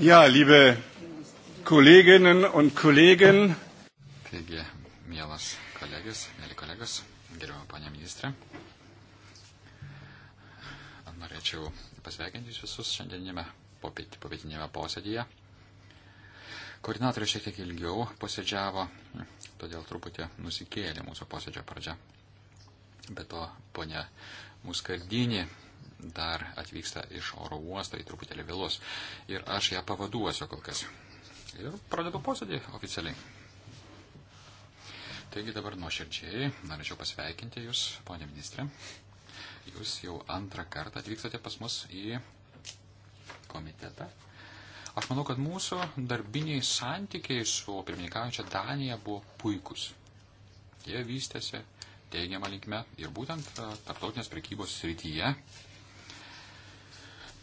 Ja, liebe Kolleginnen und Kollegen. Taigi, mielas kolegės, mėly kolegos, gerbiamą panę ministrę. Norėčiau pasveikinti jūs visus šiandieninėme popietinėme posėdėje. Koordinatoriai šiek tiek ilgiau posėdžiavo, todėl truputį nusikėlė mūsų posėdžio pradžia. Be to, ponia Muskardinė dar atvyksta iš oro uosto, į truputėlį vėlus. Ir aš ją pavaduosiu kol kas. Ir pradedu posėdį oficialiai. Taigi dabar nuoširdžiai norėčiau pasveikinti Jūs, ponė ministrė. Jūs jau antrą kartą atvykstate pas mus į komitetą. Aš manau, kad mūsų darbiniai santykiai su pirmininkaujančia Danija buvo puikus. Jie vystėsi teigiamą linkme ir būtent tarptautinės prekybos srityje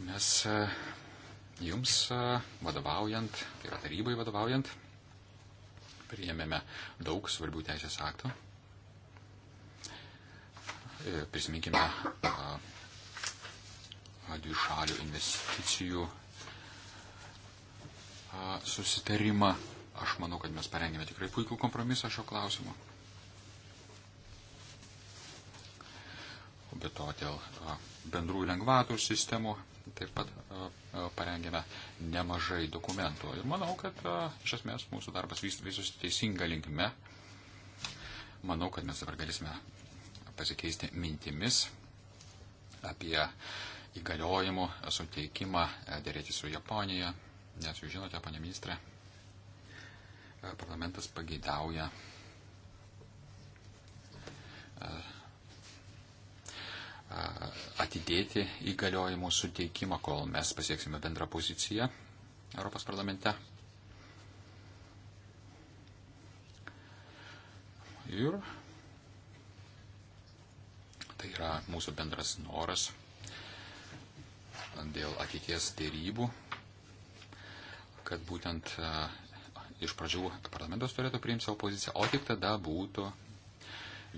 Mes e, jums e, vadovaujant, tai yra tarybai vadovaujant, priėmėme daug svarbių teisės aktų. E, prisiminkime dvišalių investicijų susitarimą. Aš manau, kad mes parengėme tikrai puikų kompromisą šio klausimu. Be to, dėl bendrų lengvatų sistemų taip pat parengėme nemažai dokumentų. Ir manau, kad iš esmės mūsų darbas vystosi teisinga linkme. Manau, kad mes dabar galėsime pasikeisti mintimis apie įgaliojimų suteikimą dėrėti su Japonija. Nes jūs žinote, panė ministrė, parlamentas pageidauja atidėti įgaliojimų suteikimą, kol mes pasieksime bendrą poziciją Europos parlamente. Ir tai yra mūsų bendras noras dėl ateities dėrybų, kad būtent iš pradžių parlamentas turėtų priimti savo poziciją, o tik tada būtų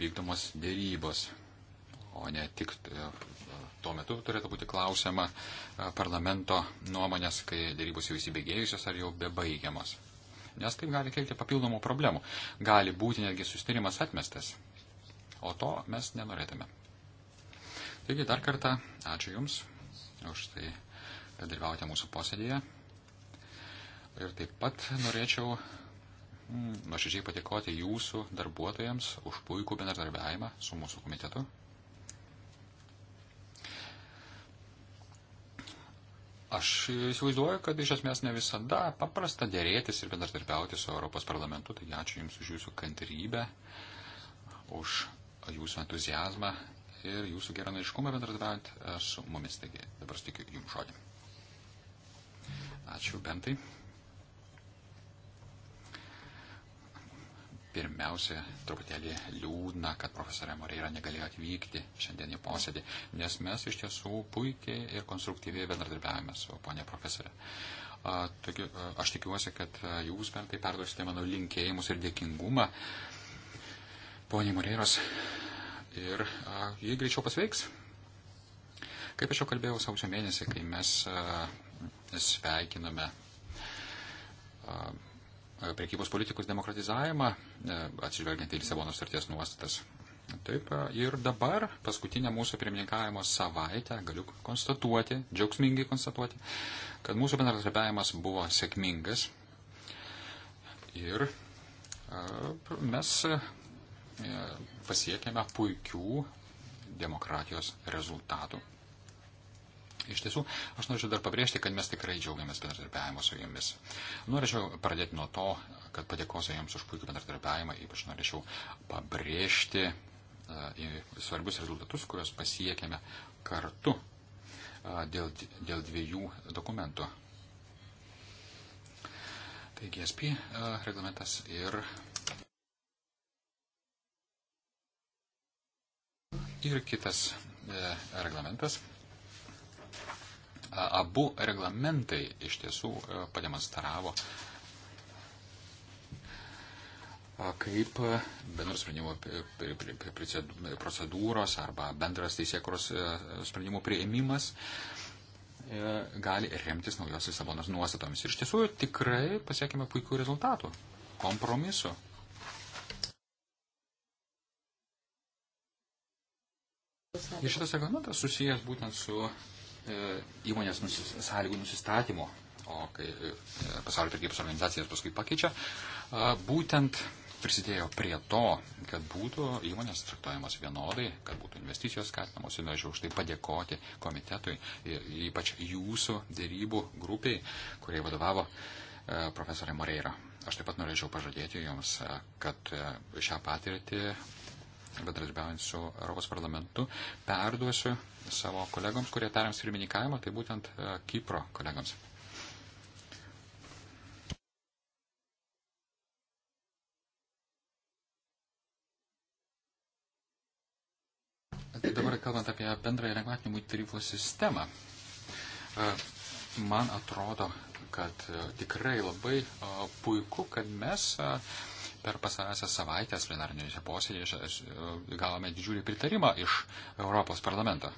vykdomos dėrybos o ne tik e, tuo metu turėtų būti klausima e, parlamento nuomonės, kai dėrybos jau įsibėgėjusios ar jau bebaigiamos. Nes taip gali kelti papildomų problemų. Gali būti netgi sustarimas atmestas. O to mes nenorėtume. Taigi dar kartą ačiū Jums už tai, kad dalyvaujate mūsų posėdėje. Ir taip pat norėčiau mm, nuoširdžiai patikoti jūsų darbuotojams už puikų bendradarbiavimą su mūsų komitetu. Aš įsivaizduoju, kad iš esmės ne visada paprasta dėrėtis ir bendradarbiauti su Europos parlamentu, taigi ačiū Jums už Jūsų kantrybę, už Jūsų entuzijazmą ir Jūsų geranaiškumą bendradarbiaujant e, su mumis. Taigi dabar stikiu Jums žodį. Ačiū, Bentai. Pirmiausia, truputėlį liūdna, kad profesorė Moreira negalėjo atvykti šiandien į posėdį, nes mes iš tiesų puikiai ir konstruktyviai bendradarbiavame su ponė profesorė. Aš tikiuosi, kad jūs bent tai perduosite mano linkėjimus ir dėkingumą poniai Moreiros ir jį greičiau pasveiks. Kaip aš jau kalbėjau sausio mėnesį, kai mes sveikiname priekybos politikos demokratizavimą, e, atsižvelgiant į Lisabono sarties nuostatas. Taip, e, ir dabar, paskutinę mūsų pirmininkavimo savaitę, galiu konstatuoti, džiaugsmingai konstatuoti, kad mūsų bendradarbiavimas buvo sėkmingas. Ir e, mes pasiekėme puikių demokratijos rezultatų. Iš tiesų, aš norėčiau dar pabrėžti, kad mes tikrai džiaugiamės bendradarbiavimu su jumis. Norėčiau pradėti nuo to, kad padėkosiu jums už puikų bendradarbiavimą, ypač norėčiau pabrėžti uh, svarbius rezultatus, kuriuos pasiekėme kartu uh, dėl, dėl dviejų dokumentų. Tai GSP uh, e, reglamentas ir ir kitas reglamentas abu reglamentai iš tiesų e, pademonstravo, e, kaip e, bendros sprendimo procedūros arba bendras teisėkuros sprendimų prieimimas gali remtis naujos Lisabonos nuostatomis. Ir iš tiesų tikrai pasiekime puikių rezultatų, kompromisų. Ir šitas reglamentas susijęs būtent su E, įmonės nusis, sąlygų nusistatymo, o kai e, pasaulio prekybos organizacijas paskui pakeičia, e, būtent prisidėjo prie to, kad būtų įmonės traktuojamos vienodai, kad būtų investicijos skatinamos ir norėčiau už tai padėkoti komitetui, ypač jūsų dėrybų grupiai, kuriai vadovavo profesorė Moreira. Aš taip pat norėčiau pažadėti jums, kad šią patirtį bendradarbiaujant su Europos parlamentu, perduosiu savo kolegoms, kurie perims pirmininkavimą, tai būtent e, Kipro kolegoms. Tai dabar kalbant apie bendrąją lengvatinių muitų tarifų sistemą, e, man atrodo, kad e, tikrai labai puiku, kad mes per pasarąsias savaitės plenarniuose posėdėje e, gavome didžiulį pritarimą iš Europos parlamento.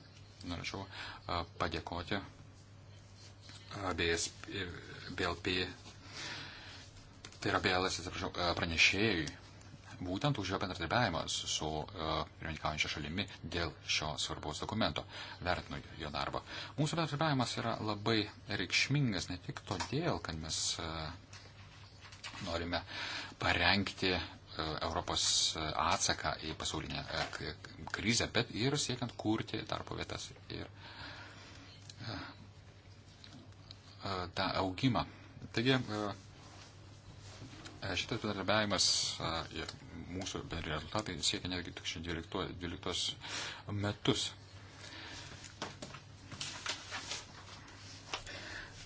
Norėčiau e, padėkoti e, BLP, tai yra BLS, atsiprašau, pranešėjui, būtent už jo bendradarbiavimą su pirmininkaujančia šalimi dėl šio svarbaus dokumento. Vertinu jo darbą. Mūsų bendradarbiavimas yra labai reikšmingas ne tik todėl, kad mes. A, norime parengti e, Europos atsaką į pasaulinę e, krizę, bet ir siekiant kurti darbo vietas ir e, tą augimą. Taigi šitas bendradarbiavimas ir mūsų rezultatai siekia netgi 2012 metus.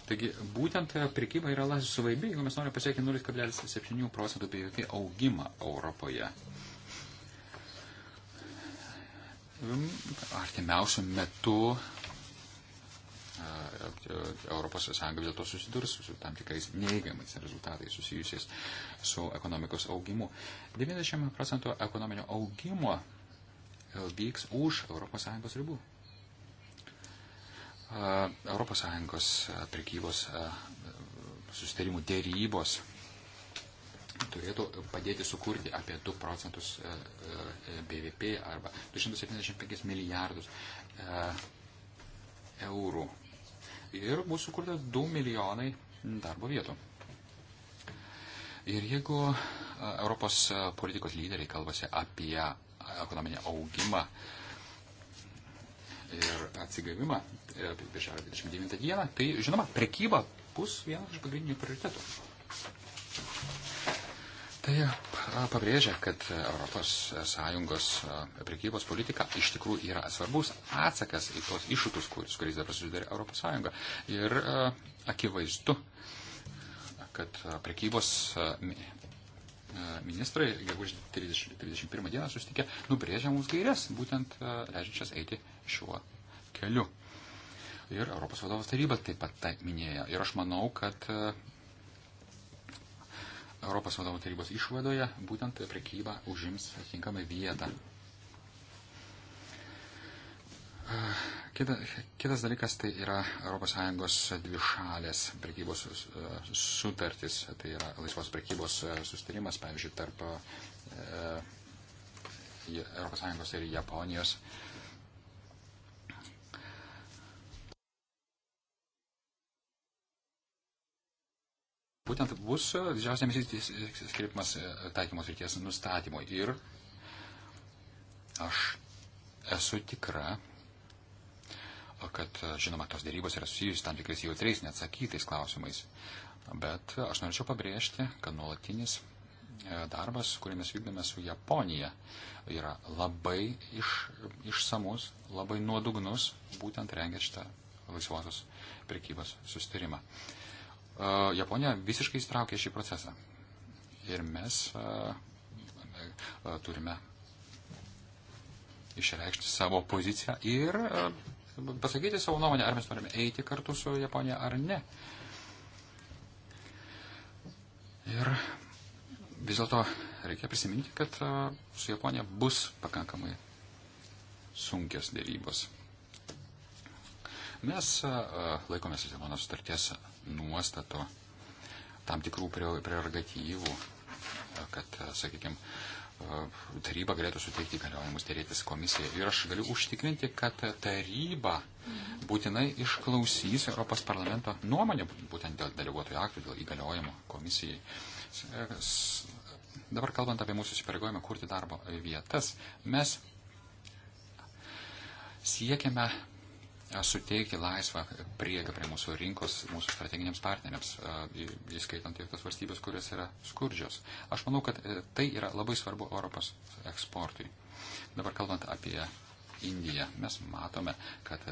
Taigi būtent e, prekyba yra lasis suvaibi, jeigu mes norime pasiekti 0,7 procentų BVP augimą Europoje. Artimiausiu metu e, e, Europos Sąjunga dėl to susidurs su tam tikrais neigiamais rezultatais susijusiais su ekonomikos augimu. 90 procentų ekonominio augimo vyks už Europos Sąjungos ribų. ES e, prekybos e, susitarimų dėrybos turėtų padėti sukurti apie 2 procentus e, BVP arba 275 milijardus eurų. Ir bus sukurtas 2 milijonai darbo vietų. Ir jeigu Europos politikos lyderiai kalbasi apie ekonominį augimą, uh, ir atsigavimą e, birželio 29 dieną, tai žinoma, prekyba bus vienas iš pagrindinių prioritetų. Tai e, pabrėžia, kad ES e, prekybos politika iš tikrųjų yra svarbus atsakas į tos iššūkius, su kuriais dabar susidarė ES. Ir akivaizdu, kad prekybos ministrai, gegužės 31 dieną sustikė, nubrėžia mums gairias, būtent leidžiančias eiti šiuo keliu. Ir Europos vadovas taryba taip pat tai minėjo. Ir aš manau, kad e, Europos vadovų tarybos išvadoje būtent prekyba užims atitinkamą vietą. E, kita, kitas dalykas tai yra ES dvišalės prekybos e, sutartis, tai yra laisvos prekybos sustarimas, pavyzdžiui, tarp ES ir Japonijos. E, Būtent bus e, didžiausias dėmesys skiriamas e, taikymos reikės nustatymui. Ir aš esu tikra, kad, e, žinoma, tos dėrybos yra susijusi tam tikrais jautriais, neatsakytais klausimais. Bet aš norėčiau pabrėžti, kad nuolatinis darbas, kurį mes vykdome su Japonija, yra labai iš, išsamus, labai nuodugnus, būtent rengia šitą laisvosios prekybos sustarimą. Uh, Japonija visiškai įstraukė šį procesą. Ir mes turime išreikšti savo poziciją ir pasakyti savo nuomonę, ar mes norime eiti kartu su Japonija ar ne. Ir vis dėlto reikia prisiminti, kad su Japonija bus pakankamai sunkios dėrybos. Mes laikomės Lisabono sutarties nuostatų, tam tikrų prerogatyvų, e, kad, e, sakykime, taryba galėtų suteikti įgaliojimus dėrėtis komisijai. Ir aš galiu užtikrinti, kad taryba mhm. būtinai išklausys Europos parlamento nuomonę būtent dėl deleguotojų aktų, dėl įgaliojimo komisijai. E, dabar kalbant apie mūsų įsipareigojimą kurti darbo vietas, mes siekiame suteikti laisvą prieigą prie mūsų rinkos, mūsų strateginiams partneriams, įskaitant ir tas valstybės, kurios yra skurdžios. Aš manau, kad e, tai yra labai svarbu Europos eksportui. Dabar kalbant apie Indiją, mes matome, kad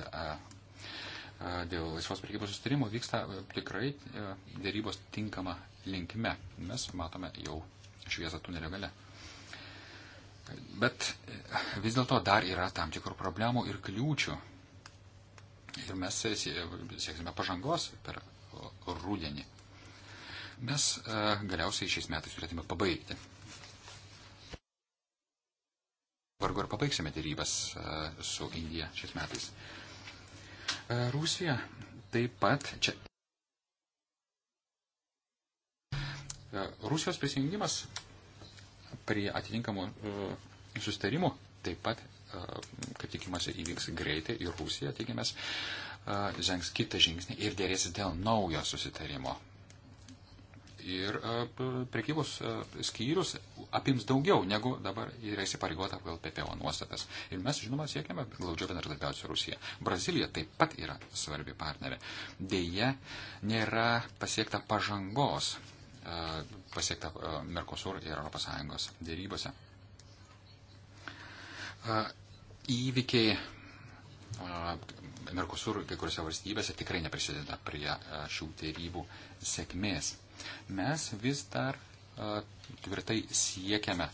dėl laisvos priekybos sustarimo vyksta e, tikrai e, dėrybos tinkama linkme. Mes matome jau šviesą tunelio gale. Bet vis dėlto dar yra tam tikrų problemų ir kliūčių Ir mes sieksime pažangos per rūdienį. Mes e, galiausiai šiais metais turėtume pabaigti. Vargu ar pabaigsime dėrybas e, su Indija šiais metais. E, Rusija taip pat čia. Rusijos prisijungimas prie atitinkamų sustarimų taip pat E, kad tikimasi įvyks greitai ir Rusija, tikimės, e, žengs kitą žingsnį ir dėrėsi dėl naujo susitarimo. Ir e, prekybos skyrius apims daugiau, negu dabar yra įsipareigota pagal PPO nuostatas. Ir mes, žinoma, siekiame glaudžiau bendradarbiauti su Rusija. Brazilija taip pat yra svarbi partnerė. Deja, nėra pasiekta pažangos pasiekta Mercosur ir ES dėrybose įvykiai Merkosur kai kuriuose valstybėse tikrai neprisideda prie šių dėrybų sėkmės. Mes vis dar tvirtai siekiame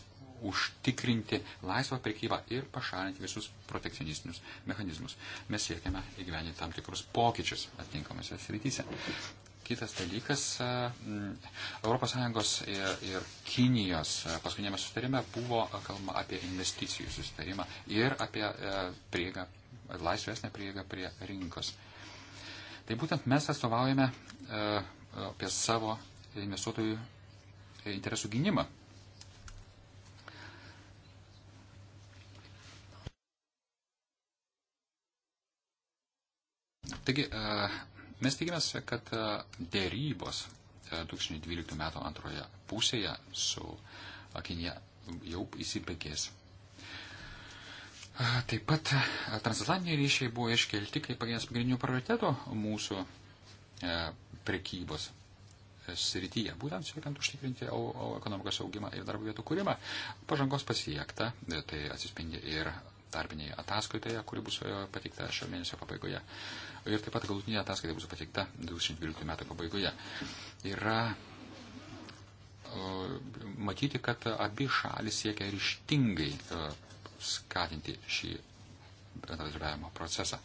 užtikrinti laisvą prekybą ir pašalinti visus protekcionistinius mechanizmus. Mes siekiame įgyveninti tam tikrus pokyčius atitinkamose srityse. Kitas dalykas, ES ir, ir Kinijos e, paskutinėme sustarime buvo kalba apie investicijų sustarimą ir apie e, prieigą, laisvesnę prieigą prie rinkos. Tai būtent mes atstovaujame e, apie savo investuotojų interesų gynimą. Taigi, Mes tikimės, kad e, dėrybos 2012 e, metų antroje pusėje su e, Kinija jau įsipėkės. Taip pat transatlantiniai ryšiai buvo iškelti kaip vienas pagrindinių prioritetų mūsų prekybos srityje, būtent siekiant užtikrinti ekonomikos augimą ir darbo vietų kūrimą. Pažangos pasiekta, tai atsispindi ir tarpinėje ataskaitoje, kuri bus e, pateikta šio mėnesio pabaigoje. Ir taip pat galutinė ataskaita bus pateikta 2012 metų pabaigoje. Yra e, matyti, kad abi šalis siekia ryštingai e, skatinti šį bendradarbiavimo procesą.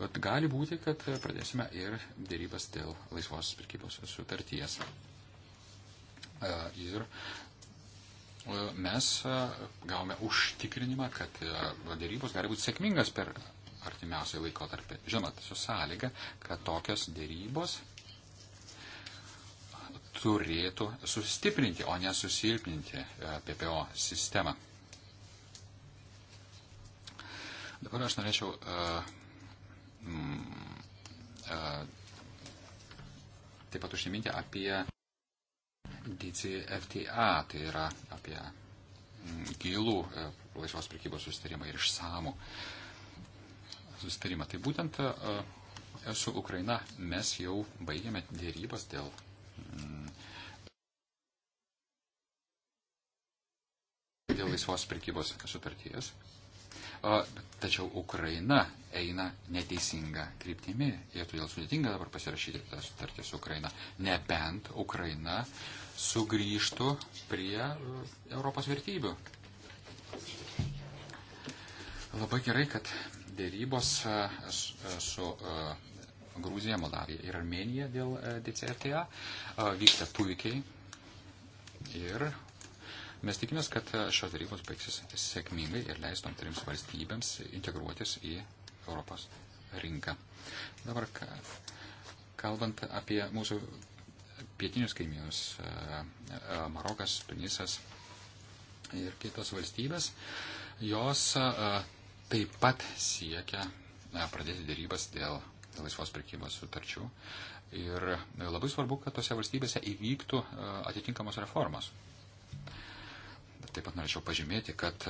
Bet gali būti, kad pradėsime ir dėrybas dėl laisvos pirkybos sutarties. Ir E, mes e, gavome užtikrinimą, kad e, dėrybos gali būti sėkmingas per artimiausią laikotarpį. Žinot, su sąlyga, kad tokios dėrybos turėtų sustiprinti, o ne susilpninti PPO sistemą. Dabar aš norėčiau uh, mm, uh, taip pat užsiminti apie DCFTA, tai yra apie mm, gilų e, laisvos prekybos sustarimą ir išsamų sustarimą. Tai būtent e, e, su Ukraina mes jau baigėme dėrybas dėl. Mm, dėl laisvos prekybos sutarties. Tačiau Ukraina eina neteisinga kryptimi ir todėl sudėtinga dabar pasirašyti tą sutartį su Ukraina. Nebent Ukraina sugrįžtų prie e, Europos vertybių. Labai gerai, kad dėrybos e, e, su Grūzija, Moldavija ir Armenija dėl DCFTA vyksta puikiai. Ir mes tikimės, kad šios dėrybos baigsis sėkmingai ir leis tom trims valstybėms integruotis į Europos rinką. Dabar kalbant apie mūsų pietinius kaimynus e, - e, Marokas, Tunisas ir kitos valstybės, jos e, taip pat siekia pradėti dėrybas dėl laisvos prekybos sutarčių. Ir labai svarbu, kad tose valstybėse įvyktų atitinkamos reformos. Taip pat norėčiau pažymėti, kad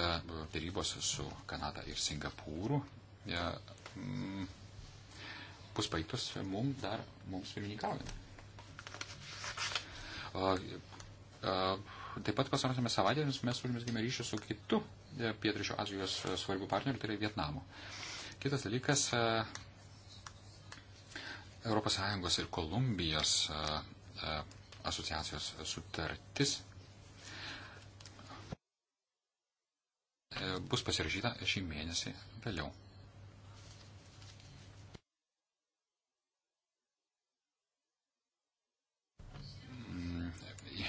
dėrybos su Kanada ir Singapūru bus baigtos mums dar, mums pirmininkaujant. Taip pat pasarosiomis savaitėmis mes užmėsgėme ryšį su kitu e, Pietričio Azijos e, svarbiu partneriu, tai yra Vietnamu. Kitas dalykas ES ir Kolumbijos e, asociacijos sutartis bus pasirašyta šį mėnesį vėliau.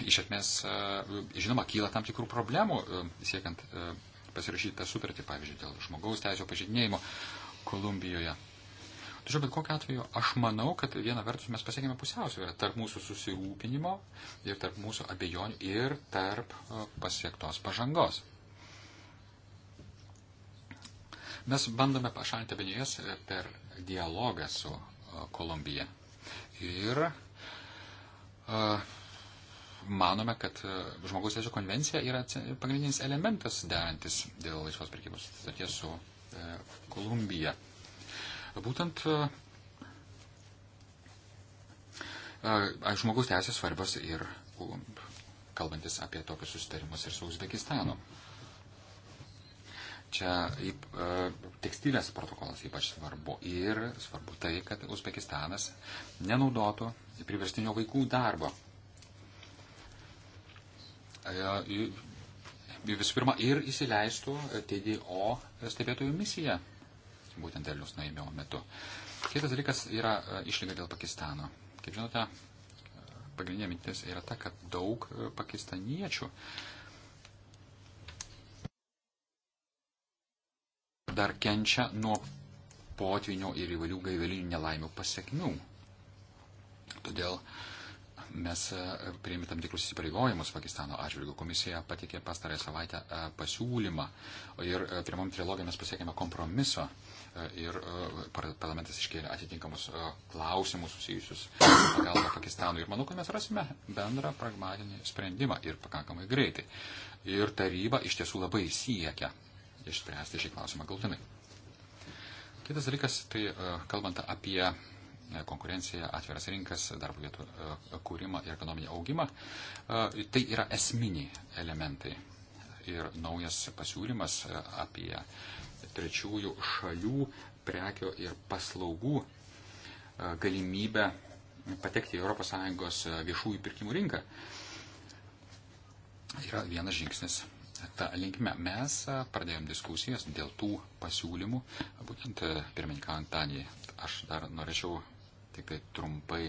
iš esmės, e, žinoma, kyla tam tikrų problemų e, siekiant e, pasirašyti tą sutartį, pavyzdžiui, dėl žmogaus teisų pažydinėjimo Kolumbijoje. Tačiau bet kokiu atveju aš manau, kad viena vertus mes pasiekėme pusiausvyrą tarp mūsų susirūpinimo ir tarp mūsų abejonių ir tarp pasiektos pažangos. Mes bandome pašalinti abejonės per dialogą su Kolumbija. Ir uh, manome, kad e, žmogaus teisų konvencija yra pagrindinis elementas derantis dėl laisvos prekybos sutarties su e, Kolumbija. Būtent e, žmogaus teisės svarbios ir kalbantis apie tokius susitarimus ir su Uzbekistanu. Čia į, e, tekstilės protokolas ypač svarbu ir svarbu tai, kad Uzbekistanas nenaudotų priverstinio vaikų darbo E, visų pirma ir įsileistų TDO stebėtojų misiją, būtent derlius naimimo metu. Kitas dalykas yra e, išlyga dėl Pakistano. Kaip žinote, pagrindinė mintis yra ta, kad daug e, pakistaniečių dar kenčia nuo potvinio ir įvairių gaivelinių nelaimių pasiekmių. Todėl uh, mes e, priėmė tam tikrus įsipareigojimus Pakistano atžvilgių. Komisija patikė pastarąją savaitę e, pasiūlymą ir e, pirmam trilogijai mes pasiekėme kompromiso ir parlamentas iškėlė atitinkamus klausimus susijusius pagalba Pakistanui. Ir manau, kad mes rasime bendrą pragmatinį sprendimą ir pakankamai greitai. Ir taryba iš tiesų labai siekia išspręsti šį klausimą galtinai. Kitas dalykas, tai kalbant apie konkurenciją, atviras rinkas, darbo vietų e, kūrimą ir ekonominį augimą. E, tai yra esminiai elementai. Ir naujas pasiūlymas e, apie trečiųjų šalių prekio ir paslaugų galimybę patekti į ES viešųjų pirkimų rinką yra vienas žingsnis tą linkme. Mes pradėjom diskusijas dėl tų pasiūlymų, būtent pirmininkant Danijai. Aš dar norėčiau tik tai trumpai.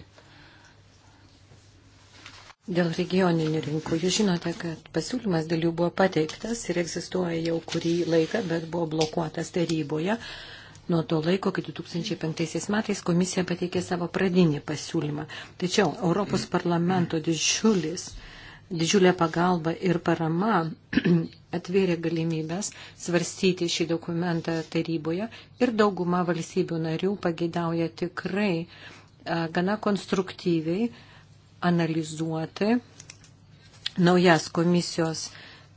Dėl regioninių rinkų, jūs žinote, kad pasiūlymas dėl jų buvo pateiktas ir egzistuoja jau kurį laiką, bet buvo blokuotas taryboje. Nuo to laiko, kai 2005 metais komisija pateikė savo pradinį pasiūlymą. Tačiau Europos parlamento didžiulis uh, didžiulė pagalba ir parama atvėrė galimybės svarstyti šį dokumentą taryboje ir dauguma valstybių narių pagėdauja tikrai gana konstruktyviai analizuoti naujas komisijos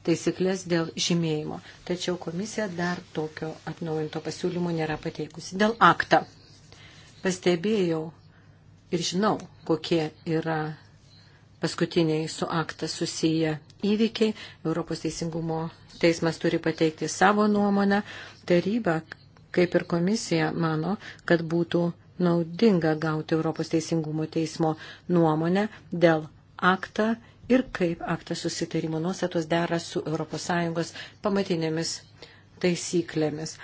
taisyklės dėl žymėjimo. Tačiau komisija dar tokio atnaujinto pasiūlymo nėra pateikusi. Dėl aktą pastebėjau ir žinau, kokie yra paskutiniai su aktas susiję įvykiai. Europos teisingumo teismas turi pateikti savo nuomonę. Taryba, kaip ir komisija, mano, kad būtų naudinga gauti Europos teisingumo teismo nuomonę dėl aktą ir kaip aktas susitarimo nuostatos dera su ES pamatinėmis taisyklėmis.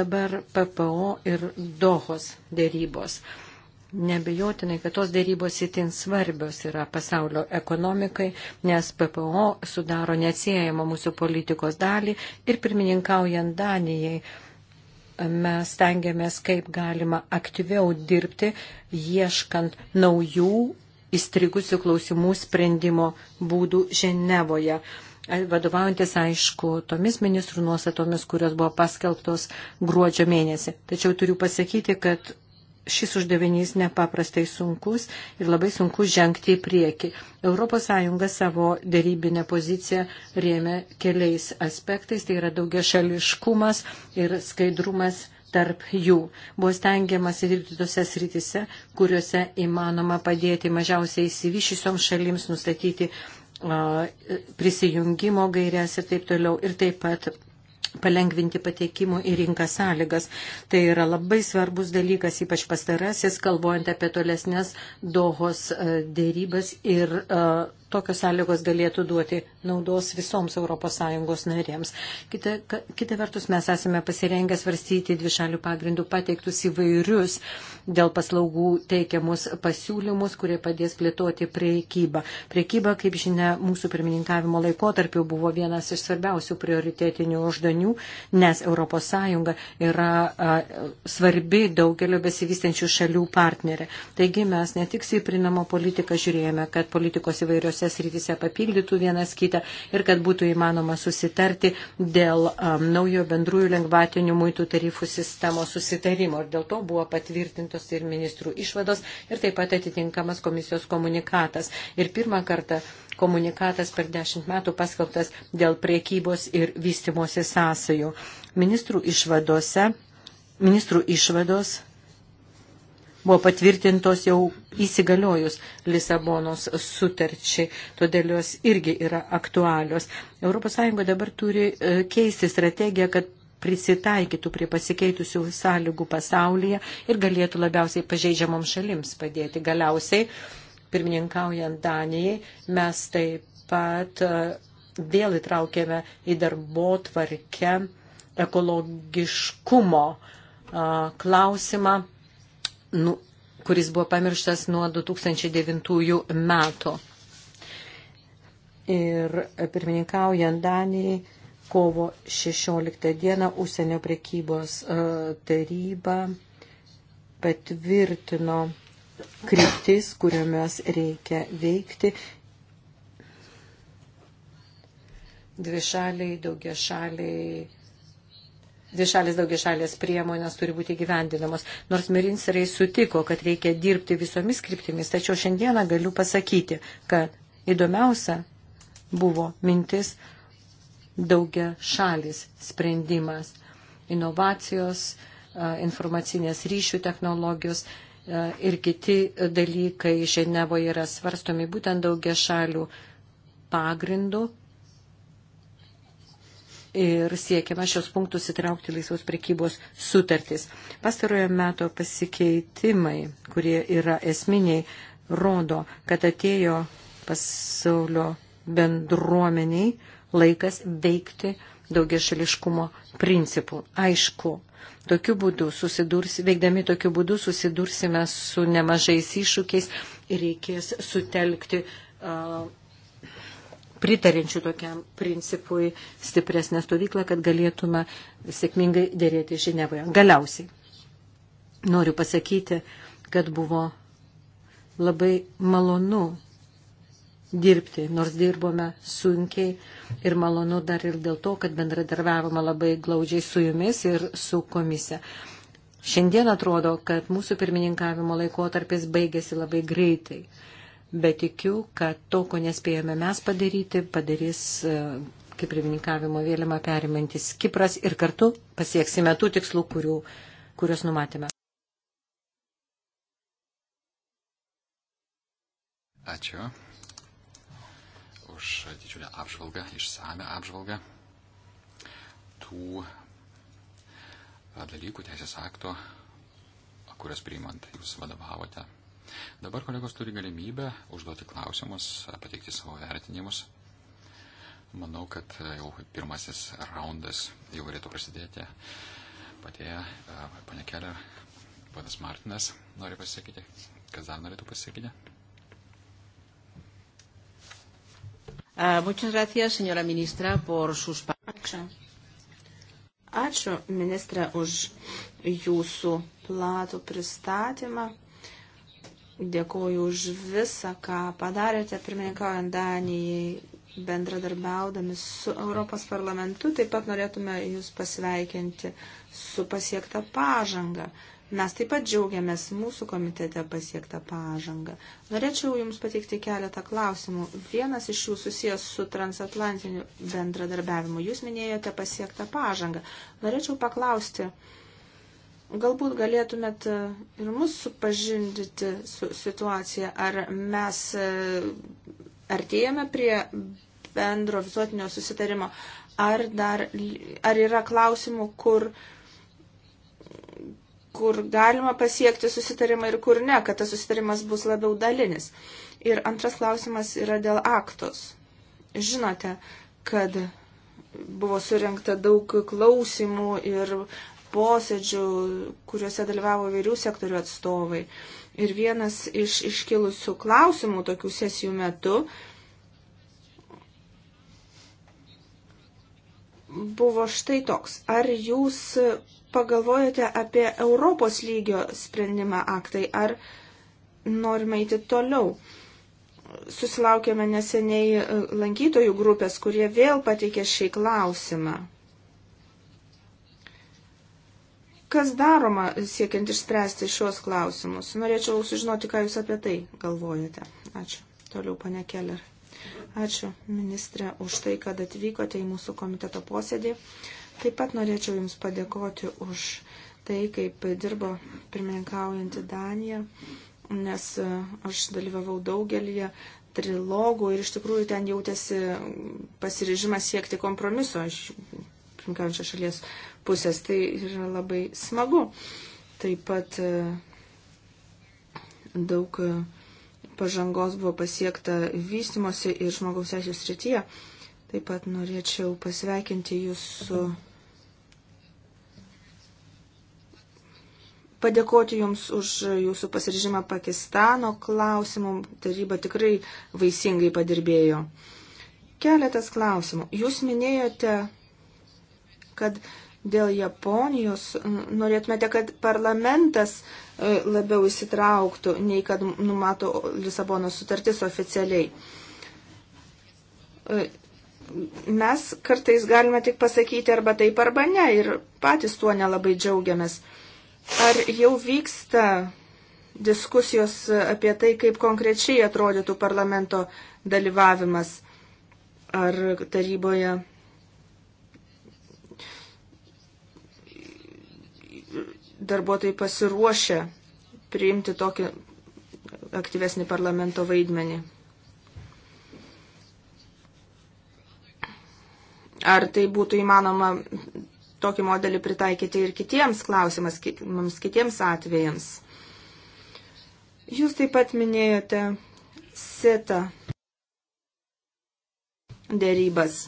Dabar PPO ir Dohos dėrybos. Nebejotinai, kad tos dėrybos įtin svarbios yra pasaulio ekonomikai, nes PPO sudaro neatsiejama mūsų politikos dalį ir pirmininkaujant Danijai mes tengiamės kaip galima aktyviau dirbti, ieškant naujų įstrigusių klausimų sprendimo būdų Ženevoje. Vadovaujantis, aišku, tomis ministrų nuostatomis, kurios buvo paskelbtos gruodžio mėnesį. Tačiau turiu pasakyti, kad šis uždavinys nepaprastai sunkus ir labai sunku žengti į priekį. ES savo dėrybinę poziciją rėmė keliais aspektais, tai yra daugia šališkumas ir skaidrumas tarp jų. Buvo stengiamasi dirbti tose sritise, kuriuose įmanoma padėti mažiausiai įsivyšysioms šalims nustatyti prisijungimo gairias ir taip toliau. Ir taip pat palengvinti patekimo į rinką sąlygas. Tai yra labai svarbus dalykas, ypač pastarasis, kalbuojant apie tolesnės dohos e, dėrybas ir uh, tokios sąlygos galėtų duoti naudos visoms ES narėms. Kita, kita vertus, mes esame pasirengę svarstyti dvišalių pagrindų pateiktus įvairius dėl paslaugų teikiamus pasiūlymus, kurie padės plėtoti priekybą. Priekyba, kaip žinia, mūsų pirmininkavimo laikotarpiu buvo vienas iš svarbiausių prioritetinių uždanių, nes ES yra a, svarbi daugelio besivystančių šalių partnerė. Taigi mes ne tik stiprinamo politiką žiūrėjome, kad politikos įvairios šiuose srityse papildytų vienas kitą ir kad būtų įmanoma susitarti dėl um, naujo bendrųjų lengvatinių muitų tarifų sistemos susitarimo. Ir dėl to buvo patvirtintos ir ministrų išvados ir taip pat atitinkamas komisijos komunikatas. Ir pirmą kartą komunikatas per dešimt metų paskelbtas dėl priekybos ir vystimosi sąsajų. Ministrų išvadose, ministrų išvados buvo patvirtintos jau įsigaliojus Lisabonos sutarčiai, todėl jos irgi yra aktualios. ES dabar turi e, keisti strategiją, kad prisitaikytų prie pasikeitusių sąlygų pasaulyje ir galėtų labiausiai pažeidžiamoms šalims padėti. Galiausiai, pirmininkaujant Danijai, mes taip pat e, vėl įtraukėme į darbo tvarkę ekologiškumo e, klausimą nu, kuris buvo pamirštas nuo 2009 metų. Ir pirmininkaujant Danijai kovo 16 dieną užsienio prekybos e, taryba patvirtino kryptis, kuriomis reikia veikti. Dvišaliai, daugiašaliai dvišalės daugiašalės priemonės turi būti gyvendinamos. Nors Mirinserai sutiko, kad reikia dirbti visomis kryptimis, tačiau šiandieną galiu pasakyti, kad įdomiausia buvo mintis daugiašalis sprendimas, inovacijos, informacinės ryšių technologijos ir kiti dalykai Ženevoje yra svarstomi būtent daugiašalių pagrindų ir siekiama šios punktus įtraukti laisvos prekybos sutartys. Pastarojo meto pasikeitimai, kurie yra esminiai, rodo, kad atėjo pasaulio bendruomeniai laikas veikti daugia šališkumo principų. Aišku, tokiu būdu susidursi, veikdami tokiu būdu susidursime su nemažais iššūkiais ir reikės sutelkti uh, pritarinčių tokiam principui stipresnę stovyklą, kad galėtume sėkmingai dėrėti Ženevoje. Galiausiai noriu pasakyti, kad buvo labai malonu dirbti, nors dirbome sunkiai ir malonu dar ir dėl to, kad bendradarbiavome labai glaudžiai su jumis ir su komisija. Šiandien atrodo, kad mūsų pirmininkavimo laikotarpis baigėsi labai greitai bet tikiu, kad to, ko nespėjome mes padaryti, padarys e, kaip pirmininkavimo vėliavą perimantis Kipras ir kartu pasieksime tų tikslų, kurių, kuriuos numatėme. Ačiū už didžiulę apžvalgą, išsame apžvalgą tų e, dalykų teisės akto, kurias priimant jūs vadovavote Dabar kolegos turi galimybę užduoti klausimus, pateikti savo vertinimus. Manau, kad jau pirmasis raundas jau galėtų prasidėti. Patėja, e, pane Keller, panas Martinas nori pasakyti. Kas dar norėtų pasakyti? E, muchas gracias, señora ministra, por sus palabras. Ačiū, ministrė, už jūsų platų pristatymą. Dėkuoju už visą, ką padarėte pirmininkaujant Danijai bendradarbiaudami su Europos parlamentu. Taip pat norėtume Jūs pasveikinti su pasiekta pažanga. Mes taip pat džiaugiamės mūsų komitete pasiektą pažangą. Norėčiau Jums pateikti keletą klausimų. Vienas iš jų susijęs su transatlantiniu bendradarbiavimu. Jūs minėjote pasiektą pažangą. Norėčiau paklausti, uh, Galbūt galėtumėt e, ir mus supažindyti su situacija, ar mes e, artėjame prie bendro visuotinio susitarimo, ar, dar, ar yra klausimų, kur, kur galima pasiekti susitarimą ir kur ne, kad tas susitarimas bus labiau dalinis. Ir antras klausimas yra dėl aktos. Žinote, kad buvo surinkta daug klausimų ir posėdžių, kuriuose dalyvavo vairių sektorių atstovai. Ir vienas iš iškilusių klausimų tokių sesijų metu buvo štai toks. Ar jūs pagalvojate apie Europos lygio sprendimą aktai, ar norime eiti toliau? Susilaukėme neseniai lankytojų grupės, kurie vėl pateikė šį klausimą. Kas daroma siekiant išspręsti šios klausimus? Norėčiau sužinoti, ką Jūs apie tai galvojate. Ačiū. Toliau, pane Keller. Ačiū, ministrė, už tai, kad atvykote į mūsų komiteto posėdį. Taip pat norėčiau Jums padėkoti už tai, kaip dirbo pirmininkaujantį Daniją, nes e, aš dalyvavau daugelį trilogų ir iš tikrųjų ten jautėsi pasirižimas siekti kompromiso iš pirmininkaujančios šalies pusės. Tai yra labai smagu. Taip pat e, daug e, pažangos buvo pasiekta vystimosi ir žmogaus teisų srityje. Taip pat norėčiau pasveikinti jūs su. Padėkoti Jums už Jūsų pasiržymą Pakistano klausimų. Taryba tikrai vaisingai padirbėjo. Keletas klausimų. Jūs minėjote, kad dėl Japonijos norėtumėte, kad parlamentas e, labiau įsitrauktų, nei kad numato Lisabonos sutartis oficialiai. E, mes kartais galime tik pasakyti arba taip arba ne ir patys tuo nelabai džiaugiamės. Ar jau vyksta diskusijos apie tai, kaip konkrečiai atrodytų parlamento dalyvavimas ar taryboje darbuotojai pasiruošę priimti tokį aktyvesnį parlamento vaidmenį. Ar tai būtų įmanoma tokį modelį pritaikyti ir kitiems klausimams, kitiems atvejams? Jūs taip pat minėjote setą dėrybas.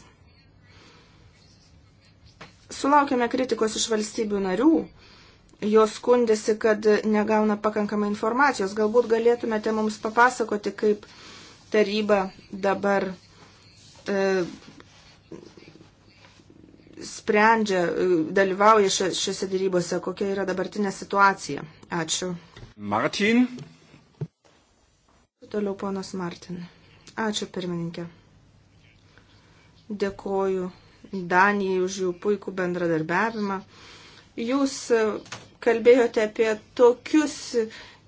Sulaukėme kritikos iš valstybių narių, jos skundėsi, kad negauna pakankamai informacijos. Galbūt galėtumėte mums papasakoti, kaip taryba dabar e, sprendžia, e, dalyvauja šiuose dėrybose, kokia yra dabartinė situacija. Ačiū. Martin. Toliau ponas Martin. Ačiū pirmininkė. Dėkoju Danijai už jų puikų bendradarbiavimą. Jūs kalbėjote apie tokius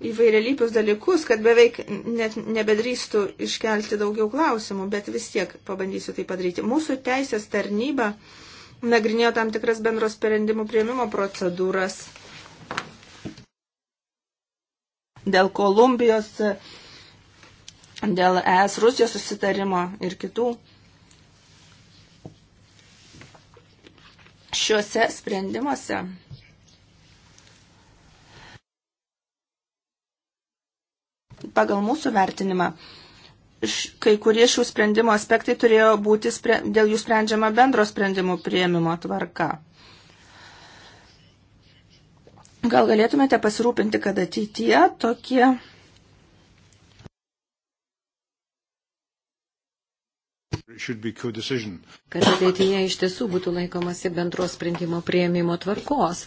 įvairialypius dalykus, kad beveik net nebedrįstų iškelti daugiau klausimų, bet vis tiek pabandysiu tai padaryti. Mūsų teisės tarnyba nagrinėjo tam tikras bendros sprendimų prieimimo procedūras dėl Kolumbijos, dėl ES Rusijos susitarimo ir kitų. Šiuose sprendimuose pagal mūsų vertinimą kai kurie šių sprendimo aspektai turėjo būti spre, dėl jų sprendžiama bendro sprendimų prieimimo tvarka. Gal galėtumėte pasirūpinti, kad ateityje tokie Kad ateityje iš tiesų būtų laikomasi bendros sprendimo prieimimo tvarkos,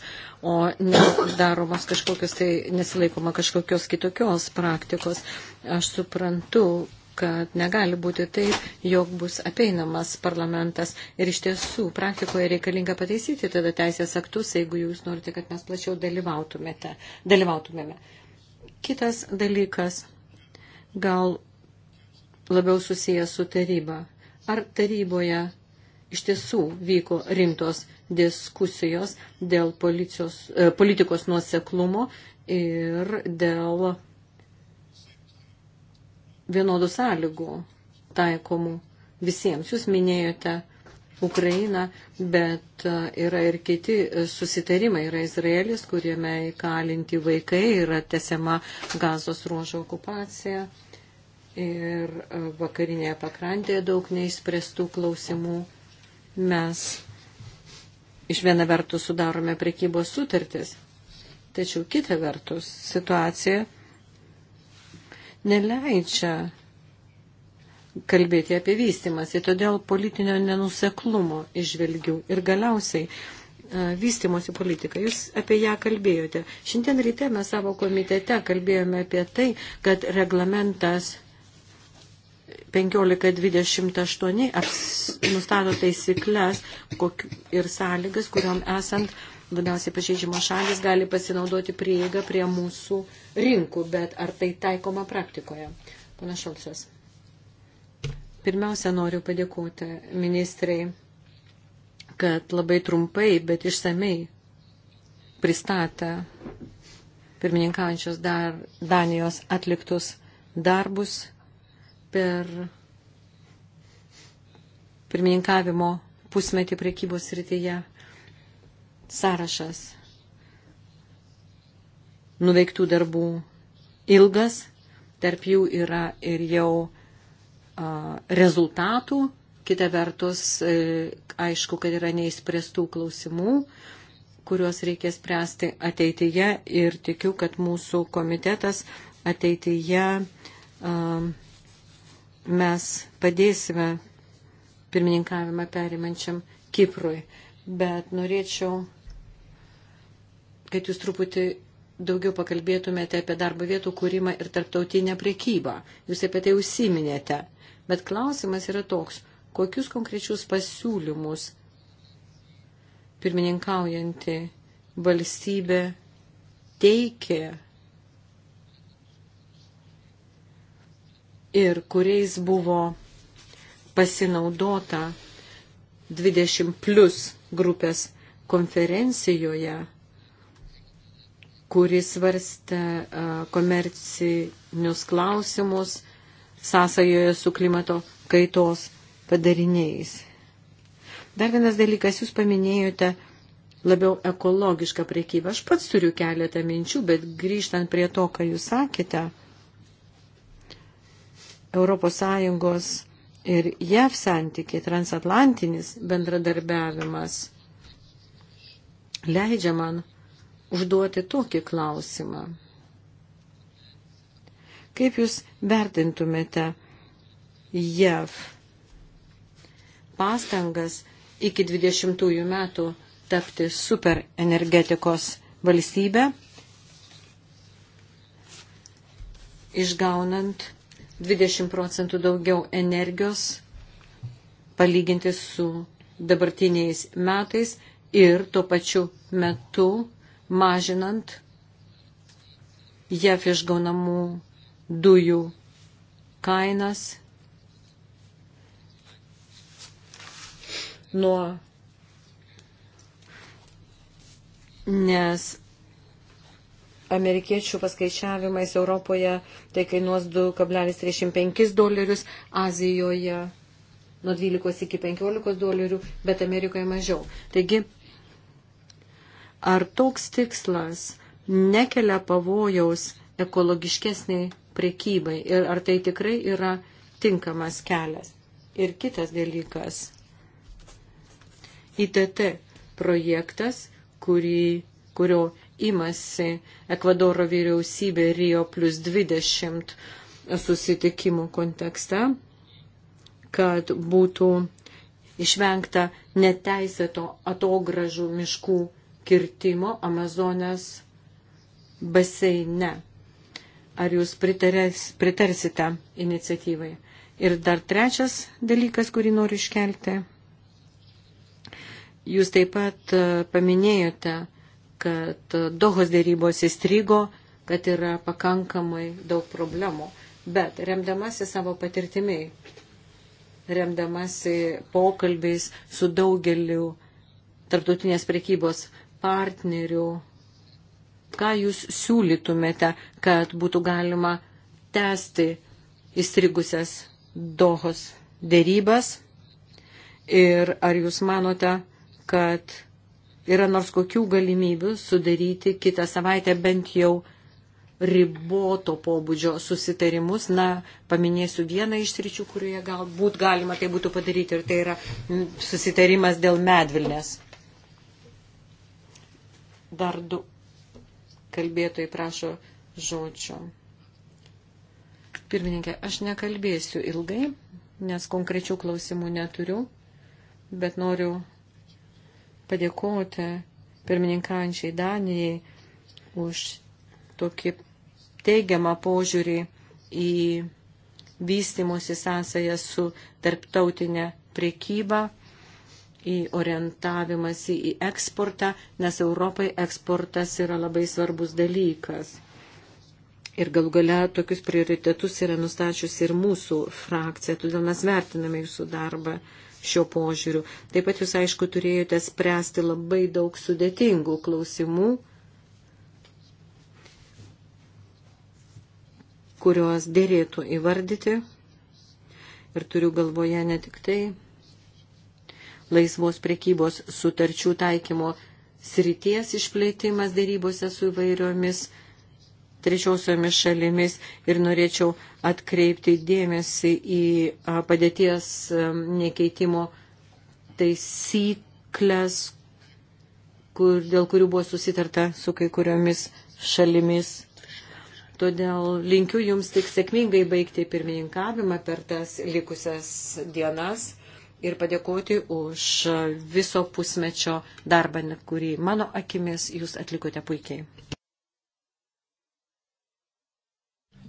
o nedaromos kažkokios, tai nesilaikoma kažkokios kitokios praktikos. Aš suprantu, kad negali būti taip, jog bus apeinamas parlamentas. Ir iš tiesų praktikoje reikalinga pataisyti tada teisės aktus, jeigu jūs norite, kad mes plačiau dalyvautumėme. Kitas dalykas gal labiau susijęs su taryba ar taryboje iš tiesų vyko rimtos diskusijos dėl policijos, e, politikos nuoseklumo ir dėl vienodų sąlygų taikomų visiems. Jūs minėjote Ukrainą, bet e, yra ir kiti susitarimai. Yra Izraelis, kuriame įkalinti vaikai, yra tesiama gazos ruožo okupacija ir e, vakarinėje pakrantėje daug neįspręstų klausimų. Mes iš viena vertus sudarome prekybos sutartis, tačiau kita vertus situacija neleidžia kalbėti apie vystimąsi, todėl politinio nenuseklumo išvelgiu. Ir galiausiai e, vystimosi politika. Jūs apie ją kalbėjote. Šiandien ryte mes savo komitete kalbėjome apie tai, kad reglamentas 1528 nustato taisyklės ir sąlygas, kuriuom esant labiausiai pažeidžiamos šalis gali pasinaudoti prieigą prie mūsų rinkų, bet ar tai taikoma praktikoje? Pana Šalcas. Pirmiausia, noriu padėkoti ministrei, kad labai trumpai, bet išsamei pristatė pirmininkaujančios dar Danijos atliktus darbus per pirmininkavimo pusmetį priekybos rytyje sąrašas nuveiktų darbų ilgas, tarp jų yra ir jau a, rezultatų, kita vertus, a, e, aišku, kad yra neįspręstų klausimų, kuriuos reikės spręsti ateityje ir tikiu, kad mūsų komitetas ateityje a, mes padėsime pirmininkavimą perimančiam Kiprui. Bet norėčiau, kad jūs truputį daugiau pakalbėtumėte apie darbo vietų kūrimą ir tarptautinę priekybą. Jūs apie tai užsiminėte. Bet klausimas yra toks, kokius konkrečius pasiūlymus pirmininkaujanti valstybė teikė ir kuriais buvo pasinaudota 20 plus grupės konferencijoje, kuris svarstė komercinius klausimus sąsajoje su klimato kaitos padariniais. Dar vienas dalykas, jūs paminėjote labiau ekologišką priekybą. Aš pats turiu keletą minčių, bet grįžtant prie to, ką jūs sakėte, ES ir JAV santykiai, transatlantinis bendradarbiavimas leidžia man užduoti tokį klausimą. Kaip Jūs vertintumėte JAV pastangas iki 20 metų tapti super energetikos valstybę, išgaunant 20 procentų daugiau energijos palyginti su dabartiniais metais ir tuo pačiu metu mažinant JAF išgaunamų dujų kainas nuo nes amerikiečių paskaičiavimais Europoje tai kainuos 2,35 dolerius, Azijoje nuo 12 iki 15 dolerių, bet Amerikoje mažiau. Taigi, ar toks tikslas nekelia pavojaus ekologiškesniai prekybai ir ar tai tikrai yra tinkamas kelias? Ir kitas dalykas. ITT projektas, kurį, kurio imasi Ekvadoro vyriausybė Rio plus 20 susitikimų kontekste, kad būtų išvengta neteisėto atogražų miškų kirtimo Amazonės baseine. Ar jūs pritarės, pritarsite iniciatyvai? Ir dar trečias dalykas, kurį noriu iškelti. Jūs taip pat e, paminėjote kad Dohos dėrybos įstrigo, kad yra pakankamai daug problemų. Bet remdamasi savo patirtimiai, remdamasi pokalbiais su daugeliu tarptautinės prekybos partnerių, ką jūs siūlytumėte, kad būtų galima tęsti įstrigusias Dohos dėrybas ir ar jūs manote, kad yra nors kokių galimybių sudaryti kitą savaitę bent jau riboto pobūdžio susitarimus. Na, paminėsiu vieną iš sričių, kurioje galbūt galima tai būtų padaryti ir tai yra susitarimas dėl medvilnės. Dar du kalbėtojai prašo žodžio. Pirmininkė, aš nekalbėsiu ilgai, nes konkrečių klausimų neturiu, bet noriu padėkoti pirmininkaujančiai Danijai už tokį teigiamą požiūrį į vystimosi sąsąją su tarptautinė priekyba, į orientavimąsi į eksportą, nes Europai eksportas yra labai svarbus dalykas. Ir gal gale tokius prioritetus yra nustačiusi ir mūsų frakcija, todėl mes vertiname jūsų darbą šio požiūriu. Taip pat jūs, aišku, turėjote spręsti labai daug sudėtingų klausimų, kuriuos dėrėtų įvardyti. Ir turiu galvoje ne tik tai laisvos priekybos sutarčių taikymo srities išplėtimas dėrybose su įvairiomis trečiosiomis šalimis ir norėčiau atkreipti dėmesį į padėties nekeitimo taisyklės, kur, dėl kurių buvo susitarta su kai kuriomis šalimis. Todėl linkiu Jums tik sėkmingai baigti pirmininkavimą per tas likusias dienas ir padėkoti už viso pusmečio darbą, kurį mano akimis Jūs atlikote puikiai.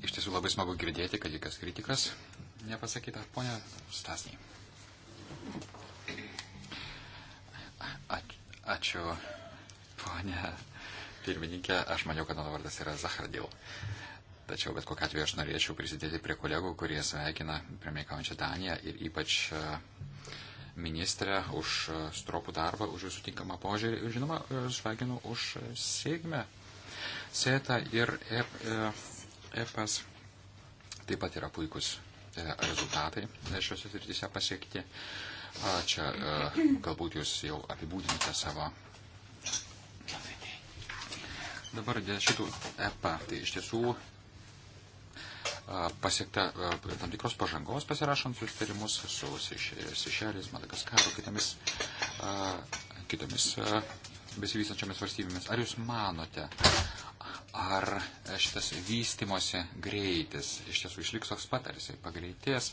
Iš tiesų labai smagu girdėti, kad jokios kritikas nepasakyta. Pone Stasny. Ačiū, ponė pirmininkė. Aš maniau, kad mano vardas yra Zahradil. Tačiau bet kokiu atveju aš norėčiau prisidėti prie kolegų, kurie sveikina premjekaujančią Daniją ir ypač e, ministrę už e, stropų darbą, už jūsų tinkamą požiūrį ir žinoma, e, sveikinu už sėkmę. Seta ir e, e, EPAS. Taip pat yra puikus e, rezultatai e, šiuose srityse pasiekti. Čia e, galbūt jūs jau apibūdinate savo. Dabar dėl šitų EPA. Tai iš tiesų pasiekta tam tikros pažangos pasirašant susitarimus su Sešelės, Madagaskaru, kitomis, kitomis besivystančiomis valstybėmis. Ar jūs manote, ar šitas vystimosi greitis iš tiesų išliks toks pat, ar jisai pagreitės.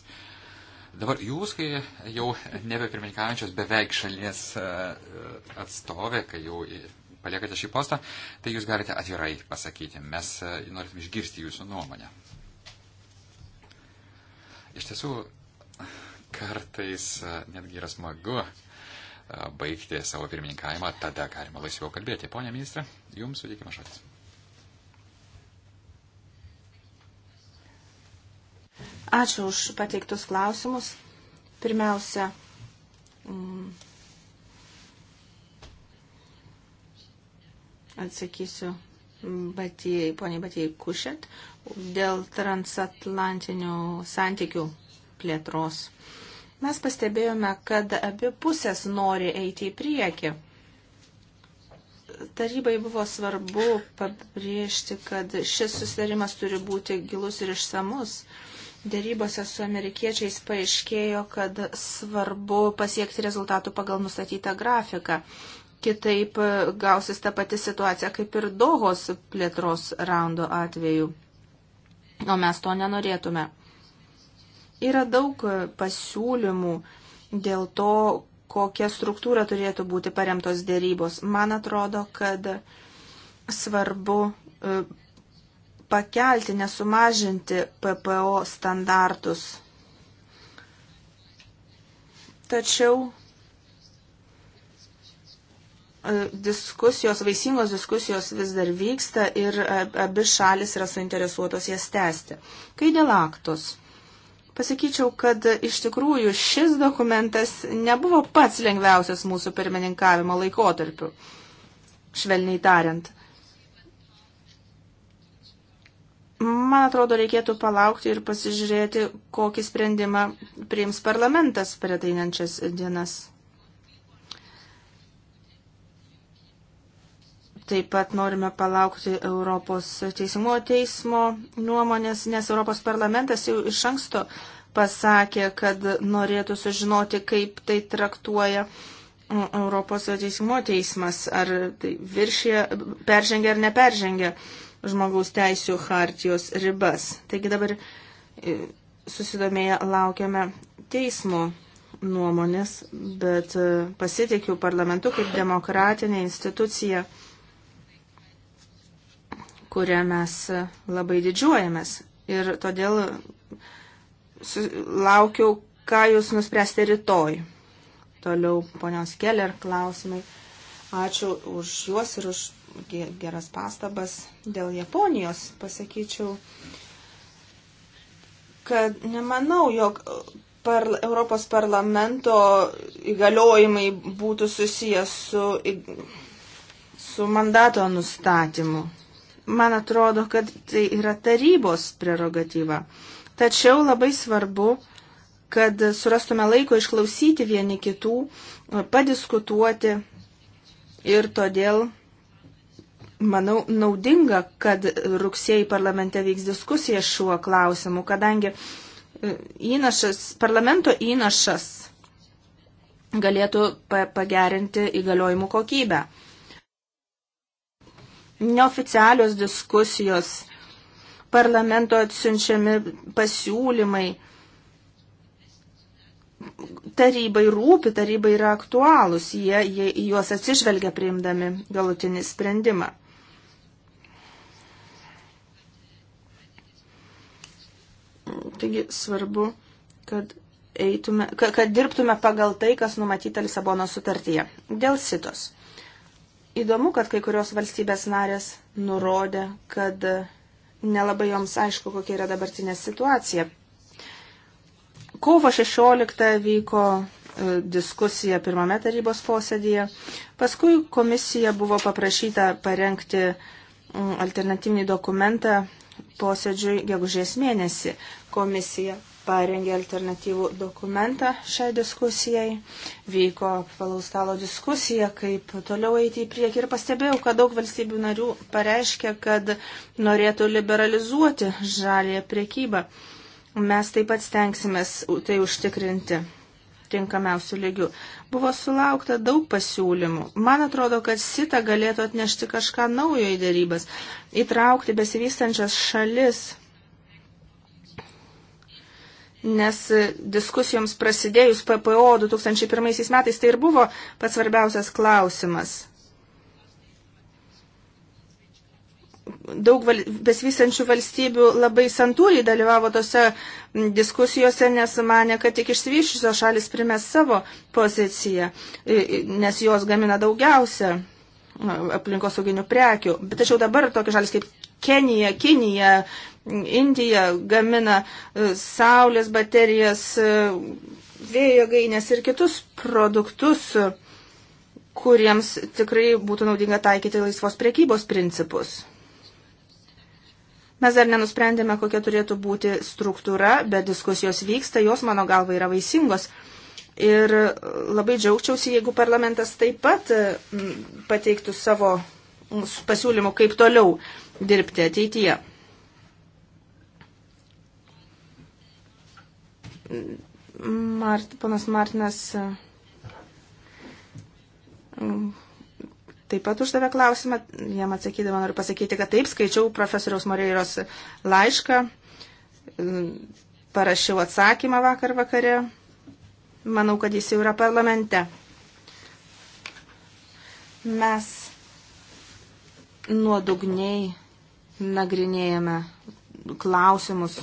Dabar jūs, kai jau nebepirmininkaujančios beveik šalies e, atstovė, kai jau paliekate šį postą, tai jūs galite atvirai pasakyti. Mes e, norėtume išgirsti jūsų nuomonę. Iš tiesų, kartais e, netgi yra smagu baigti savo pirmininkavimą, tada galima laisviau kalbėti. Pone ministrė, jums suteikime žodis. Ačiū už pateiktus klausimus. Pirmiausia, mm, atsakysiu Batijai, poniai Batijai Kušet, dėl transatlantinių santykių plėtros. Mes pastebėjome, kad abi pusės nori eiti į priekį tarybai buvo svarbu pabrėžti, kad šis susitarimas turi būti gilus ir išsamus. Dėrybose su amerikiečiais paaiškėjo, kad svarbu pasiekti rezultatų pagal nustatytą grafiką. Kitaip e, gausis ta pati situacija kaip ir Dohos plėtros raundo atveju. O mes to nenorėtume. Yra daug e, pasiūlymų dėl to, kokia struktūra turėtų būti paremtos dėrybos. Man atrodo, kad svarbu e, pakelti, nesumažinti PPO standartus. Tačiau e, diskusijos, vaisingos diskusijos vis dar vyksta ir e, abi šalis yra suinteresuotos jas tęsti. Kai dėl aktos, pasakyčiau, kad iš tikrųjų šis dokumentas nebuvo pats lengviausias mūsų pirmininkavimo laikotarpiu, švelniai tariant. Man atrodo, reikėtų palaukti ir pasižiūrėti, kokį sprendimą priims parlamentas per ateinančias dienas. Taip pat norime palaukti Europos teismo teismo nuomonės, nes Europos parlamentas jau iš anksto pasakė, kad norėtų sužinoti, kaip tai traktuoja Europos teismo teismas, ar tai viršė, peržengia ar neperžengia žmogaus teisų hartijos ribas. Taigi dabar e, susidomėję laukiame teismo nuomonės, bet e, pasitikiu parlamentu kaip demokratinė institucija, kurią mes e, labai didžiuojamės. Ir todėl laukiu, ką jūs nuspręsite rytoj. Toliau ponios Keller klausimai. Ačiū už juos ir už geras pastabas dėl Japonijos. Pasakyčiau, kad nemanau, jog par, Europos parlamento įgaliojimai būtų susijęs su, su mandato nustatymu. Man atrodo, kad tai yra tarybos prerogatyva. Tačiau labai svarbu, kad surastume laiko išklausyti vieni kitų, padiskutuoti ir todėl manau, naudinga, kad rugsėjai parlamente vyks diskusija šiuo klausimu, kadangi e, įnašas, parlamento įnašas galėtų pagerinti įgaliojimų kokybę. Neoficialios diskusijos, parlamento atsiunčiami pasiūlymai, tarybai rūpi, tarybai yra aktualūs, jie, jie juos atsižvelgia priimdami galutinį sprendimą. Taigi svarbu, kad, eitume, kad, kad dirbtume pagal tai, kas numatyta Lisabono sutartyje. Dėl sitos. Įdomu, kad kai kurios valstybės narės nurodė, kad nelabai joms aišku, kokia yra dabartinė situacija. Kovo 16 vyko e, diskusija pirmame tarybos posėdėje. Paskui komisija buvo paprašyta parengti mm, alternatyvinį dokumentą posėdžiui gegužės mėnesį. Komisija parengė alternatyvų dokumentą šiai diskusijai, vyko apvalaus stalo diskusija, kaip toliau eiti į priekį ir pastebėjau, kad daug valstybių narių pareiškia, kad norėtų liberalizuoti žalėje priekybą. Mes taip pat stengsimės tai užtikrinti tinkamiausių lygių. Buvo sulaukta daug pasiūlymų. Man atrodo, kad sita galėtų atnešti kažką naujo į dėrybas, įtraukti besivystančias šalis nes diskusijoms prasidėjus PPO 2001 metais tai ir buvo pats svarbiausias klausimas. Daug val besvysančių valstybių labai santūriai dalyvavo tose diskusijose, nes mane, kad tik išsivyščiusios šalis primės savo poziciją, nes jos gamina daugiausia aplinkosauginių prekių. Bet tačiau dabar tokios šalis kaip Kenija, Kinija, Indija gamina e, saulės baterijas, e, vėjo gainės ir kitus produktus, kuriems tikrai būtų naudinga taikyti laisvos priekybos principus. Mes dar nenusprendėme, kokia turėtų būti struktūra, bet diskusijos vyksta, jos mano galva yra vaisingos. Ir e, labai džiaugčiausi, jeigu parlamentas taip pat pateiktų savo pasiūlymų, kaip toliau dirbti ateityje. Mart, panas Martinas e, taip pat uždavė klausimą, jam atsakydama noriu pasakyti, kad taip, skaičiau profesoriaus Moreiros laišką, e, parašiau atsakymą vakar vakare, manau, kad jis jau yra parlamente. Mes nuodugniai nagrinėjame klausimus,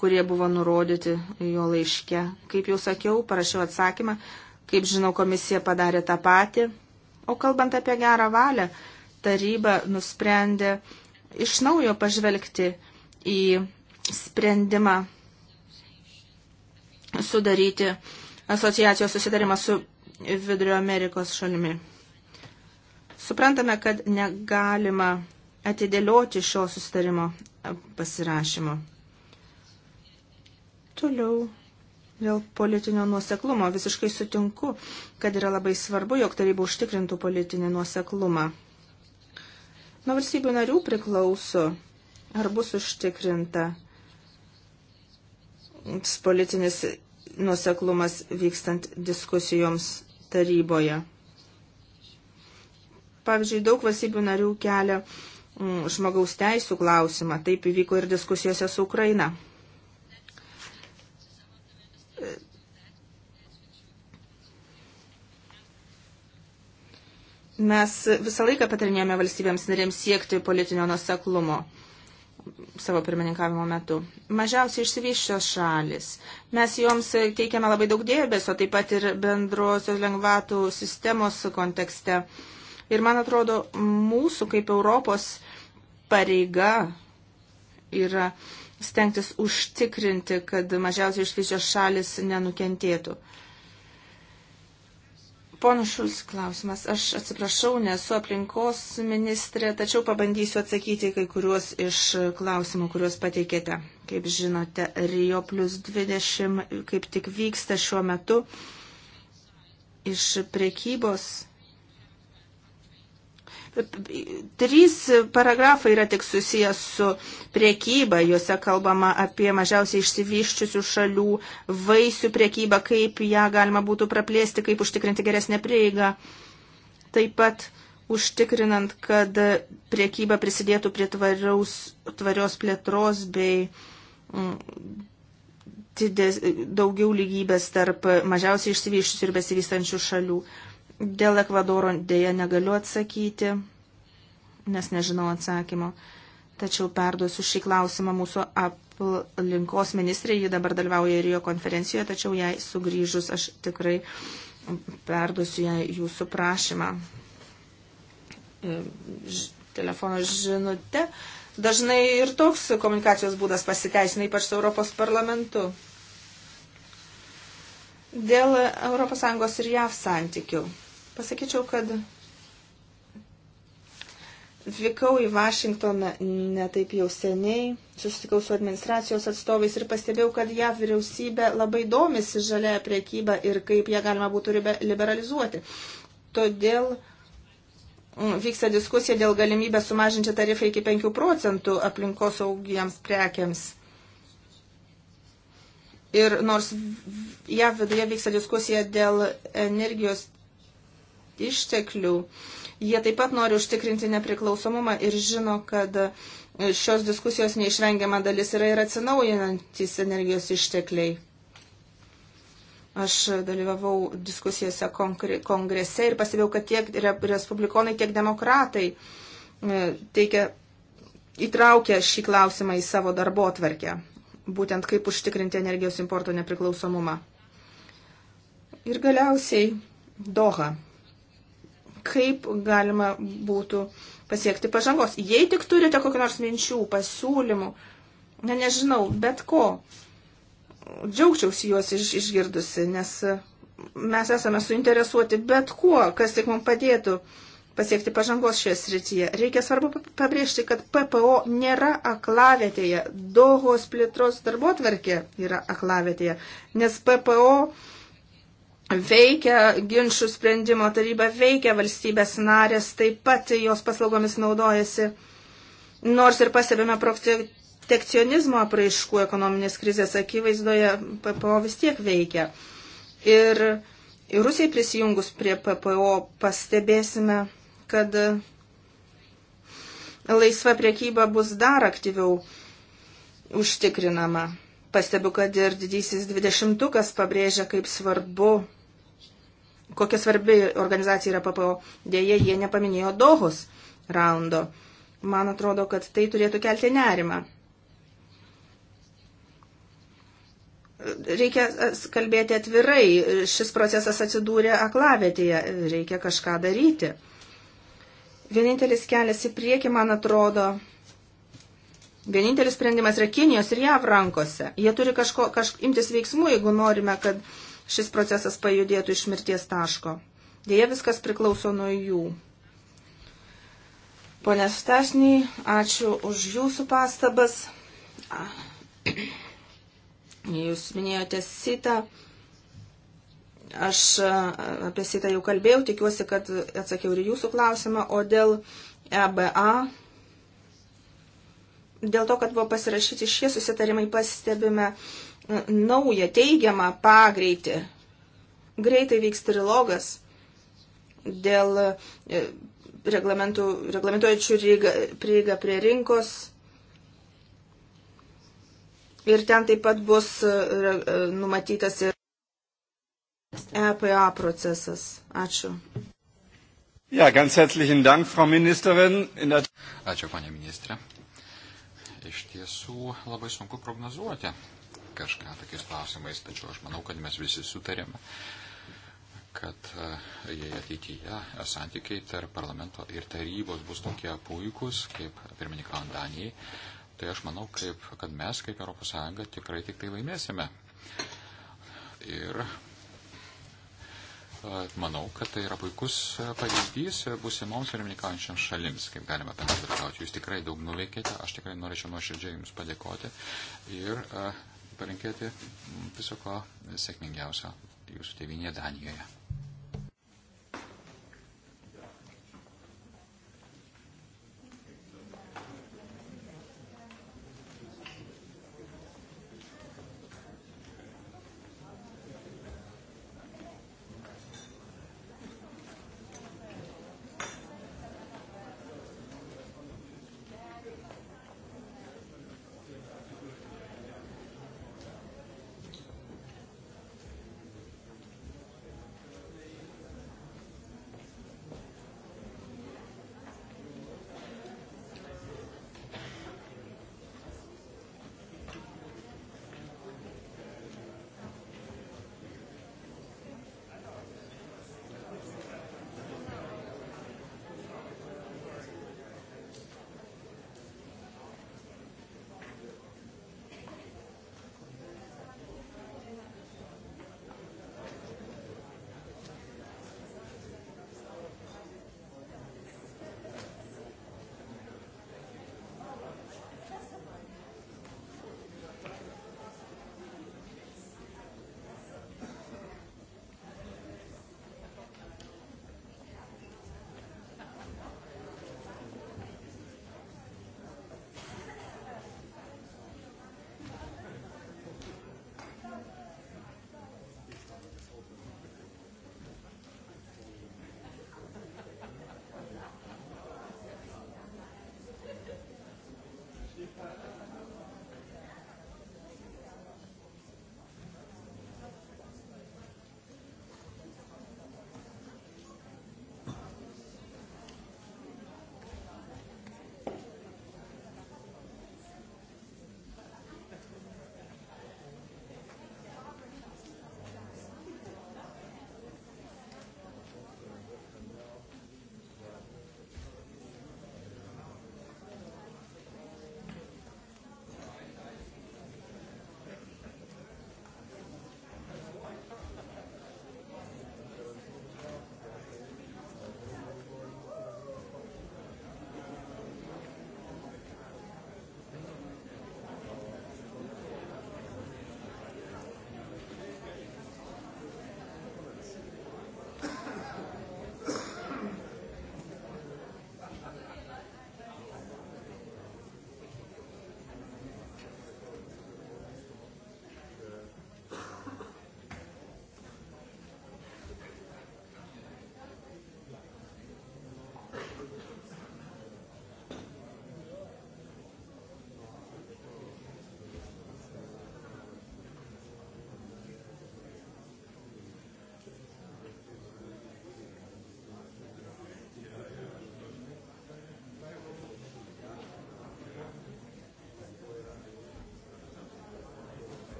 kurie buvo nurodyti jo laiške. Kaip jau sakiau, parašiau atsakymą, kaip žinau, komisija padarė tą patį. O kalbant apie gerą valią, taryba nusprendė iš naujo pažvelgti į sprendimą sudaryti asociacijos susitarimą su Vidurio Amerikos šalimi. Suprantame, kad negalima atidėlioti šio susitarimo pasirašymo. Toliau dėl politinio nuoseklumo visiškai sutinku, kad yra labai svarbu, jog taryba užtikrintų politinį nuoseklumą. Nuo valstybių narių priklauso, ar bus užtikrinta politinis nuoseklumas vykstant diskusijoms taryboje. Pavyzdžiui, daug valstybių narių kelia mm, žmogaus teisų klausimą. Taip įvyko ir diskusijose su Ukraina. Mes visą laiką patarinėjome valstybėms narėms siekti politinio nuseklumo savo pirmininkavimo metu. Mažiausiai išsivyščios šalis. Mes joms teikiame labai daug dėmesio, taip pat ir bendrosios lengvatų sistemos kontekste. Ir man atrodo, mūsų kaip Europos pareiga yra stengtis užtikrinti, kad mažiausiai išsivyščios šalis nenukentėtų. Uh, Pono Šuls klausimas. Aš atsiprašau, nesu aplinkos ministrė, tačiau pabandysiu atsakyti kai kuriuos iš klausimų, kuriuos pateikėte. Kaip žinote, Rio plus 20 kaip tik vyksta šiuo metu iš prekybos Trys paragrafai yra tik susijęs su priekyba, juose kalbama apie mažiausiai išsivyščiusių šalių vaisių priekybą, kaip ją galima būtų praplėsti, kaip užtikrinti geresnę prieigą. Taip pat užtikrinant, kad priekyba prisidėtų prie tvariaus, tvarios plėtros bei mm, didės, daugiau lygybės tarp mažiausiai išsivyščiusių ir besivystančių šalių. Dėl Ekvadoro dėja negaliu atsakyti, nes nežinau atsakymo. Tačiau perduosiu šį klausimą mūsų aplinkos ministrė, ji dabar dalyvauja ir jo konferencijoje, tačiau jai sugrįžus aš tikrai perduosiu jai jūsų prašymą e, telefono žinute. Dažnai ir toks komunikacijos būdas pasiteisina, ypač su Europos parlamentu. Dėl ES ir JAV santykių pasakyčiau, kad Vykau į Vašingtoną netaip jau seniai, susitikau su administracijos atstovais ir pastebėjau, kad JAV vyriausybė labai domisi žalia priekyba ir kaip ją galima būtų liberalizuoti. Todėl mm, vyksta diskusija dėl galimybę sumažinti tarifą iki 5 procentų aplinkosaugiams prekiams. Ir nors JAV viduje vyksta diskusija dėl energijos išteklių. Jie taip pat nori užtikrinti nepriklausomumą ir žino, kad šios diskusijos neišvengiama dalis yra ir atsinaujinantis energijos ištekliai. Aš dalyvavau diskusijose kongrese ir pasibėjau, kad tiek respublikonai, tiek demokratai e, teikia, įtraukia šį klausimą į savo darbo atverkę, būtent kaip užtikrinti energijos importo nepriklausomumą. Ir galiausiai Doha kaip galima būtų pasiekti pažangos. Jei tik turite kokių nors minčių, pasiūlymų, na nežinau, bet ko, džiaugčiausi juos iš, išgirdusi, nes mes esame suinteresuoti bet kuo, kas tik mums padėtų pasiekti pažangos šioje srityje. Reikia svarbu pabrėžti, kad PPO nėra aklavietėje, Dohos plėtros darbotverkė yra aklavietėje, nes PPO veikia ginčių sprendimo taryba, veikia valstybės narės, taip pat jos paslaugomis naudojasi. Nors ir pastebime protekcionizmo apraiškų ekonominės krizės akivaizdoje, PPO vis tiek veikia. Ir, ir Rusijai prisijungus prie PPO pastebėsime, kad laisva priekyba bus dar aktyviau užtikrinama. Pastebiu, kad ir didysis dvidešimtukas pabrėžia, kaip svarbu kokia svarbi organizacija yra PPO. Dėje jie nepaminėjo Dohos raundo. Man atrodo, kad tai turėtų kelti nerimą. Reikia e, kalbėti atvirai, šis procesas atsidūrė aklavėtėje, reikia kažką daryti. Vienintelis kelias į priekį, man atrodo, vienintelis sprendimas yra Kinijos ir JAV rankose. Jie turi kažko, kažk, imtis veiksmų, jeigu norime, kad šis procesas pajudėtų iš mirties taško. Dėja, viskas priklauso nuo jų. Pone Stešniai, ačiū už jūsų pastabas. Jūs minėjote sitą. Aš apie sitą jau kalbėjau, tikiuosi, kad atsakiau ir jūsų klausimą, o dėl EBA dėl to, kad buvo pasirašyti šie susitarimai, pastebime naują teigiamą pagreitį. Greitai vyks trilogas dėl e, reglamentuojančių prieigą prie rinkos. Ir ten taip pat bus e, e, numatytas ir EPA procesas. Ačiū. Ja, ganz herzlichen Dank, Frau Ministerin. In der... Ačiū, panė ministrė. Iš tiesų labai sunku prognozuoti kažką tokiais klausimais, tačiau aš manau, kad mes visi sutarėme, kad e, jei ateityje e, santykiai tarp parlamento ir tarybos bus tokie puikūs, kaip pirmininkaujant Danijai, tai aš manau, kaip, kad mes kaip ES tikrai tik tai laimėsime. Ir e, manau, kad tai yra puikus pavyzdys būsimoms pirmininkaujančiams šalims, kaip galima bendradarbiauti. Jūs tikrai daug nuveikėte, aš tikrai norėčiau nuoširdžiai Jums padėkoti ir uh, palinkėti viso ko sėkmingiausio jūsų tėvinėje Danijoje.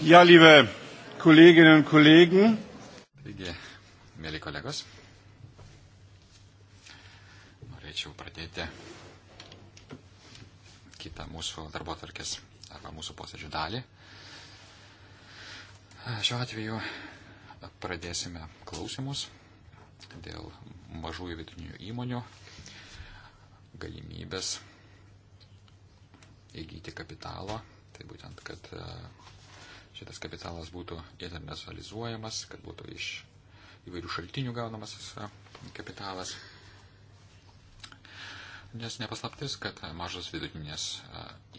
Ja, liebe Kolleginnen und Kollegen. Taigi, mėly kolegos, norėčiau pradėti kitą mūsų darbo tvarkės arba mūsų posėdžių dalį. Šiuo atveju pradėsime klausimus dėl mažųjų vidutinių įmonių galimybės įgyti kapitalo. Tai būtent, kad šitas kapitalas būtų internacionalizuojamas, kad būtų iš įvairių šaltinių gaunamas kapitalas. Nes nepaslaptis, kad mažos vidutinės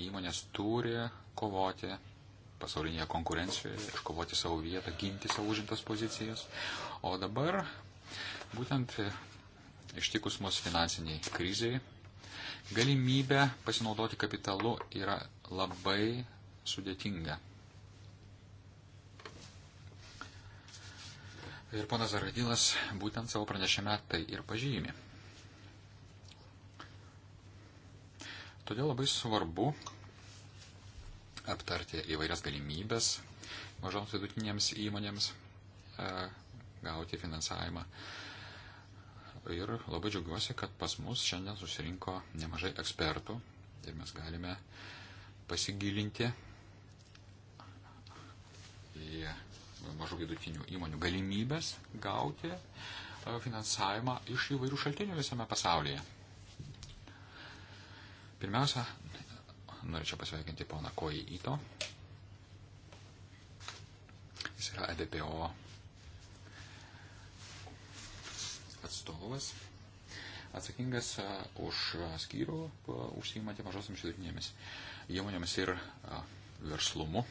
įmonės turi kovoti pasaulinėje konkurencijoje, iškovoti savo vietą, ginti savo užimtas pozicijas. O dabar, būtent e, ištikus mus finansiniai kriziai, galimybė pasinaudoti kapitalu yra labai sudėtinga. Ir ponas Zargadilas būtent savo pranešime tai ir pažymi. Todėl labai svarbu aptarti įvairias galimybės mažoms vidutinėms įmonėms e, gauti finansavimą. Ir labai džiaugiuosi, kad pas mus šiandien susirinko nemažai ekspertų ir mes galime pasigilinti į mažų vidutinių įmonių galimybės gauti e, finansavimą iš įvairių šaltinių visame pasaulyje. Pirmiausia, norėčiau pasveikinti poną Koji Ito. Jis yra EDPO atstovas, atsakingas e, už skyrių e, užsiimantį mažosiams vidutinėmis įmonėmis ir verslumu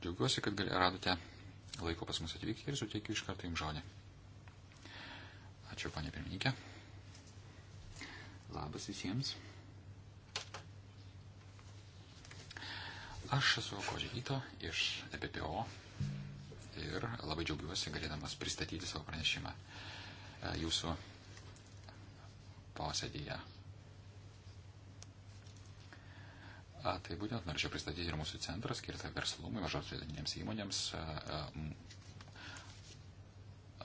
Džiaugiuosi, kad radote laiko pas mus atvykti ir suteikiu iš karto jums žodį. Ačiū, panė pirmininkė. Labas visiems. Aš esu Kožyto iš EBPO ir labai džiaugiuosi galėdamas pristatyti savo pranešimą e, jūsų posėdėje. A, tai būtent norėčiau pristatyti ir mūsų centrą skirtą verslumui, mažos vidutinėms įmonėms, a, a,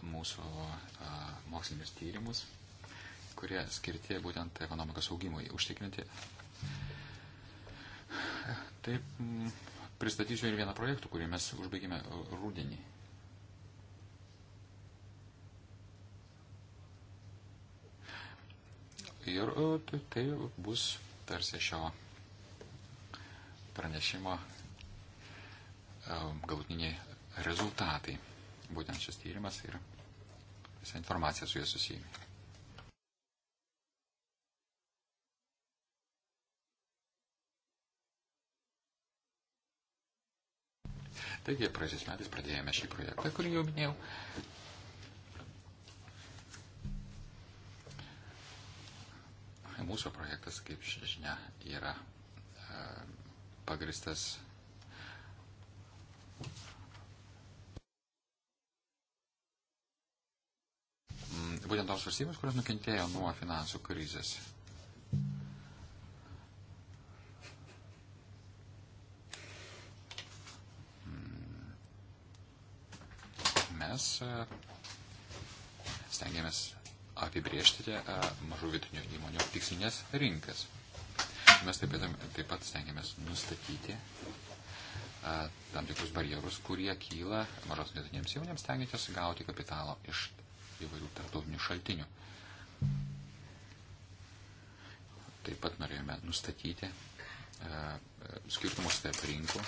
mūsų a, mokslinius tyrimus, kurie skirti būtent ekonomikos augimui užtikrinti. Taip, m, pristatysiu ir vieną projektą, kurį mes užbaigėme rūdienį. Ir tai, tai bus tarsi šio pranešimo galutiniai rezultatai. Būtent šis tyrimas ir visa informacija su juo susijęs. Taigi, praėjusiais metais pradėjome šį projektą, kurį jau minėjau. Mūsų projektas, kaip žinia, yra pagristas. Mm, būtent tos valstybės, kurios nukentėjo nuo finansų krizės. Mm, mes e, stengiamės apibriežti e, mažų vidutinių įmonių tikslinės rinkas mes taip, taip pat stengiamės nustatyti a, tam tikrus barjerus, kurie kyla mažos vidutinėms įmonėms stengiantis gauti kapitalo iš įvairių tarptautinių šaltinių. Taip pat norėjome nustatyti a, skirtumus tarp rinkų.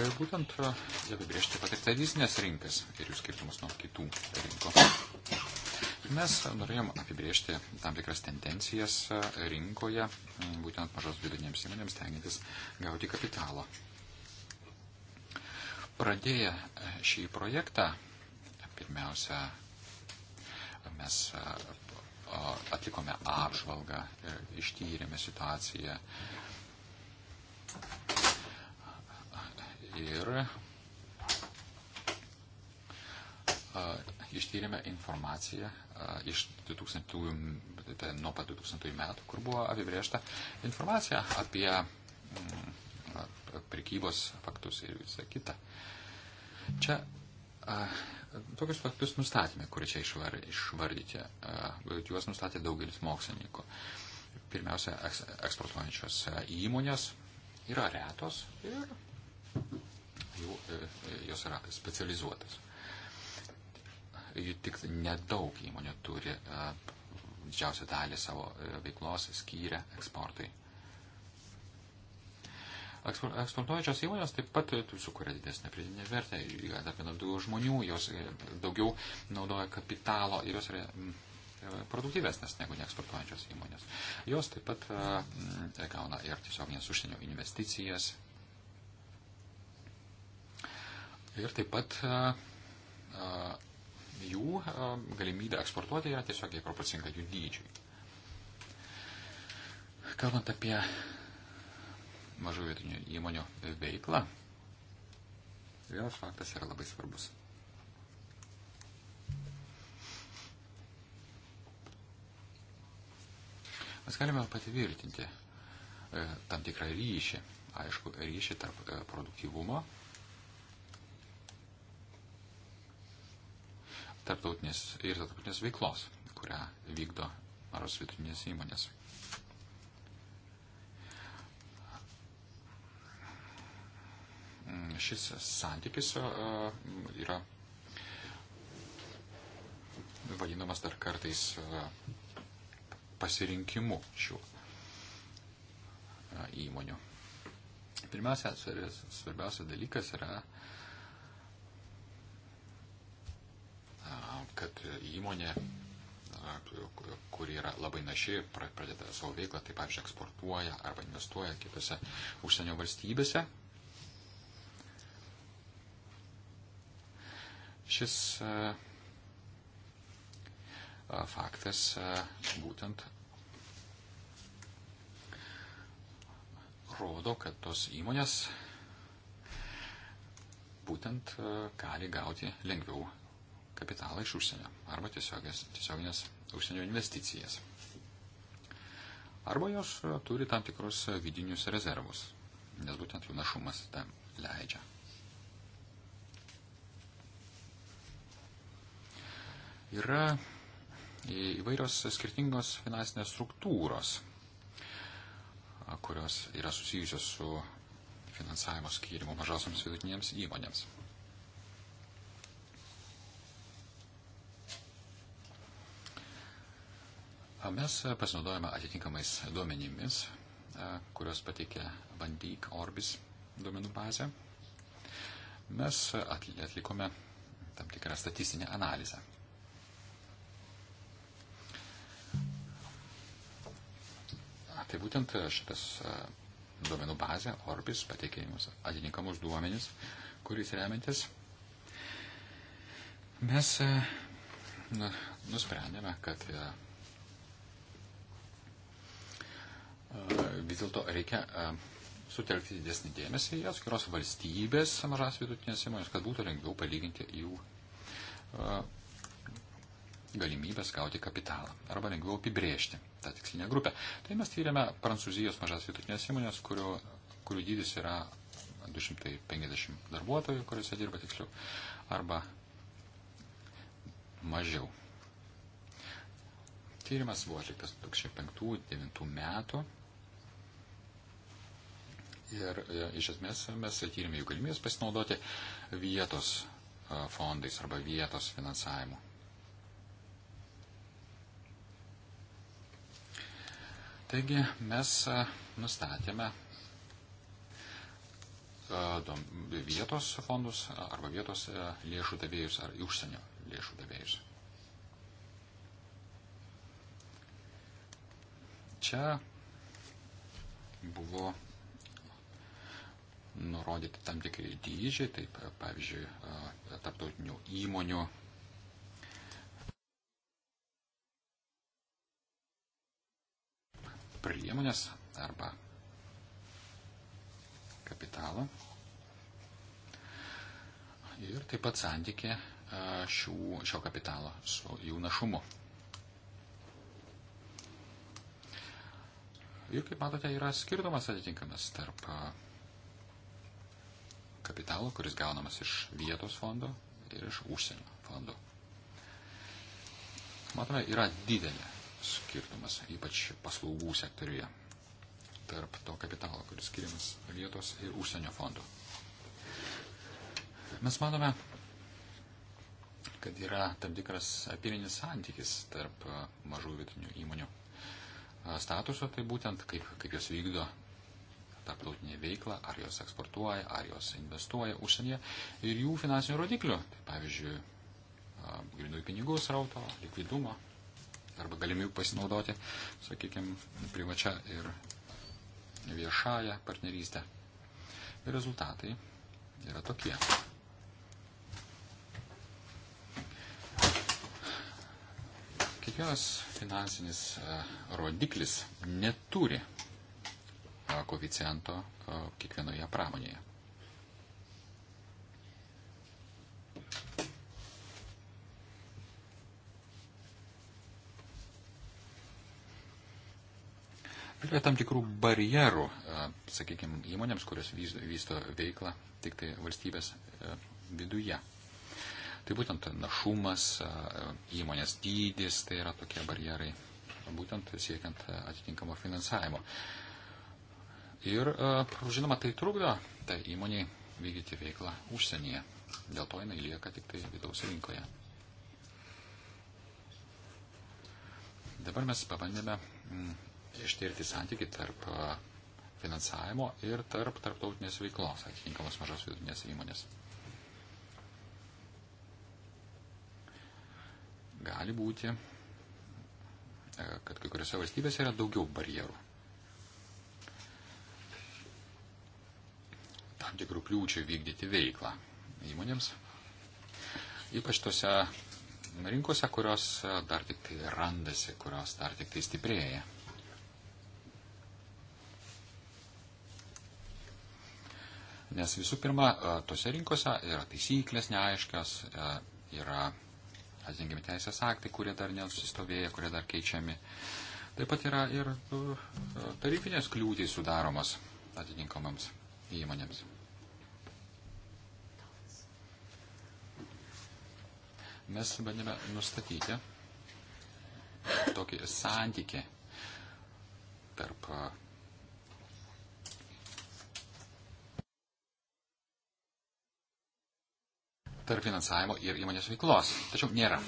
Ir būtent apibriežti pat ir tradicinės rinkas ir jų skirtumus nuo kitų rinkų. Mes norėjom apibriežti tam tikras tendencijas e, rinkoje, e, būtent mažos vidutinėms įmonėms tengintis gauti kapitalą. Pradėję e, šį projektą, pirmiausia, mes atlikome apžvalgą, ištyrėme situaciją ir ištyrėme informaciją iš 2000, tai nuo pat 2000 metų, kur buvo apibriešta informacija apie mm, prekybos faktus ir visą kitą. Čia a, tokius faktus nustatėme, kurie čia išvar, išvardyti. A, juos nustatė daugelis mokslininkų. Pirmiausia, eks, eksportuojančios įmonės yra retos ir jų, e, e, jos yra specializuotas jų tik nedaug įmonių turi e, didžiausią dalį savo e, veiklos skyrę eksportui. Eksportuojančios įmonės taip pat e, sukuria didesnę pridinę vertę, atlapina daugiau žmonių, jos daugiau naudoja kapitalo ir jos yra produktyvesnės negu neeksportuojančios įmonės. Jos taip pat a, gauna ir tiesioginės užsienio investicijas. Ir taip pat a, a, jų e, galimybė eksportuoti yra tiesiogiai proporcinga jų dydžiui. Kalbant apie mažų vietinių įmonių veiklą, vienas faktas yra labai svarbus. Mes galime patvirtinti e, tam tikrą ryšį, aišku, ryšį tarp e, produktyvumo tarptautinės ir tarptautinės veiklos, kurią vykdo maros vidutinės įmonės. Šis santykis e, yra vadinamas dar kartais e, pasirinkimu šių e, įmonių. Pirmiausia, svarbiausia dalykas yra kad įmonė, kuri yra labai naši, pradeda savo veiklą, taip pavyzdžiui, eksportuoja arba investuoja kitose užsienio valstybėse. Šis faktas būtent rodo, kad tos įmonės būtent gali gauti lengviau kapitalą iš užsienio arba tiesiogės, tiesioginės užsienio investicijas. Arba jos e, turi tam tikrus e, vidinius rezervus, nes būtent jų našumas tam leidžia. Yra įvairios skirtingos finansinės struktūros, kurios yra susijusios su finansavimo skirimu mažosiams vidutinėms įmonėms. Mes pasinaudojame atitinkamais duomenimis, e, kurios pateikė Vandyk Orbis duomenų bazę. Mes atlikome tam tikrą statistinę analizę. Tai būtent šitas e, duomenų bazė, Orbis, pateikė jums atitinkamus duomenis, kuris remiantis. Mes e, nu, nusprendėme, kad vis dėlto reikia sutelkti didesnį dėmesį į atskiros valstybės mažas vidutinės įmonės, kad būtų lengviau palyginti jų galimybės gauti kapitalą arba lengviau apibrėžti tą tikslinę grupę. Tai mes tyrėme Prancūzijos mažas vidutinės įmonės, kurių, kurių dydis yra 250 darbuotojų, kuriuose dirba tiksliau, arba mažiau. Tyrimas buvo atliktas 2005-2009 metų ir e, iš esmės mes tyrėme jų galimybės pasinaudoti vietos e, fondais arba vietos finansavimu. Taigi mes e, nustatėme vietos fondus arba vietos lėšų davėjus ar užsienio lėšų davėjus. Čia buvo nurodyti tam tikrai dydžiai, taip pavyzdžiui, e, tarptautinių įmonių. priemonės arba kapitalą. Ir taip pat santykė e, šių, šio kapitalo su jų našumu. Ir kaip matote, yra skirtumas atitinkamas tarp e, kapitalo, kuris gaunamas iš vietos fondo ir iš užsienio fondo. Matome, yra didelė skirtumas, ypač paslaugų sektoriuje, tarp to kapitalo, kuris skiriamas vietos ir užsienio fondų. Mes matome, kad yra tam tikras apirinis santykis tarp mažų vidutinių įmonių statuso, tai būtent kaip, kaip jos vykdo tarptautinę veiklą, ar jos eksportuoja, ar jos investuoja užsienyje ir jų finansinių rodiklių, tai pavyzdžiui, grinųjų pinigų srauto, likvidumo arba galimybių pasinaudoti, sakykime, privačia ir viešąją partnerystę. Ir rezultatai yra tokie. Kiekvienas finansinis rodiklis neturi koeficiento e, kiekvienoje pramonėje. Yra tam tikrų barjerų, e, sakykime, įmonėms, kurios vysto veiklą tik tai valstybės e, viduje. Tai būtent našumas, įmonės dydis, tai yra tokie barjerai, būtent siekiant atitinkamo finansavimo. Ir, e, žinoma, tai trukdo tai įmoniai vykdyti veiklą užsienyje. Dėl to jinai lieka tik tai vidaus rinkoje. Dabar mes pabandėme mm, ištirti santyki tarp e, finansavimo ir tarp tarptautinės veiklos atitinkamos mažos vidutinės įmonės. Gali būti, e, kad kai kuriuose valstybėse yra daugiau barjerų tam tikrų kliūčių vykdyti veiklą įmonėms, ypač tose rinkose, kurios e, dar tik tai randasi, kurios dar tik tai stiprėja. Nes visų pirma, e, tose rinkose yra taisyklės neaiškios, e, yra atitinkami teisės aktai, kurie dar nesusistovėję, kurie dar keičiami. Taip pat yra ir tarifinės kliūtys sudaromos atitinkamams įmonėms. mes bandėme nustatyti tokį santykį tarp tarp finansavimo ir įmonės veiklos. Tačiau nėra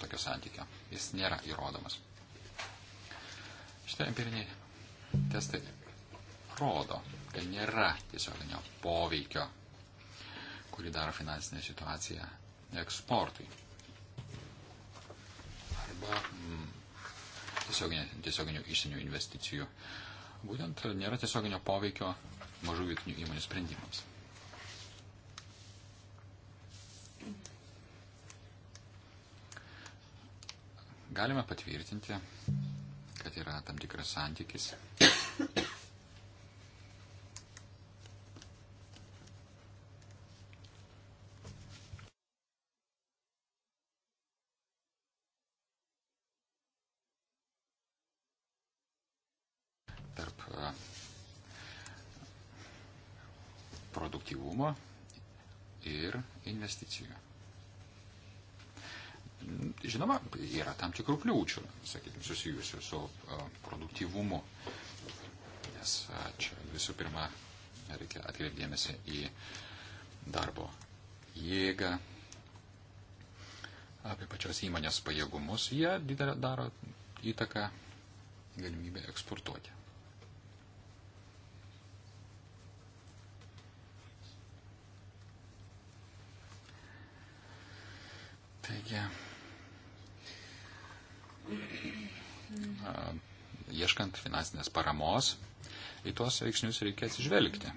tokio santykio. Jis nėra įrodomas. Šitie empiriniai testai rodo, kad nėra tiesioginio poveikio, kurį daro finansinė situacija eksportui. Arba mm, tiesioginių, tiesioginių išsinių investicijų. Būtent nėra tiesioginio poveikio mažų vietinių įmonių sprendimams. Galime patvirtinti, kad yra tam tikras santykis yra tam tikrų kliūčių, sakykime, susijusių su produktyvumu. Nes čia visų pirma reikia atkreipdėmėsi į darbo jėgą, apie pačios įmonės pajėgumus. Jie didelę daro įtaką galimybę eksportuoti. Taigi. Yeah. ieškant finansinės paramos, į tuos veiksnius reikia atsižvelgti.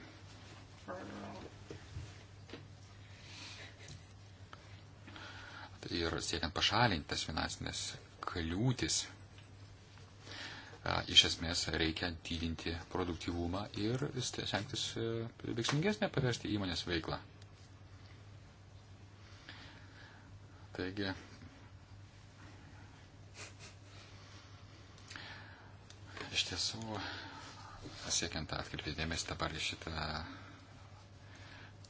Ir siekiant pašalinti tas finansinės kliūtis, iš esmės reikia didinti produktyvumą ir stengtis veiksmingesnė paversti įmonės veiklą. Taigi, Iš tiesų, siekiant atkreipti dėmesį dabar į šitą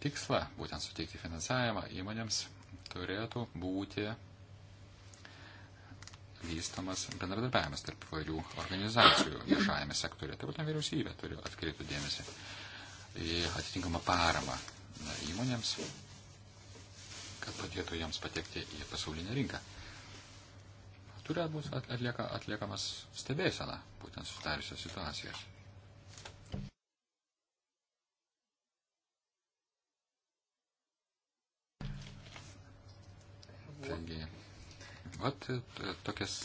tikslą, būtent suteikti finansavimą įmonėms, turėtų būti vystamas bendradarbiavimas tarp įvairių organizacijų viešajame sektorėje. Tai būtent vyriausybė turi atkreipti dėmesį į atitinkamą paramą na, įmonėms, kad padėtų jiems patekti į pasaulinę rinką. Turi bus atlieka, atliekamas stebėsena būtent sudariusios situacijos. Taigi, vat tokias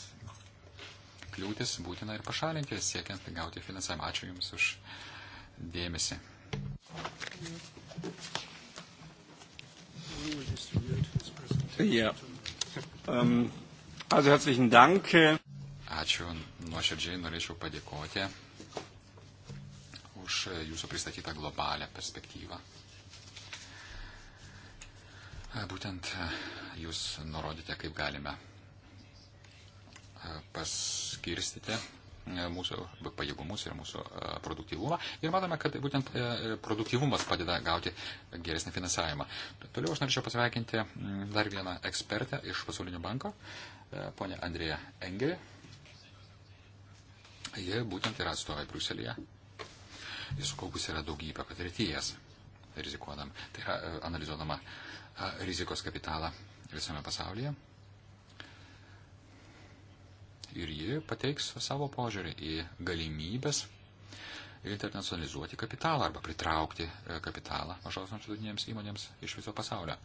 kliūtis būtina ir pašalinti, siekiant gauti finansavimą. Ačiū Jums už dėmesį. Yeah. Um, Ačiū nuoširdžiai, norėčiau padėkoti už jūsų pristatytą globalią perspektyvą. Būtent jūs nurodėte, kaip galime paskirstyti mūsų pajėgumus ir mūsų e, produktyvumą. Ir matome, kad būtent e, produktyvumas padeda gauti geresnį finansavimą. Toliau aš norėčiau pasveikinti dar vieną ekspertę iš Pasaulinio banko, e, ponę Andrėją Engelį. Jie būtent yra atstovai Bruselėje. Jis sukaupusi yra daugybę patirties rizikuodam, tai yra analizuodama rizikos kapitalą visame pasaulyje ir ji pateiks savo požiūrį į galimybės internacionalizuoti kapitalą arba pritraukti e, kapitalą mažosioms vidutinėms įmonėms iš viso pasaulio.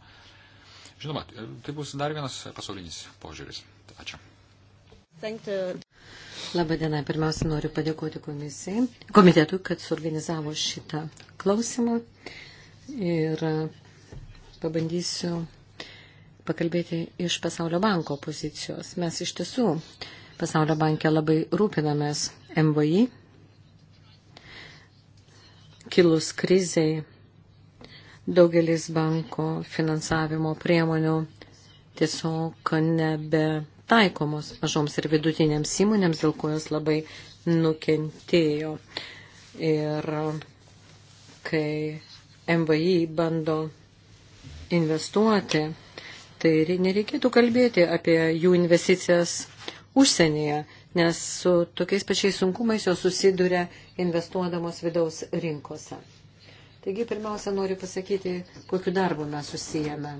Žinoma, e, tai bus dar vienas pasaulinis požiūris. Ačiū. Labadiena. Pirmiausia, noriu padėkoti komisijai, komitetui, kad suorganizavo šitą klausimą ir e, pabandysiu pakalbėti iš Pasaulio banko pozicijos. Mes iš tiesų Pasaulio bankė labai rūpinamės MVI. Kilus kriziai daugelis banko finansavimo priemonių tiesiog nebe taikomos mažoms ir vidutinėms įmonėms, dėl ko jos labai nukentėjo. Ir kai MVI bando investuoti, tai nereikėtų kalbėti apie jų investicijas užsienyje, nes su tokiais pačiais sunkumais jos susiduria investuodamos vidaus rinkose. Taigi, pirmiausia, noriu pasakyti, kokiu darbu mes susijame.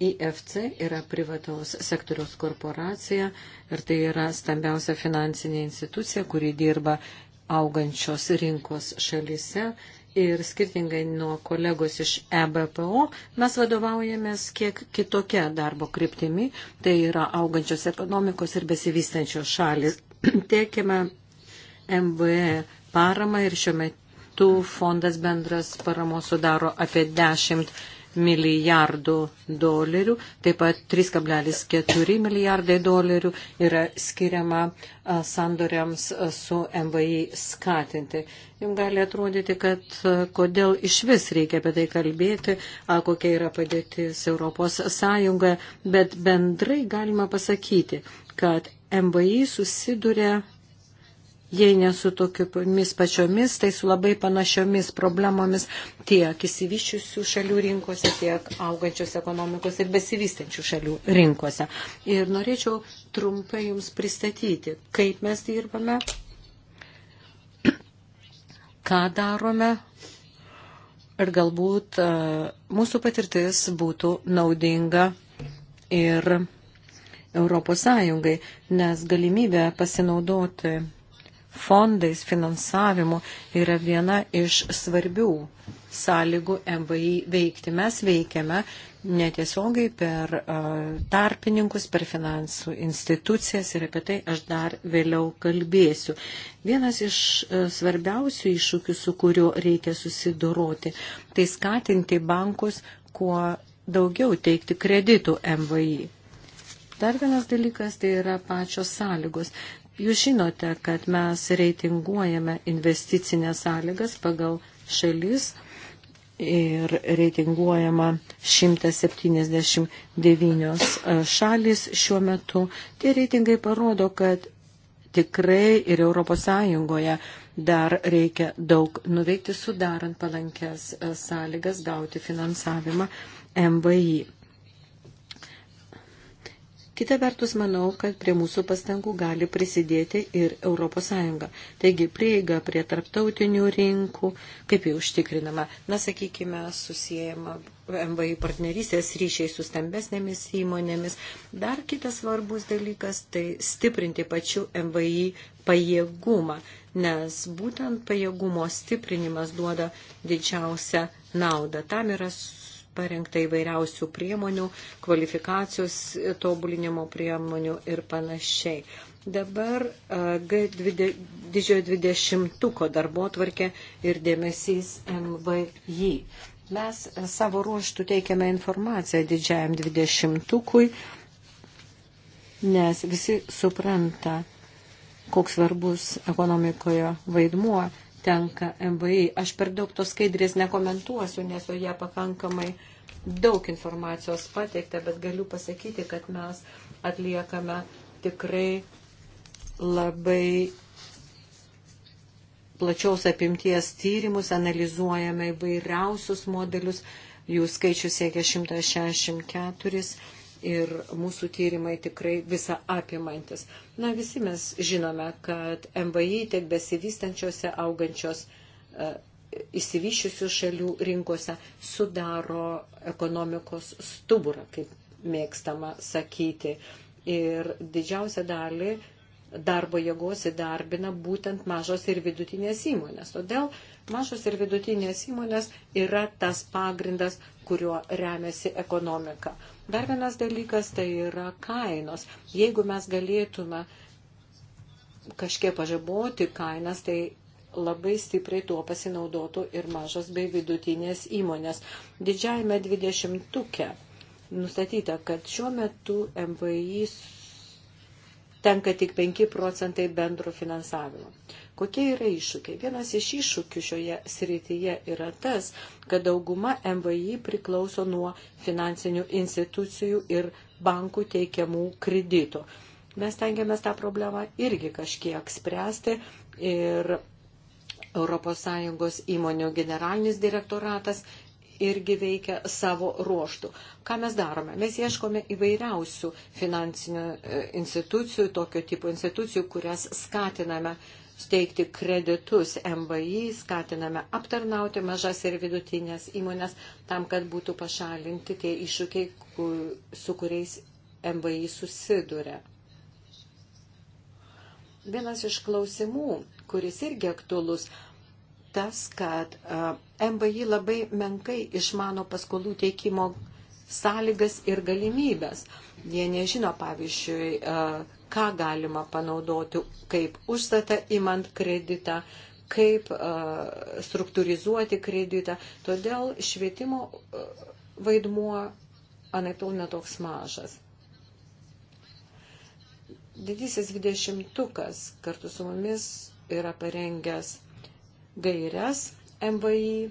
IFC yra privataus sektoriaus korporacija ir tai yra stambiausia finansinė institucija, kuri dirba augančios rinkos šalyse ir skirtingai nuo kolegos iš EBPO, mes vadovaujamės kiek kitokia darbo kryptimi, tai yra augančios ekonomikos ir besivystančios šalis. Teikiame MVE paramą ir šiuo metu fondas bendras paramos sudaro apie 10 milijardų dolerių, taip pat 3,4 milijardai dolerių yra skiriama sandoriams su MVI skatinti. Jums gali atrodyti, kad kodėl iš vis reikia apie tai kalbėti, kokia yra padėtis Europos Sąjungoje, bet bendrai galima pasakyti, kad MVI susiduria jei ne su tokiomis pačiomis, tai su labai panašiomis problemomis tiek įsivyščiusių šalių rinkose, tiek augančios ekonomikos ir besivystančių šalių rinkose. Ir norėčiau trumpai Jums pristatyti, kaip mes dirbame, ką darome ir galbūt e, mūsų patirtis būtų naudinga ir Europos Sąjungai, nes galimybė pasinaudoti fondais finansavimu yra viena iš svarbių sąlygų MVI veikti. Mes veikiame netiesiogiai per tarpininkus, per finansų institucijas ir apie tai aš dar vėliau kalbėsiu. Vienas iš e, svarbiausių iššūkių, su kuriuo reikia susidoroti, tai skatinti bankus kuo daugiau teikti kreditų MVI. Dar vienas dalykas tai yra pačios sąlygos. Jūs žinote, kad mes reitinguojame investicinės sąlygas pagal šalis ir reitinguojama 179 e, šalis šiuo metu. Tie reitingai parodo, kad tikrai ir ES dar reikia daug nuveikti, sudarant palankės e, sąlygas gauti finansavimą MVI. Kita vertus, manau, kad prie mūsų pastangų gali prisidėti ir ES. Taigi, prieiga prie tarptautinių rinkų, kaip jau užtikrinama, na, sakykime, susijęma MVI partnerystės ryšiai su stambesnėmis įmonėmis. Dar kitas svarbus dalykas - tai stiprinti pačių MVI pajėgumą, nes būtent pajėgumo stiprinimas duoda didžiausią naudą. Tam yra parengta įvairiausių priemonių, kvalifikacijos tobulinimo priemonių ir panašiai. Dabar G20, didžiojo dvidešimtuko darbo tvarkė ir dėmesys MVI. Mes savo ruoštų teikiame informaciją didžiajam dvidešimtukui, nes visi supranta, koks svarbus ekonomikoje vaidmuo tenka MVI. Aš per daug tos skaidrės nekomentuosiu, nes joje pakankamai daug informacijos pateikta, bet galiu pasakyti, kad mes atliekame tikrai labai plačiaus apimties tyrimus, analizuojame įvairiausius modelius, jų skaičius siekia 164 ir mūsų tyrimai tikrai visą apimantis. Na, visi mes žinome, kad MVI tiek besivystančiose augančios įsivyšiusių e, šalių rinkose sudaro ekonomikos stuburą, kaip mėgstama sakyti. Ir didžiausią dalį darbo jėgos įdarbina būtent mažos ir vidutinės įmonės. Todėl mažos ir vidutinės įmonės yra tas pagrindas, kuriuo remiasi ekonomika. Dar vienas dalykas tai yra kainos. Jeigu mes galėtume kažkiek pažaboti kainas, tai labai stipriai tuo pasinaudotų ir mažos bei vidutinės įmonės. Didžiajame dvidešimtuke nustatyta, kad šiuo metu MVI tenka tik 5 procentai bendro finansavimo. Kokie yra iššūkiai? Vienas iš iššūkių šioje srityje yra tas, kad dauguma MVI priklauso nuo finansinių institucijų ir bankų teikiamų kreditų. Mes tengiamės tą problemą irgi kažkiek spręsti ir ES įmonių generalinis direktoratas irgi veikia savo ruoštų. Ką mes darome? Mes ieškome įvairiausių finansinių e, institucijų, tokio tipo institucijų, kurias skatiname uh, steigti kreditus MVI, skatiname aptarnauti mažas ir vidutinės įmonės tam, kad būtų pašalinti tie iššūkiai, su kuriais MVI susiduria. Vienas iš klausimų, kuris irgi aktuolus, tas, kad MVI labai menkai išmano paskolų teikimo sąlygas ir galimybės. Jie nežino, pavyzdžiui, ką galima panaudoti kaip užstatą įmant kreditą, kaip struktūrizuoti kreditą. Todėl švietimo vaidmuo anaiptol netoks mažas. Didysis dvidešimtukas kartu su mumis yra parengęs gairias MVI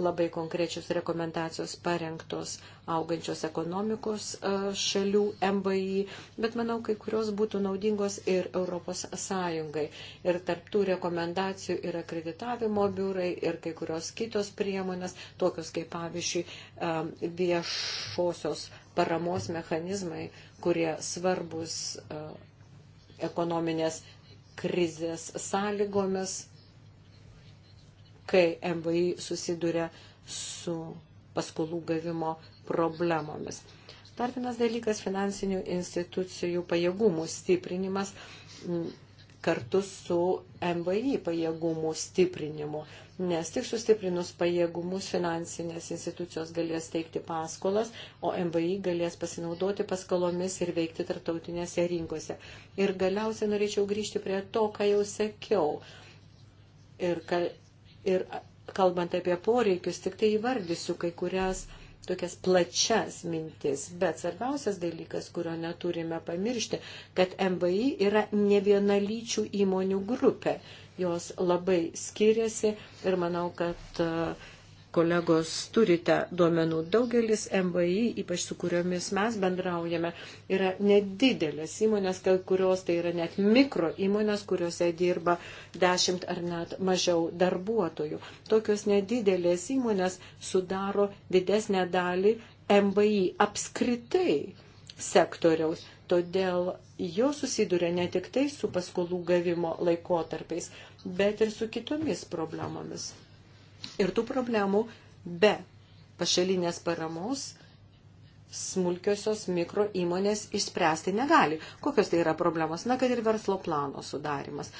labai konkrečios rekomendacijos parengtos augančios ekonomikos e, šalių MVI, bet manau, kai kurios būtų naudingos ir Europos Sąjungai. Ir tarptų rekomendacijų ir akreditavimo biurai, ir kai kurios kitos priemonės, tokios kaip pavyzdžiui e, viešosios paramos mechanizmai, kurie svarbus e, ekonominės krizės sąlygomis kai MVI susiduria su paskolų gavimo problemomis. Dar vienas dalykas - finansinių institucijų pajėgumų stiprinimas kartu su MVI pajėgumų stiprinimu, nes tik sustiprinus pajėgumus finansinės institucijos galės teikti paskolas, o MVI galės pasinaudoti paskolomis ir veikti tartautinėse rinkose. Ir galiausiai norėčiau grįžti prie to, ką jau sakiau ir Ir kalbant apie poreikius, tik tai įvardysiu kai kurias tokias plačias mintis. Bet svarbiausias dalykas, kurio neturime pamiršti, kad MVI yra ne vienalyčių įmonių grupė. Jos labai skiriasi ir manau, kad uh, kolegos turite duomenų. Daugelis MVI, ypač su kuriomis mes bendraujame, yra nedidelės įmonės, kurios tai yra net mikro įmonės, kuriuose dirba dešimt ar net mažiau darbuotojų. Tokios nedidelės įmonės sudaro didesnę dalį MVI apskritai sektoriaus. Todėl jo susiduria ne tik tai su paskolų gavimo laikotarpiais, bet ir su kitomis problemomis. Ir tų problemų be pašalinės paramos smulkiosios mikro įmonės išspręsti negali. Kokios tai yra problemos? Na, kad ir verslo plano sudarimas.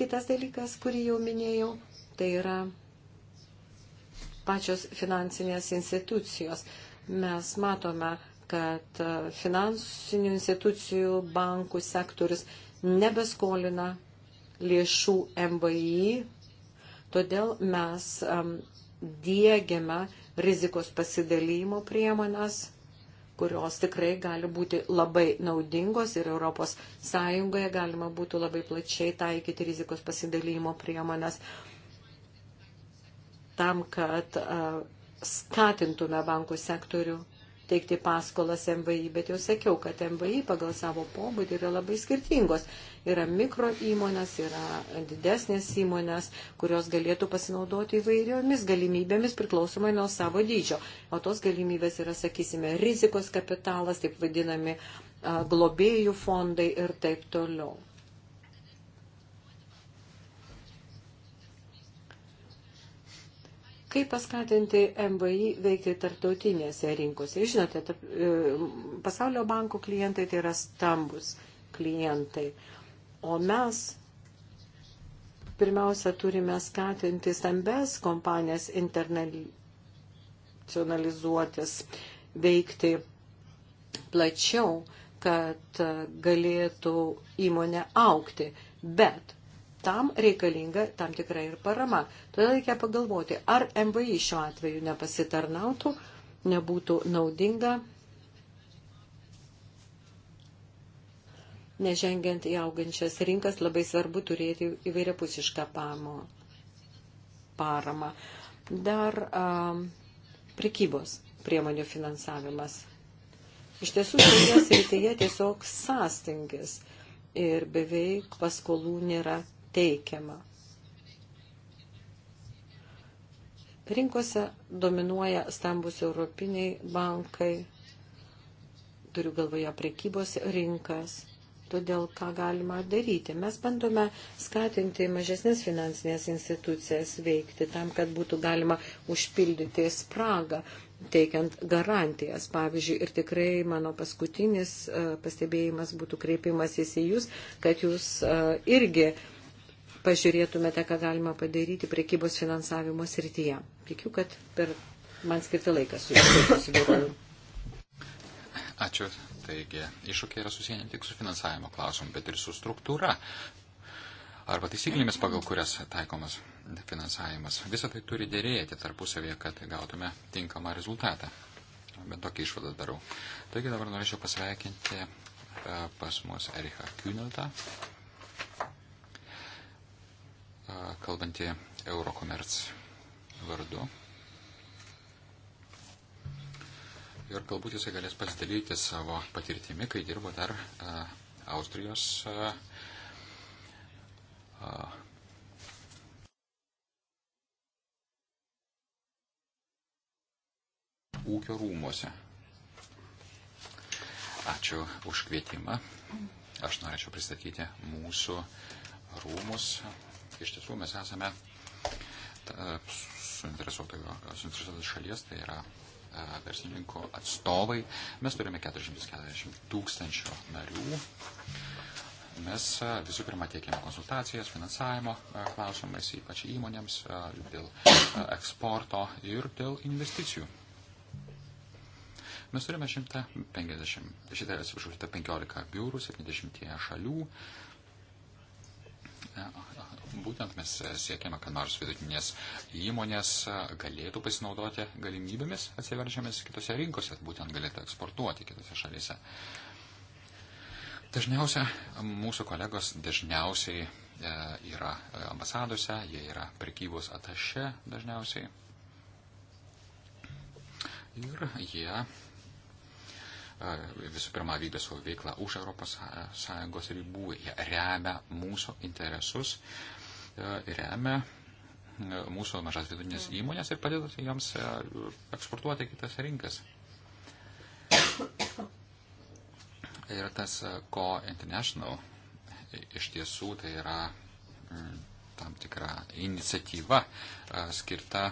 Kitas dalykas, kurį jau minėjau, tai yra pačios finansinės institucijos. Mes matome, kad finansinių institucijų bankų sektorius nebeskolina lėšų MVI Todėl mes dėgiame rizikos pasidalymo priemonės kurios tikrai gali būti labai naudingos ir Europos Sąjungoje galima būtų labai plačiai taikyti rizikos pasidalymo priemonės tam, kad e, skatintume bankų sektorių teikti paskolas MVI, bet jau sakiau, kad MVI pagal savo pobūdį yra labai skirtingos Yra mikro įmonės, yra didesnės įmonės, kurios galėtų pasinaudoti įvairiomis galimybėmis priklausomai nuo savo dydžio. O tos galimybės yra, sakysime, rizikos kapitalas, taip vadinami globėjų fondai ir taip toliau. Kaip paskatinti MVI veikti tarptautinėse rinkose? Žinote, tarp, e, pasaulio bankų klientai tai yra stambus klientai, O mes pirmiausia turime skatinti stambes kompanijas internacionalizuotis, veikti plačiau, kad galėtų įmonė aukti. Bet tam reikalinga tam tikra ir parama. Todėl reikia pagalvoti, ar MVI šiuo atveju nepasitarnautų, nebūtų naudinga nežengiant į augančias rinkas, labai svarbu turėti įvairiapusišką paramą. Dar a, prikybos priemonių finansavimas. Iš tiesų, šioje srityje tiesiog sąstingis ir beveik paskolų nėra teikiama. Rinkose dominuoja stambus europiniai bankai, turiu galvoje prekybos rinkas, Todėl ką galima daryti? Mes bandome skatinti mažesnės finansinės institucijas veikti tam, kad būtų galima užpildyti spragą teikiant garantijas. Pavyzdžiui, ir tikrai mano paskutinis e, pastebėjimas būtų kreipimasis į jūs, kad jūs e, irgi pažiūrėtumėte, ką galima padaryti priekybos finansavimo srityje. Tikiu, kad per man skirtą laiką su jumis susidoroju. Ačiū Taigi iššūkiai yra susiję ne tik su finansavimo klausimu, bet ir su struktūra arba taisyklėmis, pagal kurias taikomas finansavimas. Visą tai turi dėrėti tarpusavėje, kad gautume tinkamą rezultatą. Bet tokį išvadą darau. Taigi dabar norėčiau pasveikinti e, pas mus Erichą Kyneltą, e, kalbantį Eurokomerc vardu. ir galbūt jisai galės pasidalyti savo patirtimi, kai dirbo dar a, Austrijos a, a, ūkio rūmose. Ačiū už kvietimą. Aš norėčiau pristatyti mūsų rūmus. Iš tiesų mes esame suinteresuotas šalies, tai yra E, verslininkų atstovai. Mes turime 440 tūkstančių narių. Mes e, visų pirma teikiame konsultacijas finansavimo e, klausimais, ypač įmonėms, dėl eksporto ir dėl investicijų. Mes turime 150, šitą, atsiprašau, 115 biurų 70 šalių. Būtent mes siekiame, kad mažos vidutinės įmonės galėtų pasinaudoti galimybėmis atsiverčiamis kitose rinkose, būtent galėtų eksportuoti kitose šalyse. Dažniausia, mūsų kolegos dažniausiai e, yra ambasadose, jie yra prekybos ataše dažniausiai. Ir jie e, visų pirma vykdo savo veiklą už ES ribų, jie remia mūsų interesus, E, remia e, mūsų mažas vidutinės įmonės ir padeda joms e, eksportuoti kitas rinkas. Ir tas Co International iš tiesų tai yra mm, tam tikra iniciatyva skirta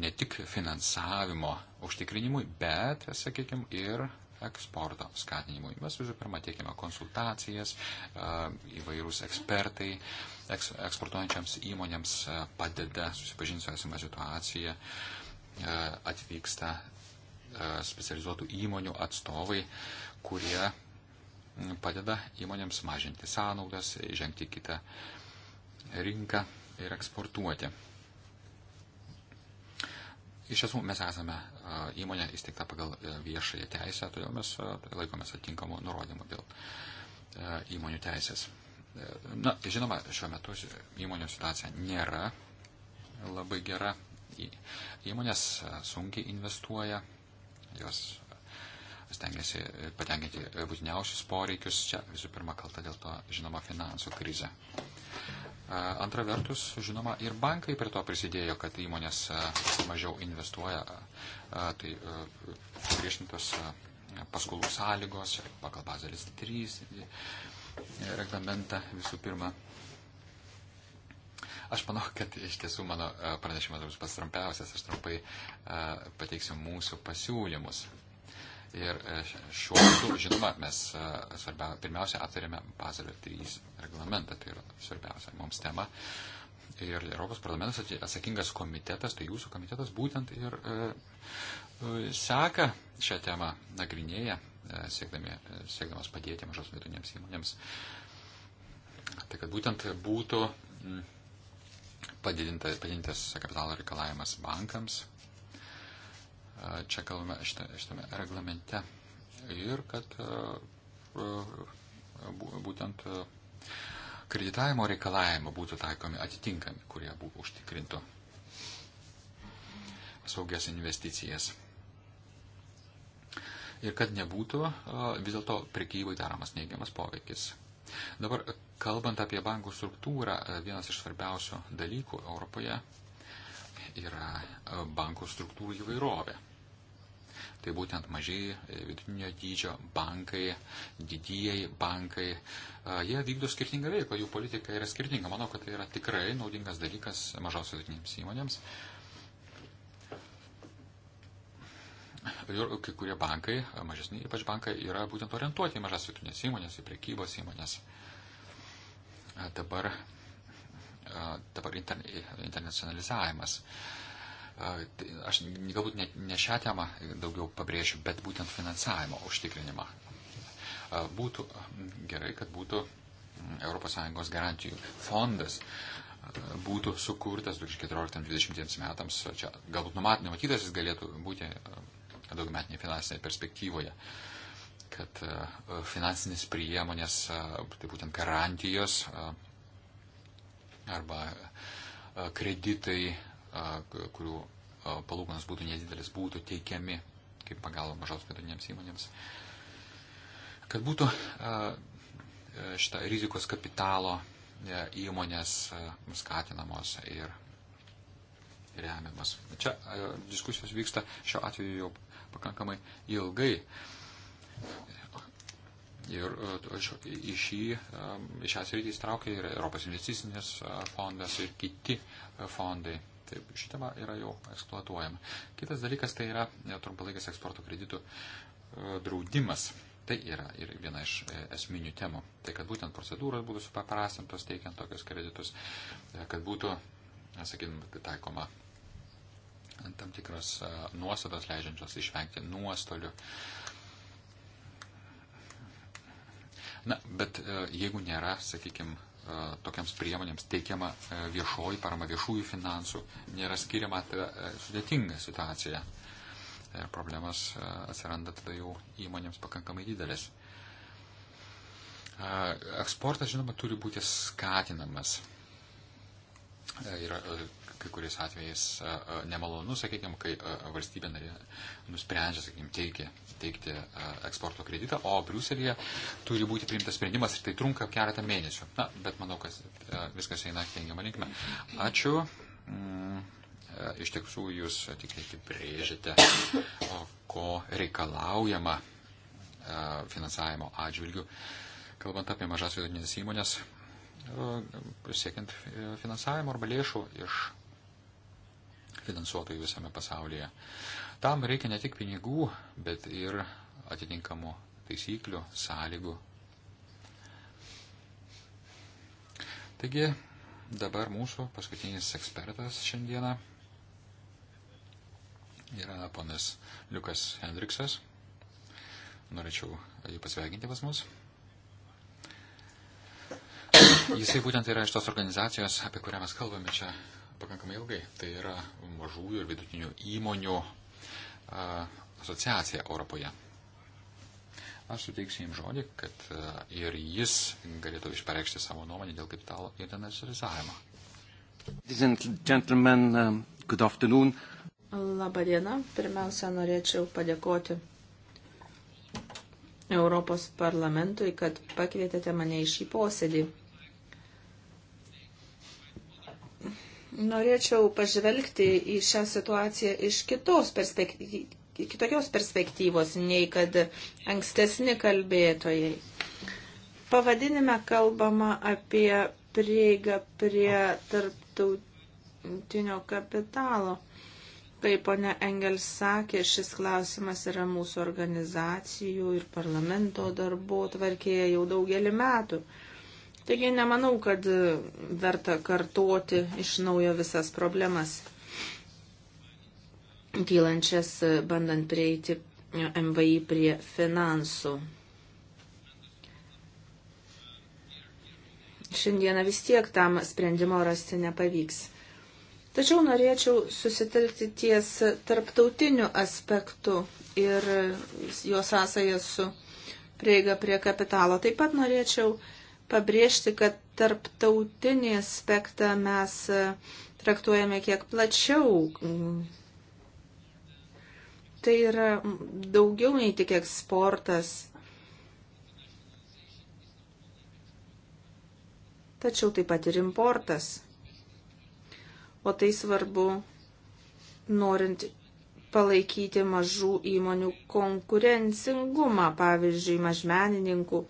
ne tik finansavimo užtikrinimui, bet, sakykime, ir eksporto skatinimui. Mes visų pirma teikiame konsultacijas, e, įvairūs ekspertai eks, eksportuojančiams įmonėms e, padeda susipažinti su esama situacija, e, atvyksta specializuotų įmonių atstovai, kurie padeda įmonėms mažinti sąnaudas, žengti kitą rinką ir eksportuoti. Iš tiesų, mes esame įmonė įsteigta pagal e, viešąją teisę, todėl mes laikomės atitinkamų nurodymų dėl e, įmonių teisės. E, na, žinoma, šiuo metu įmonių situacija nėra labai gera. Įmonės sunkiai investuoja, jos stengiasi patenkinti būtiniausius poreikius. Čia visų pirma kalta dėl to, žinoma, finansų krize. Antra vertus, žinoma, ir bankai prie to prisidėjo, kad įmonės mažiau investuoja, tai priešintos paskolų sąlygos pagal bazalis 3 e, reglamentą visų pirma. Aš manau, kad iš tiesų mano pranešimas bus pats trumpiausias, aš trumpai pateiksiu mūsų pasiūlymus Ir e, šiuo metu, žinoma, mes e, svarbia, pirmiausia aptarėme Bazilio 3 reglamentą, tai yra svarbiausia mums tema. Ir Europos parlamentas atsakingas komitetas, tai jūsų komitetas būtent ir e, e seka šią temą, nagrinėja, siekdami, siekdamas padėti mažos vidutinėms įmonėms. Tai kad būtent būtų padidintas, padidintas kapitalo reikalavimas bankams, čia kalbame šitame reglamente. Ir kad būtent kreditavimo reikalavimo būtų taikomi atitinkami, kurie būtų užtikrintų saugias investicijas. Ir kad nebūtų vis dėlto prekybai daromas neigiamas poveikis. Dabar, kalbant apie bankų struktūrą, vienas iš svarbiausių dalykų Europoje yra bankų struktūrų įvairovė. Tai būtent mažiai e, vidutinio dydžio bankai, didieji bankai, e, jie vykdo skirtingą veiklą, jų politika yra skirtinga. Manau, kad tai yra tikrai naudingas dalykas mažos vidutinėms įmonėms. Ir kai kurie bankai, mažesni ypač bankai, yra būtent orientuoti į mažas vidutinės įmonės, į prekybos įmonės. E, dabar dabar internacionalizavimas. Inter Tai aš galbūt ne, ne šią temą daugiau pabrėšiu, bet būtent finansavimo užtikrinimą. Būtų gerai, kad būtų ES garantijų fondas būtų sukurtas 2014-2020 metams. Čia galbūt numatytas jis galėtų būti daugmetinėje finansinėje perspektyvoje, kad finansinės priemonės, tai būtent garantijos arba kreditai kurių palūkanas būtų nedidelis, būtų teikiami kaip pagalba mažos vidutinėms įmonėms. Kad būtų šitą rizikos kapitalo įmonės skatinamos ir remiamas. Čia diskusijos vyksta šiuo atveju jau pakankamai ilgai. Ir į šį, į šią sritį įstraukia ir Europos investicinės fondas, ir kiti fondai. Taip, ši tema yra jau eksploatuojama. Kitas dalykas tai yra e, trumpalaikis eksporto kreditų e, draudimas. Tai yra ir viena iš e, esminių temų. Tai kad būtent procedūros būtų supaprastintos teikiant tokius kreditus, kad būtų, sakykime, taikoma tam tikros nuostatos leidžiančios išvengti nuostolių. Na, bet jeigu nėra, sakykime, E, tokiams priemonėms teikiama e, viešoji parama viešųjų finansų, nėra skiriama, tai e, sudėtinga situacija. Ir problemas atsiranda tada jau įmonėms pakankamai didelis. Eksportas, žinoma, turi būti skatinamas. Ir kai kuriais atvejais nemalonu, sakykime, kai valstybė narė nusprendžia, sakykime, teikti, teikti eksporto kreditą, o Briuselėje turi būti priimtas sprendimas ir tai trunka keletą mėnesių. Na, bet manau, kad viskas eina teigiamą linkmę. Ačiū. Mm, iš tiesų jūs tik tai apibrėžėte, ko reikalaujama finansavimo atžvilgių, kalbant apie mažas vidutinės įmonės, siekiant e, finansavimo arba lėšų iš finansuotojų visame pasaulyje. Tam reikia ne tik pinigų, bet ir atitinkamų taisyklių, sąlygų. Taigi dabar mūsų paskutinis ekspertas šiandieną yra ponas Liukas Hendriksas. Norėčiau jį pasveikinti pas mus. Jisai būtent yra iš tos organizacijos, apie kurią mes kalbame čia pakankamai ilgai. Tai yra mažųjų ir vidutinių įmonių asociacija Europoje. Aš suteiksiu jam žodį, kad ir jis galėtų išpareikšti savo nuomonę dėl kapitalo internacionalizavimo. Um, Labadiena. Pirmiausia, norėčiau padėkoti Europos parlamentui, kad pakvietėte mane į šį posėdį. norėčiau pažvelgti į šią situaciją iš kitos perspektyvos kitokios perspektyvos nei kad ankstesni kalbėtojai. Pavadinime kalbama apie prieigą prie tarptautinio kapitalo. Kaip ponia Engels sakė, šis klausimas yra mūsų organizacijų ir parlamento darbo tvarkėje jau daugelį metų. Taigi nemanau, kad e, verta kartoti iš naujo visas problemas kylančias, e, bandant prieiti e, MVI prie finansų. Šiandieną vis tiek tam sprendimo rasti nepavyks. Tačiau norėčiau susitelkti ties tarptautiniu aspektu ir jo sąsąją su prieiga prie kapitalo. Taip pat norėčiau uh, pabrėžti, kad tarptautinį aspektą mes e, traktuojame kiek plačiau. Tai yra daugiau nei tik eksportas. Tačiau taip pat ir importas. O tai svarbu, norint palaikyti mažų įmonių konkurencingumą, pavyzdžiui, mažmenininkų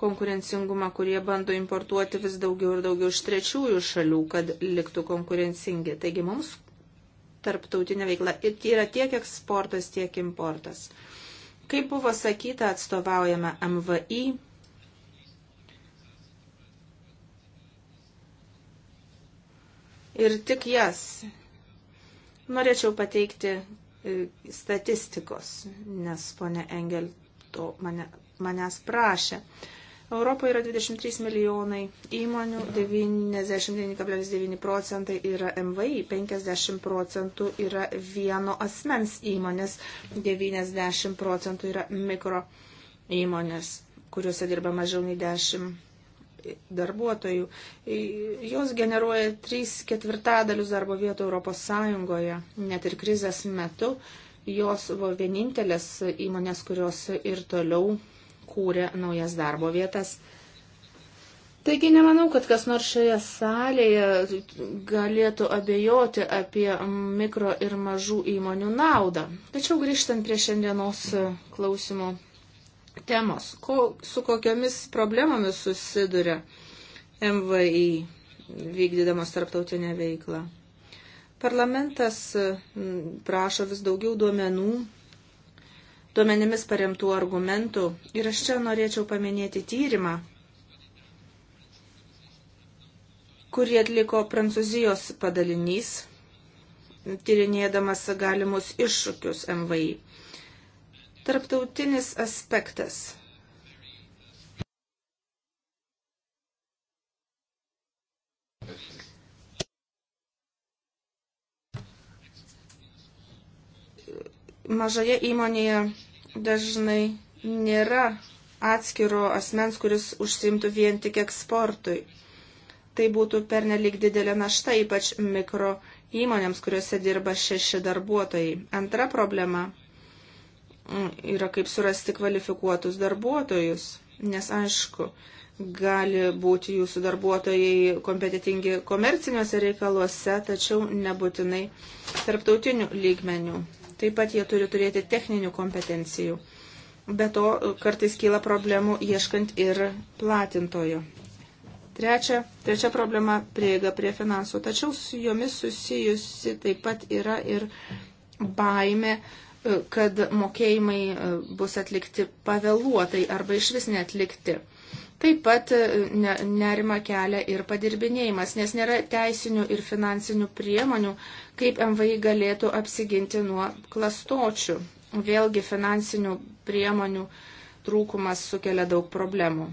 konkurencingumą, kurie bando importuoti vis daugiau ir daugiau iš trečiųjų šalių, kad liktų konkurencingi. Taigi mums tarptautinė veikla yra tiek eksportas, tiek importas. Kaip buvo sakyta, atstovaujame MVI. Ir tik jas norėčiau pateikti e, statistikos, nes ponė Engel to mane, manęs prašė. Europoje yra 23 milijonai įmonių, 99,9 procentai yra MVI, 50 procentų yra vieno asmens įmonės, 90 procentų yra mikro įmonės, kuriuose dirba mažiau nei 10 darbuotojų. Jos generuoja 3 ketvirtadalius darbo vietų Europos Sąjungoje, net ir krizės metu. Jos buvo vienintelės įmonės, kurios ir toliau kūrė naujas darbo vietas. Taigi nemanau, kad kas nors šioje salėje galėtų abejoti apie mikro ir mažų įmonių naudą. Tačiau grįžtant prie šiandienos klausimų temos, ko, su kokiomis problemomis susiduria MVI vykdydamas tarptautinę veiklą. Parlamentas prašo vis daugiau duomenų duomenimis paremtų argumentų. Ir aš čia norėčiau paminėti tyrimą, kurį atliko Prancūzijos padalinys, tyrinėdamas galimus iššūkius MVI. Tarptautinis aspektas mažoje įmonėje dažnai nėra atskiro asmens, kuris užsimtų vien tik eksportui. Tai būtų pernelik didelė našta, ypač mikro įmonėms, kuriuose dirba šeši darbuotojai. Antra problema yra kaip surasti kvalifikuotus darbuotojus, nes aišku, gali būti jūsų darbuotojai kompetitingi komerciniuose reikaluose, tačiau nebūtinai tarptautinių lygmenių. Taip pat jie turi turėti techninių kompetencijų. Be to, kartais kyla problemų ieškant ir platintojo. Trečia, trečia problema - prieiga prie finansų. Tačiau su jomis susijusi taip pat yra ir baime, kad mokėjimai e, bus atlikti pavėluotai arba iš vis netlikti. Taip pat e, nerima kelia ir padirbinėjimas, nes nėra teisinių ir finansinių priemonių, kaip MVI galėtų apsiginti nuo klastočių. Vėlgi finansinių priemonių trūkumas sukelia daug problemų.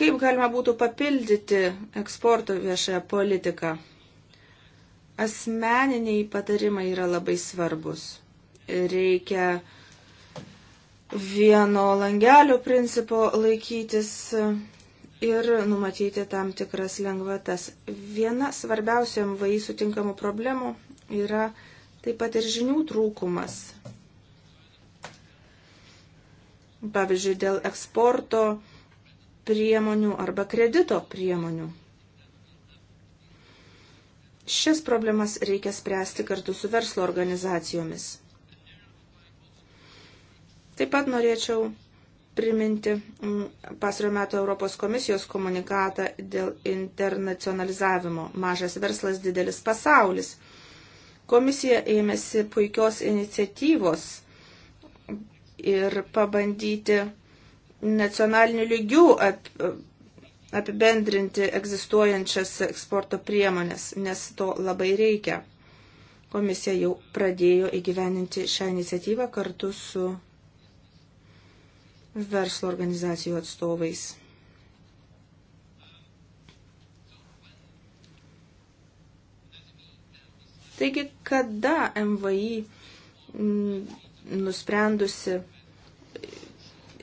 Kaip galima būtų papildyti eksporto viešąją politiką? Asmeniniai patarimai yra labai svarbus. Reikia vieno langelio principo laikytis ir numatyti tam tikras lengvatas. Viena svarbiausia MVI sutinkamų problemų yra taip pat ir žinių trūkumas. Pavyzdžiui, dėl eksporto priemonių arba kredito priemonių. Šias problemas reikia spręsti kartu su verslo organizacijomis. Taip pat norėčiau priminti mm, pasarojo metų Europos komisijos komunikatą dėl internacionalizavimo Mažas verslas didelis pasaulis. Komisija ėmėsi puikios iniciatyvos ir pabandyti nacionaliniu lygiu apibendrinti egzistuojančias eksporto priemonės, nes to labai reikia. Komisija jau pradėjo įgyveninti šią iniciatyvą kartu su verslo organizacijų atstovais. Taigi, kada MVI mm, nusprendusi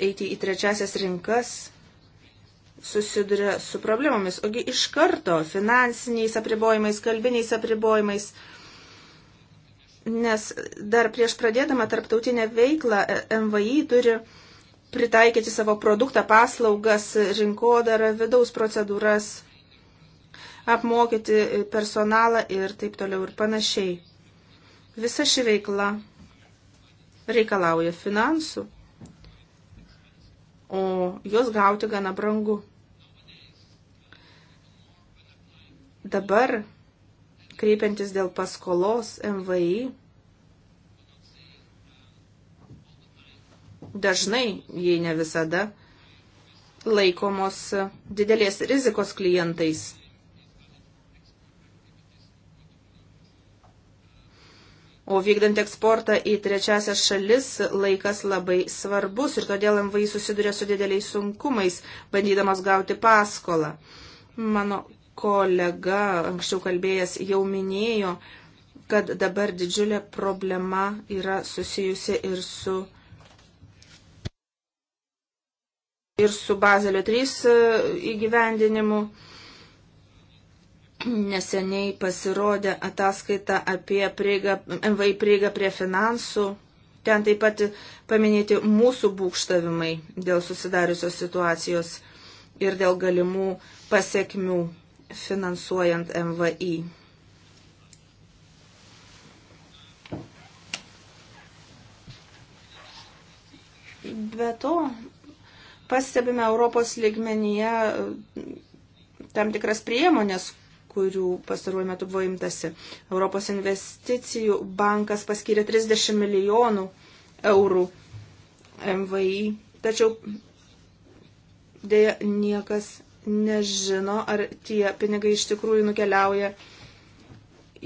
eiti į trečiasias rinkas susiduria su problemomis, ogi iš karto finansiniais apribojimais, kalbiniais apribojimais. Nes dar prieš pradėdama tarptautinę veiklą MVI turi pritaikyti savo produktą, paslaugas, rinkodarą, vidaus procedūras, apmokyti personalą ir taip toliau ir panašiai. Visa ši veikla reikalauja finansų o juos gauti gana brangu. Dabar, kreipiantis dėl paskolos MVI, dažnai, jei ne visada, laikomos didelės rizikos klientais. O vykdant eksportą į trečiasias šalis laikas labai svarbus ir todėl MVI susiduria su dideliais sunkumais, bandydamas gauti paskolą. Mano kolega, anksčiau kalbėjęs, jau minėjo, kad dabar didžiulė problema yra susijusi ir su, ir su Bazelio 3 e, įgyvendinimu neseniai pasirodė ataskaita apie prieigą, MVI prieigą prie finansų. Ten taip pat paminėti mūsų būkštavimai dėl susidariusios situacijos ir dėl galimų pasiekmių finansuojant MVI. Be to, pastebime Europos ligmenyje tam tikras priemonės, kurių pastaruoju metu buvo imtasi. Europos investicijų bankas paskyrė 30 milijonų eurų MVI, tačiau dėja niekas nežino, ar tie pinigai iš tikrųjų nukeliauja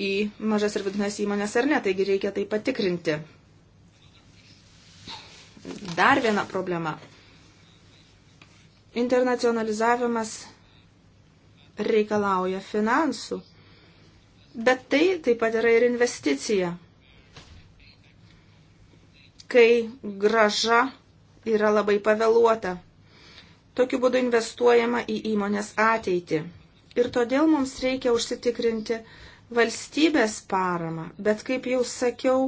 į mažas ir vidutinės įmonės ar ne, taigi reikia tai patikrinti. Dar viena problema. Internacionalizavimas reikalauja finansų. Bet tai taip pat yra ir investicija. Kai graža yra labai pavėluota. Tokiu būdu investuojama į įmonės ateitį. Ir todėl mums reikia užsitikrinti valstybės paramą, bet kaip jau sakiau,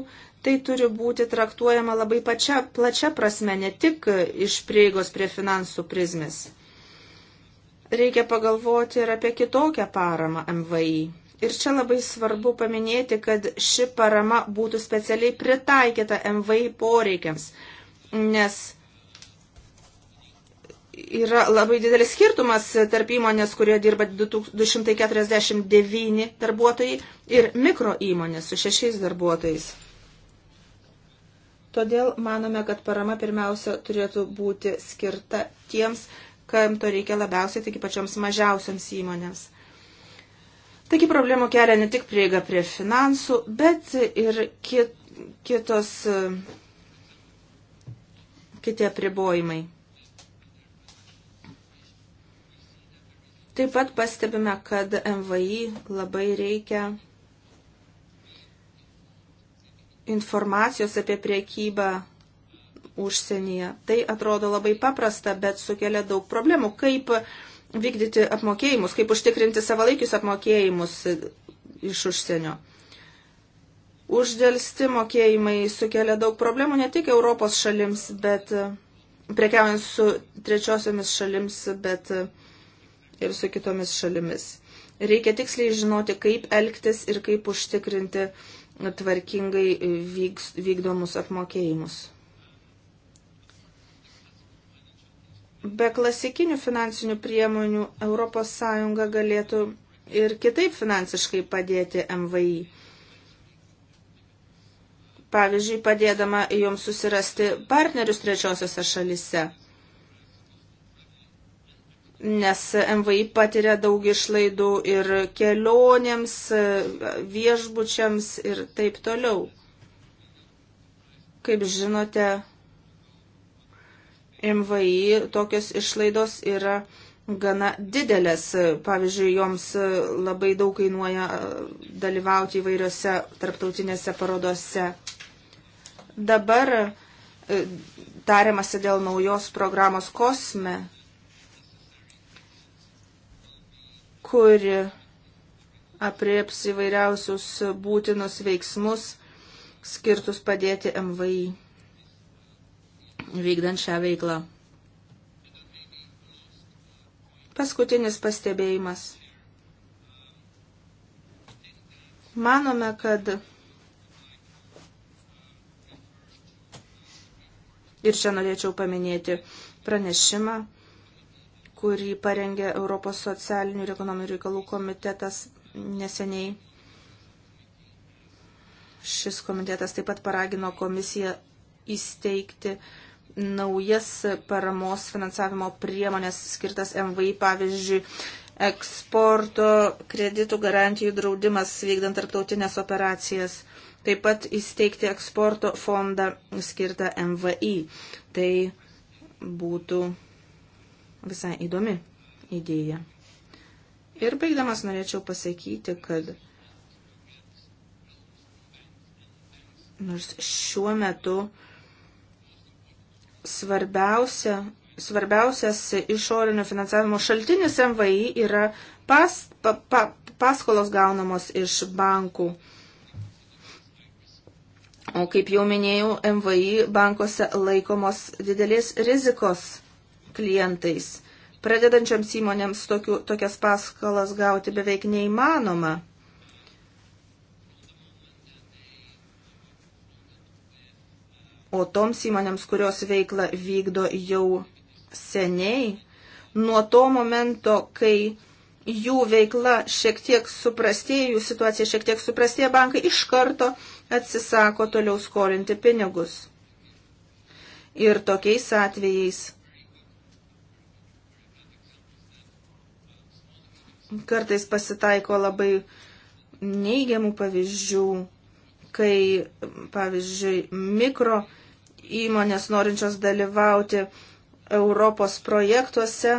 tai turi būti traktuojama labai pačia, plačia prasme, ne tik iš prieigos prie finansų prizmės reikia pagalvoti ir apie kitokią paramą MVI. Ir čia labai svarbu paminėti, kad ši parama būtų specialiai pritaikyta MVI poreikiams, nes yra labai didelis skirtumas tarp įmonės, kurioje dirba 249 darbuotojai ir mikro įmonės su šešiais darbuotojais. Todėl manome, kad parama pirmiausia turėtų būti skirta tiems, kurie kam to reikia labiausiai, taigi pačioms mažiausiams įmonėms. Taigi problemų kelia ne tik prieiga prie finansų, bet ir kitos, kiti apribojimai. Taip pat pastebime, kad MVI labai reikia informacijos apie priekybą užsienyje. Tai atrodo labai paprasta, bet sukelia daug problemų. Kaip vykdyti apmokėjimus, kaip užtikrinti savalaikius apmokėjimus iš užsienio. Uždėlsti mokėjimai sukelia daug problemų ne tik Europos šalims, bet prekiaujant su trečiosiomis šalims, bet ir su kitomis šalimis. Reikia tiksliai žinoti, kaip elgtis ir kaip užtikrinti tvarkingai vykdomus apmokėjimus. Be klasikinių finansinių priemonių ES galėtų ir kitaip finansiškai padėti MVI. Pavyzdžiui, padėdama joms susirasti partnerius trečiosiose šalise. Nes MVI patiria daug išlaidų ir kelionėms, viešbučiams ir taip toliau. Kaip žinote, MVI tokios išlaidos yra gana didelės. Pavyzdžiui, joms labai daug kainuoja dalyvauti įvairiose tarptautinėse parodose. Dabar e, tariamasi dėl naujos programos kosme, kuri aprieps įvairiausius būtinus veiksmus skirtus padėti MVI vykdant šią veiklą. Paskutinis pastebėjimas. Manome, kad ir čia norėčiau paminėti pranešimą, kurį parengė Europos socialinių ir ekonominių reikalų komitetas neseniai. Šis komitetas taip pat paragino komisiją įsteigti uh, naujas paramos finansavimo priemonės skirtas MVI, pavyzdžiui, eksporto kreditų garantijų draudimas vykdant tarptautinės operacijas, taip pat įsteigti eksporto fondą skirtą MVI. Tai būtų visai įdomi idėja. Ir baigdamas norėčiau pasakyti, kad nors šiuo metu svarbiausia, svarbiausias išorinio finansavimo šaltinis MVI yra pas, pa, pa, paskolos gaunamos iš bankų. O kaip jau minėjau, MVI bankuose laikomos didelės rizikos klientais. Pradedančiams įmonėms tokiu, tokias paskolas gauti beveik neįmanoma. O toms įmonėms, kurios veikla vykdo jau seniai, nuo to momento, kai jų veikla šiek tiek suprastėja, jų situacija šiek tiek suprastėja, bankai iš karto atsisako toliau skolinti pinigus. Ir tokiais atvejais kartais pasitaiko labai neigiamų pavyzdžių, kai, pavyzdžiui, mikro įmonės norinčios dalyvauti Europos projektuose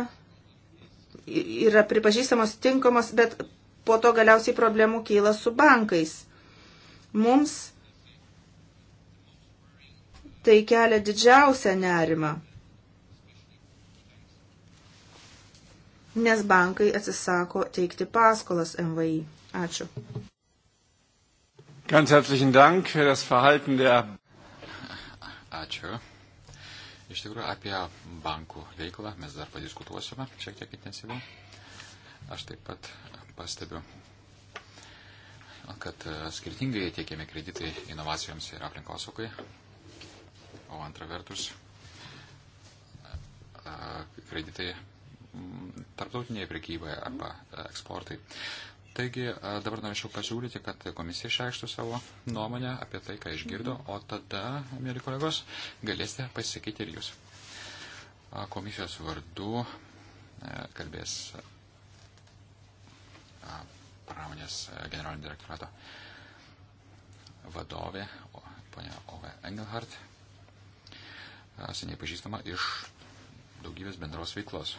yra pripažįstamos tinkamos, bet po to galiausiai problemų kyla su bankais. Mums tai kelia didžiausią nerimą, nes bankai atsisako teikti paskolas MVI. Ačiū. Ganz herzlichen Dank für das Verhalten der Ačiū. Iš tikrųjų, apie bankų veiklą mes dar padiskutuosime šiek tiek intensyviau. Aš taip pat pastebiu, kad e, skirtingai tiekiami kreditai inovacijoms ir aplinkosaugai. O antra vertus, e, kreditai tarptautinėje prekyboje arba e, eksportai. Taigi dabar norėčiau pasiūlyti, kad komisija išreikštų savo nuomonę apie tai, ką išgirdo, o tada, mėly kolegos, galėsite pasisakyti ir jūs. Komisijos vardu e, kalbės pramonės e, generalinio direktorato vadovė, ponia Ove Engelhardt, seniai pažįstama iš daugybės bendros veiklos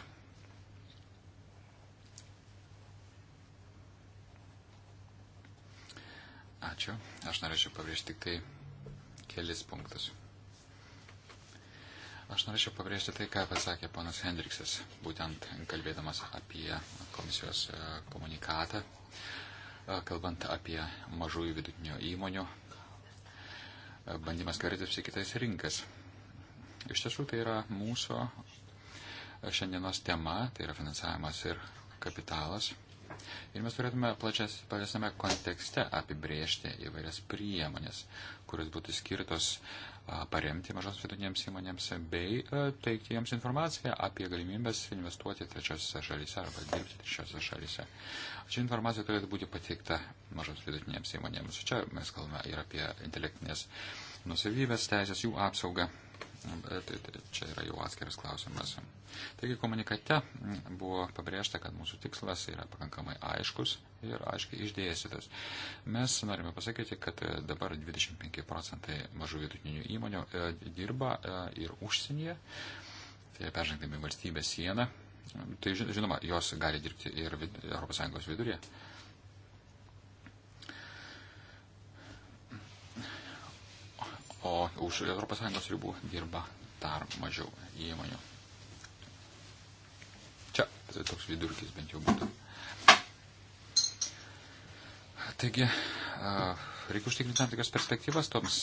Ačiū. Aš norėčiau pabrėžti tik tai kelis punktus. Aš norėčiau pabrėžti tai, ką pasakė ponas Hendriksas, būtent kalbėdamas apie komisijos e, komunikatą, e, kalbant apie mažųjų vidutinio įmonių e, bandymas kartais su kitais rinkas. Iš tiesų tai yra mūsų šiandienos tema, tai yra finansavimas ir kapitalas. Ir mes turėtume plačias, platesnėme kontekste apibriežti įvairias priemonės, kurios būtų skirtos paremti mažos vidutinėms įmonėms bei teikti jiems informaciją apie galimybės investuoti trečiosiose šalyse arba dirbti trečiosiose šalyse. Ši informacija turėtų būti pateikta mažos vidutinėms įmonėms. Čia mes kalbame ir apie intelektinės nusavybės teisės, jų apsaugą bet tai, tai čia yra jau atskiras klausimas. Taigi komunikate buvo pabrėžta, kad mūsų tikslas yra pakankamai aiškus ir aiškiai išdėstytas. Mes norime pasakyti, kad dabar 25 procentai mažų vidutinių įmonių e, dirba e, ir užsienyje, tai peržengdami valstybės sieną. Tai žinoma, jos gali dirbti ir ES vidurėje. o už ES ribų dirba dar mažiau įmonių. Čia tai toks vidurkis bent jau būtų. Taigi, reikia užtikrinti tam tikras perspektyvas toms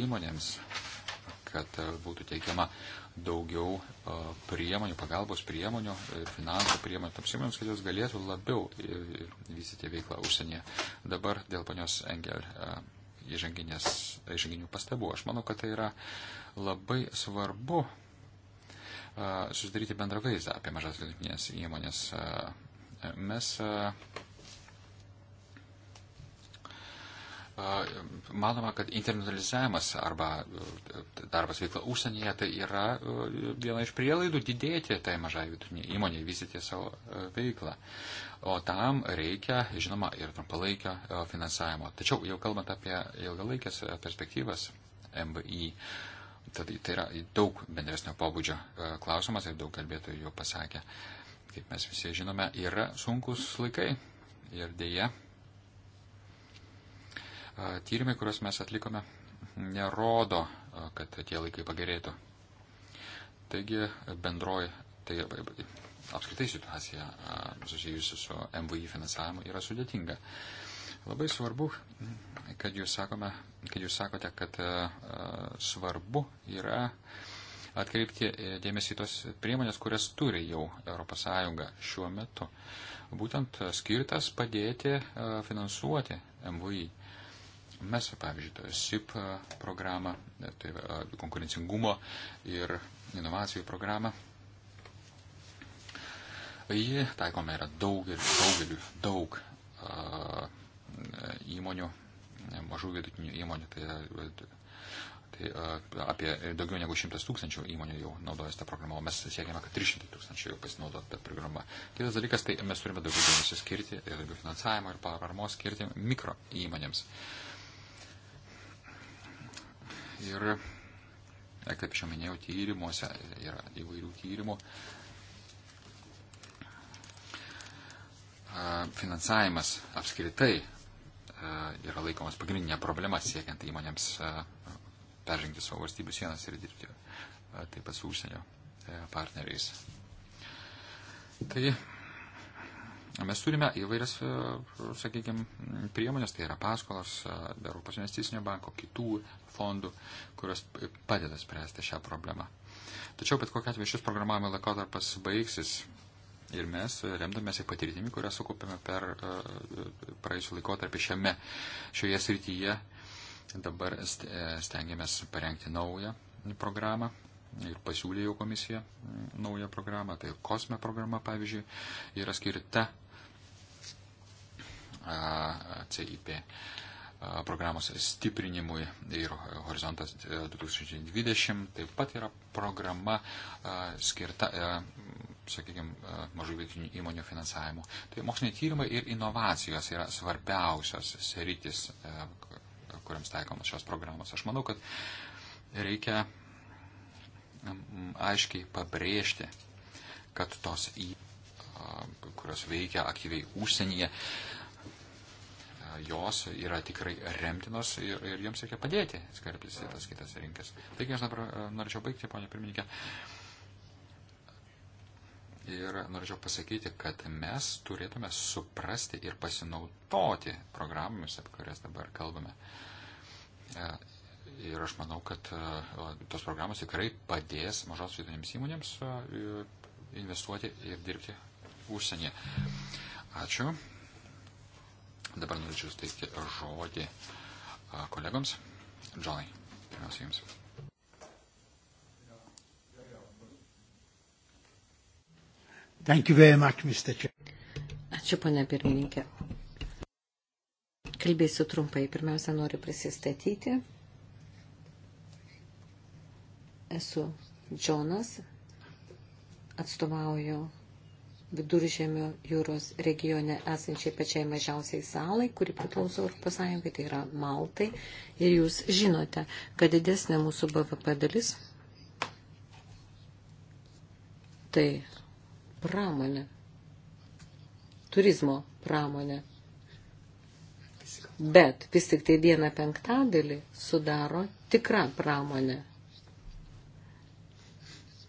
įmonėms, kad būtų teikiama daugiau priemonių, pagalbos priemonių ir e, finansų priemonių toms įmonėms, kad jos galėtų labiau e, vystyti veiklą užsienyje. Dabar dėl panios Engel įžanginių pastabų. Aš manau, kad tai yra labai svarbu susidaryti bendrą vaizdą apie mažas vidutinės įmonės. Mes Manoma, kad internalizavimas arba e, darbas veikla užsienyje tai yra e, viena iš prielaidų didėti tai mažai vidutiniai įmoniai, vystyti savo e, veiklą. O tam reikia, žinoma, ir trumpalaikio e, finansavimo. Tačiau jau kalbant apie ilgalaikės e, perspektyvas MBI, tad tai yra daug bendresnio pobūdžio e, klausimas ir daug kalbėtojų jau pasakė, kaip mes visi žinome, yra sunkus laikai ir dėja. Tyrimai, kuriuos mes atlikome, nerodo, kad tie laikai pagerėtų. Taigi bendroji, tai apskritai situacija susijusi su MVI finansavimu yra sudėtinga. Labai svarbu, kad jūs, sakome, kad jūs sakote, kad svarbu yra atkreipti e, dėmesį tos priemonės, kurias turi jau ES šiuo metu. Būtent skirtas padėti finansuoti MVI. Mes, pavyzdžiui, SIP programą, tai konkurencingumo ir inovacijų programą Ji taikoma yra daugeliu, daugeliu, daug a, e, įmonių, mažų vidutinių įmonių, tai, tai a, e, apie daugiau negu 100 tūkstančių įmonių jau naudojasi tą programą, o mes siekiame, kad 300 tūkstančių jau pasinaudotų tą programą. Kitas dalykas, tai mes turime daugiau dėmesio skirti ir daugiau finansavimo ir paramos skirti mikro įmonėms. Ir, e, kaip jau minėjau, tyrimuose yra įvairių tyrimų. A, finansavimas apskritai yra laikomas pagrindinė problema siekiant įmonėms peržengti savo valstybių sienas ir dirbti taip pat su užsienio e, partneriais. Taigi, mes turime įvairias, e, sakykime, priemonės, tai yra paskolos, Europos investicinio banko, kitų fondų, kurios padeda spręsti šią problemą. Tačiau bet kokia atveju šis programavimo laikotarpis baigsis Ir mes e, remdamėsi patirtimi, kurią sukaupėme per e, e, praėjusiu laikotarpį šiame, šioje srityje, dabar stengiamės parengti naują programą ir pasiūlė jau komisija naują programą. Tai kosme programa, pavyzdžiui, yra skirta CIP programos stiprinimui ir Horizontas 2020 taip pat yra programa skirta sakykime, mažų vietinių įmonių finansavimu. Tai moksliniai tyrimai ir inovacijos yra svarbiausios sritis, e, kuriams taikomas šios programos. Aš manau, kad reikia aiškiai pabrėžti, kad tos į, e, kurios veikia aktyviai užsienyje, e, jos yra tikrai remtinos ir, ir joms reikia padėti skarbtis į tas kitas rinkas. Taigi aš dabar norėčiau baigti, ponė pirmininkė. Ir norėčiau pasakyti, kad mes turėtume suprasti ir pasinaudoti programomis, apie kurias dabar kalbame. E, ir aš manau, kad e, tos programos tikrai padės mažos vidutinėms įmonėms e, investuoti ir dirbti užsienyje. Ačiū. Dabar norėčiau steigti žodį kolegoms. Džonai, pirmiausia jums. Thank you very much, Mr. Chair. Ačiū, pane pirmininkė. Kalbėsiu trumpai. Pirmiausia, noriu prisistatyti. Esu Džonas, atstovauju viduržėmio jūros regione esančiai pačiai mažiausiai salai, kuri priklauso Europos Sąjungai, tai yra Maltai. Ir jūs žinote, kad didesnė mūsų BVP dalis tai pramonę, turizmo pramonę. Bet vis tik tai vieną penktadalį sudaro tikra pramonė.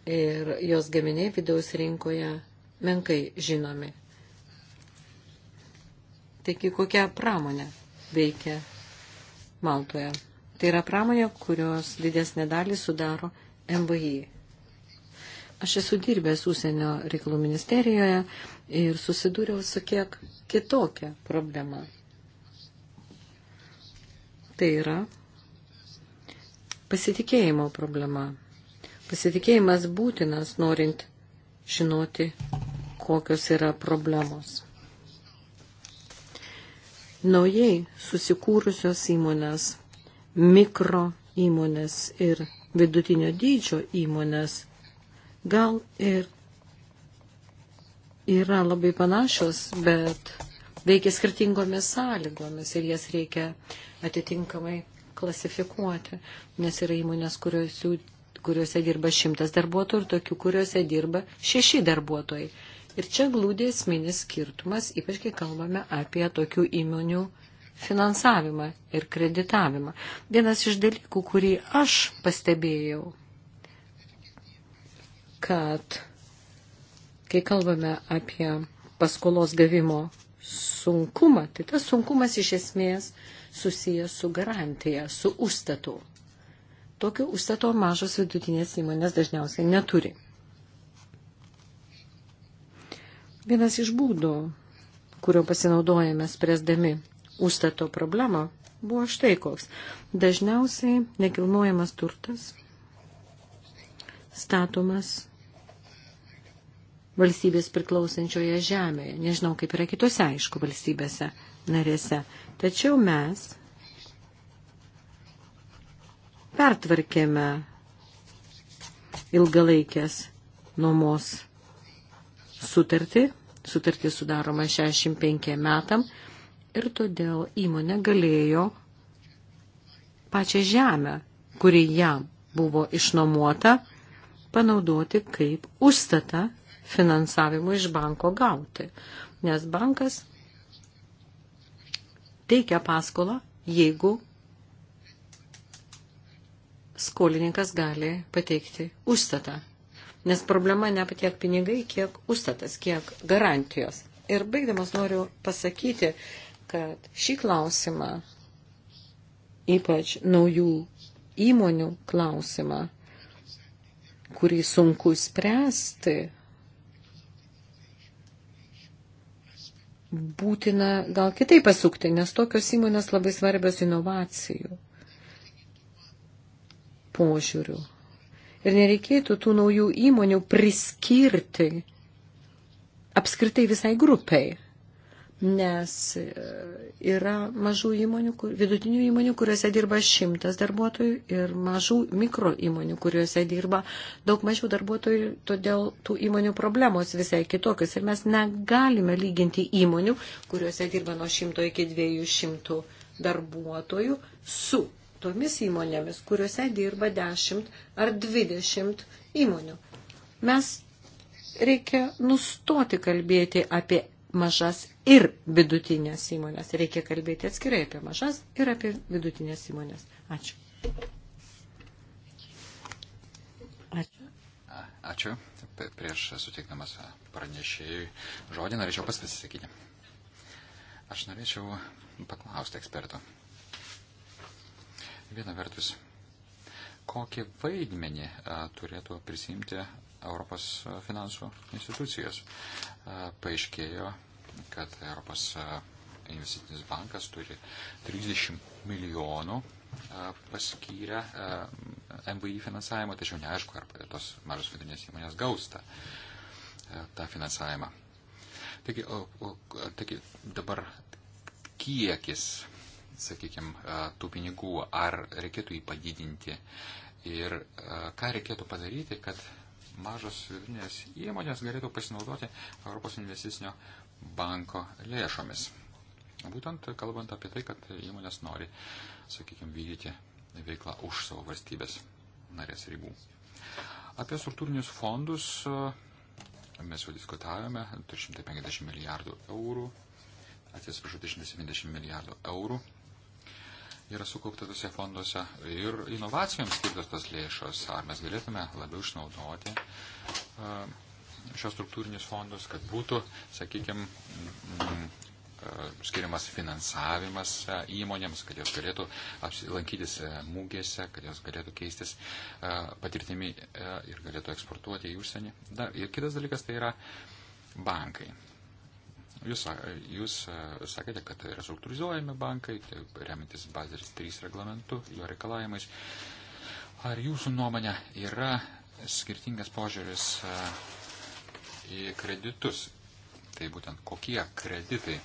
Ir jos gaminiai vidaus rinkoje menkai žinomi. Taigi kokia pramonė veikia Maltoje? Tai yra pramonė, kurios didesnė dalį sudaro MVI. Aš esu dirbęs užsienio reikalų ministerijoje ir susidūriau su kiek kitokia problema. Tai yra pasitikėjimo problema. Pasitikėjimas būtinas, norint žinoti, kokios yra problemos. Naujai susikūrusios įmonės, mikro įmonės ir vidutinio dydžio įmonės gal ir yra labai panašios, bet veikia skirtingomis sąlygomis ir jas reikia atitinkamai klasifikuoti, nes yra įmonės, kurios jų, kuriuose dirba šimtas darbuotojų ir tokių, kuriuose dirba šeši darbuotojai. Ir čia glūdė esminis skirtumas, ypač kai kalbame apie tokių įmonių finansavimą ir kreditavimą. Vienas iš dalykų, kurį aš pastebėjau kad kai kalbame apie paskolos gavimo sunkumą, tai tas sunkumas iš esmės susijęs su garantija, su užstatu. Tokio užstato mažos vidutinės įmonės dažniausiai neturi. Vienas iš būdų, kurio pasinaudojame spręsdami užstato problemą, buvo štai koks. Dažniausiai nekilnojamas turtas statomas valstybės priklausančioje žemėje. Nežinau, kaip yra kitose, aišku, valstybėse narėse. Tačiau mes pertvarkėme ilgalaikės nuomos sutartį. Sutartį sudaroma 65 metam ir todėl įmonė galėjo pačią žemę, kuri jam buvo išnuomota, panaudoti kaip užstatą finansavimo iš banko gauti, nes bankas teikia paskolą, jeigu skolininkas gali pateikti užstatą. Nes problema ne patiek pinigai, kiek užstatas, kiek garantijos. Ir baigdamas noriu pasakyti, kad šį klausimą, ypač naujų įmonių klausimą, kurį sunku spręsti, būtina gal kitai pasukti, nes tokios įmonės labai svarbios inovacijų požiūrių. Ir nereikėtų tų naujų įmonių priskirti apskritai visai grupiai nes e, yra mažų įmonių, vidutinių įmonių, kuriuose dirba šimtas darbuotojų ir mažų mikro įmonių, kuriuose dirba daug mažiau darbuotojų, todėl tų įmonių problemos visai kitokios ir mes negalime lyginti įmonių, kuriuose dirba nuo šimto iki dviejų šimtų darbuotojų su tomis įmonėmis, kuriuose dirba dešimt ar dvidešimt įmonių. Mes reikia nustoti kalbėti apie mažas ir vidutinės įmonės. Reikia kalbėti atskirai apie mažas ir apie vidutinės įmonės. Ačiū. Ačiū. Ačiū. Prieš suteikdamas pranešėjui žodį norėčiau pas pasisakyti. Aš norėčiau paklausti eksperto. Viena vertus, kokį vaidmenį a, turėtų prisimti Europos finansų institucijas. E, paaiškėjo, kad Europos e, investicinis bankas turi 30 milijonų e, paskyrę MVI finansavimą, tačiau neaišku, ar tos mažos vidinės įmonės gaus tą, tą finansavimą. Taigi, o, o, taigi dabar kiekis, sakykime, tų pinigų, ar reikėtų jį padidinti ir ką reikėtų padaryti, kad mažos vidutinės įmonės galėtų pasinaudoti Europos investicinio banko lėšomis. Būtent kalbant apie tai, kad įmonės nori, sakykime, vykdyti veiklą už savo valstybės narės ribų. Apie struktūrinius fondus e, mes jau diskutavome, 350 milijardų eurų, atsiprašau, 370 milijardų eurų yra sukaupta tuose fonduose ir inovacijoms skirtos tos lėšos. Ar mes galėtume labiau išnaudoti šios struktūrinius fondus, kad būtų, sakykime, skiriamas finansavimas įmonėms, kad jos galėtų lankytis mūgėse, kad jos galėtų keistis patirtimi ir galėtų eksportuoti į užsienį. Dar, ir kitas dalykas tai yra bankai. Jūs, jūs sakėte, kad restruktūrizuojami bankai, tai remintis Bazeris 3 reglamentu, jo reikalavimais. Ar jūsų nuomonė yra skirtingas požiūris į kreditus? Tai būtent kokie kreditai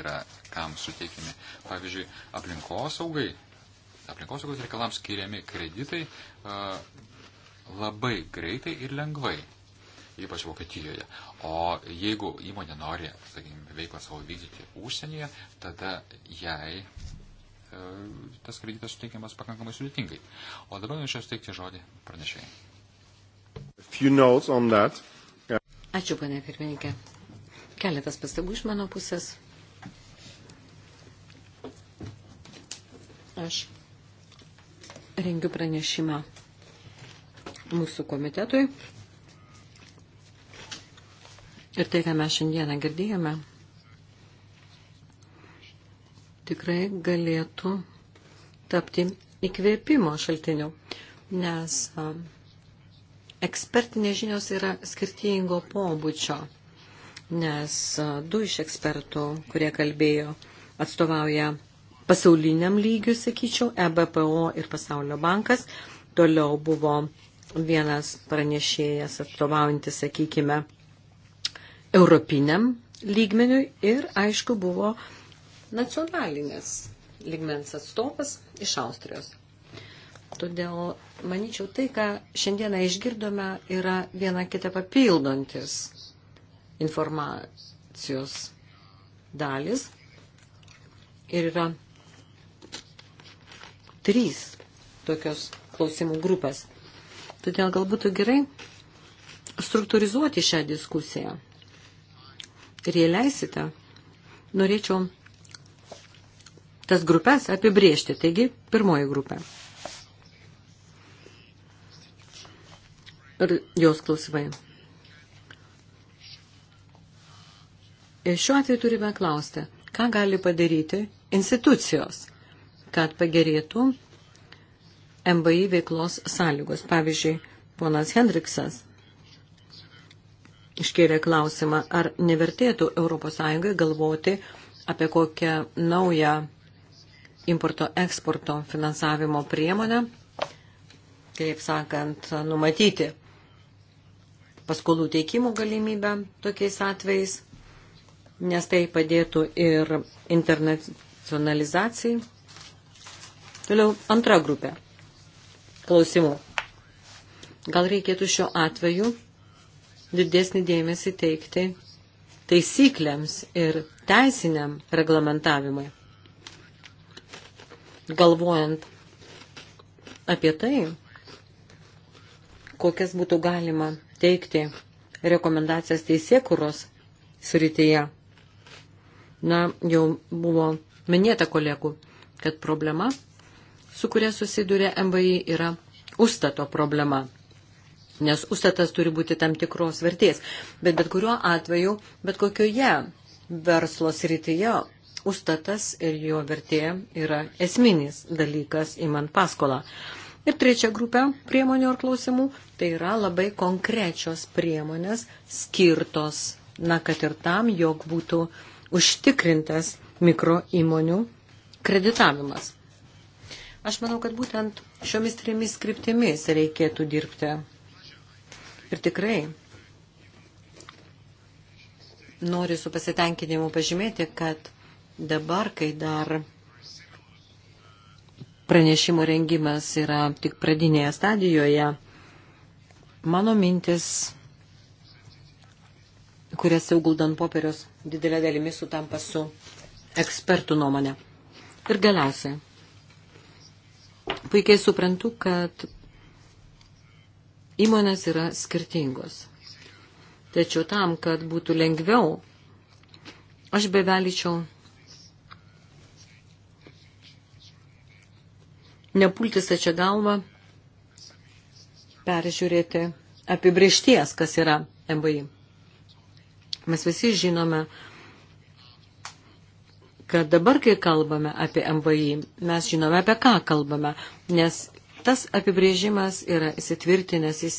yra kam suteikiami. Pavyzdžiui, aplinkosaugai, aplinkosaugos reikalams skiriami kreditai labai greitai ir lengvai ypač Vokietijoje. O jeigu įmonė nori, sakykime, veiklą savo vykdyti užsienyje, tada jai e, tas kreditas suteikiamas pakankamai sudėtingai. O dabar norėčiau suteikti žodį pranešėjai. Yeah. Ačiū, panė pirmininkė. Keletas pastabų iš mano pusės. Aš rengiu pranešimą mūsų komitetui Ir tai, ką mes šiandieną girdėjome, tikrai galėtų tapti įkvėpimo šaltiniu, nes ekspertinės žinios yra skirtingo pobūdžio, nes du iš ekspertų, kurie kalbėjo, atstovauja pasauliniam lygiu, sakyčiau, EBPO ir Pasaulio bankas. Toliau buvo vienas pranešėjas atstovaujantis, sakykime, europiniam lygmeniui ir, aišku, buvo nacionalinės lygmens atstovas iš Austrijos. Todėl, manyčiau, tai, ką šiandieną išgirdome, yra viena kita papildantis informacijos dalis. Ir yra trys tokios klausimų grupės. Todėl galbūt gerai struktūrizuoti šią diskusiją ir jei leisite, norėčiau tas grupės apibriežti. Taigi, pirmoji grupė. Ir jos klausimai. Ir šiuo atveju turime klausti, ką gali padaryti institucijos, kad pagerėtų MBI veiklos sąlygos. Pavyzdžiui, ponas Hendriksas iškėlė klausimą, ar nevertėtų ES galvoti apie kokią naują importo-eksporto finansavimo priemonę, kaip sakant, numatyti paskolų teikimų galimybę tokiais atvejais, nes tai padėtų ir internacionalizacijai. Toliau antra grupė klausimų. Gal reikėtų šiuo atveju didesnį dėmesį teikti taisyklėms ir teisiniam reglamentavimui. Galvojant apie tai, kokias būtų galima teikti rekomendacijas teisėkuros srityje. Na, jau buvo minėta kolegų, kad problema, su kuria susiduria MVI, yra užstato problema nes užstatas turi būti tam tikros vertės. Bet bet kuriuo atveju, bet kokioje verslo srityje, užstatas ir jo vertė yra esminis dalykas įmant paskolą. Ir trečia grupė priemonių ar klausimų, tai yra labai konkrečios priemonės skirtos, na, kad ir tam, jog būtų užtikrintas mikro įmonių kreditavimas. Aš manau, kad būtent šiomis trimis kryptimis reikėtų dirbti Ir tikrai noriu su pasitenkinimu pažymėti, kad dabar, kai dar pranešimo rengimas yra tik pradinėje stadijoje, mano mintis, kurias jau guldant popierius, didelė dalimi sutampa su ekspertų nuomonė. Ir galiausiai. Puikiai suprantu, kad Įmonės yra skirtingos. Tačiau tam, kad būtų lengviau, aš bevelyčiau nepulti stačia galva, peržiūrėti apibriešties, kas yra MBI. Mes visi žinome, kad dabar, kai kalbame apie MBI, mes žinome, apie ką kalbame, nes Tas apibrėžimas yra įsitvirtinęs, jis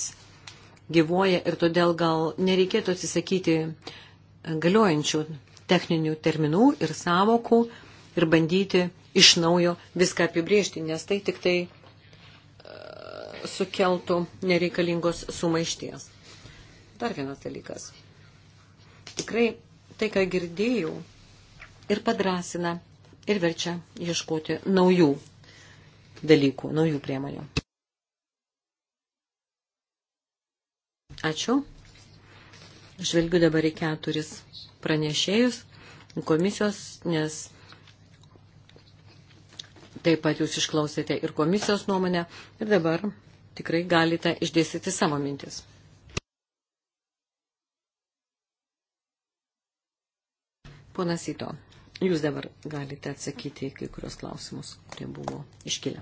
gyvoja ir todėl gal nereikėtų atsisakyti galiojančių techninių terminų ir savokų ir bandyti iš naujo viską apibrėžti, nes tai tik tai e, sukeltų nereikalingos sumaišties. Dar vienas dalykas. Tikrai tai, ką girdėjau, ir padrasina, ir verčia ieškoti naujų dalykų, naujų priemonių. Ačiū. Žvelgiu dabar į keturis pranešėjus komisijos, nes taip pat jūs išklausėte ir komisijos nuomonę ir dabar tikrai galite išdėstyti savo mintis. Ponas Ito, Jūs dabar galite atsakyti į kai kurios klausimus, kurie buvo iškilę.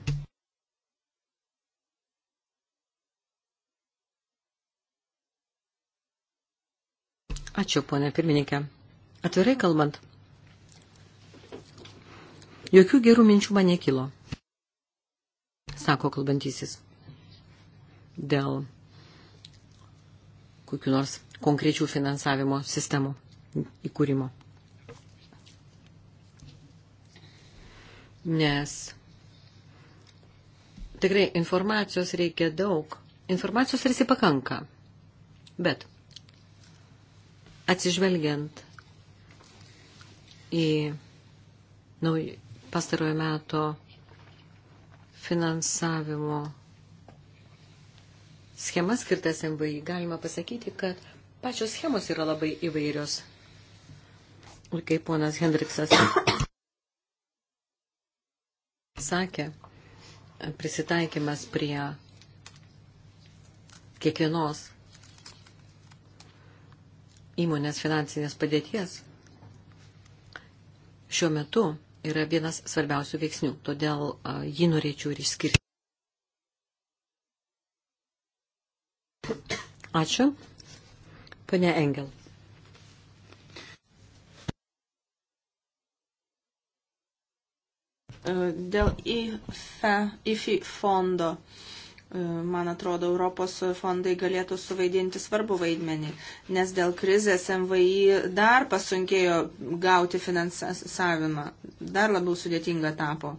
Ačiū, ponė pirmininkė. Atvirai kalbant, jokių gerų minčių man nekilo, sako kalbantysis, dėl kokiu nors konkrečių finansavimo sistemų įkūrimo. nes tikrai informacijos reikia daug. Informacijos tarsi pakanka, bet atsižvelgiant į nauj, pastarojo meto finansavimo schemas skirtas MVI, galima pasakyti, kad pačios schemos yra labai įvairios. Ir kaip ponas Hendriksas sakė, prisitaikymas prie kiekvienos įmonės finansinės padėties šiuo metu yra vienas svarbiausių veiksnių, todėl jį norėčiau ir išskirti. Ačiū. Pane Engel. Dėl IFE, IFI fondo, man atrodo, Europos fondai galėtų suvaidinti svarbu vaidmenį, nes dėl krizės MVI dar pasunkėjo gauti finansavimą, dar labiau sudėtinga tapo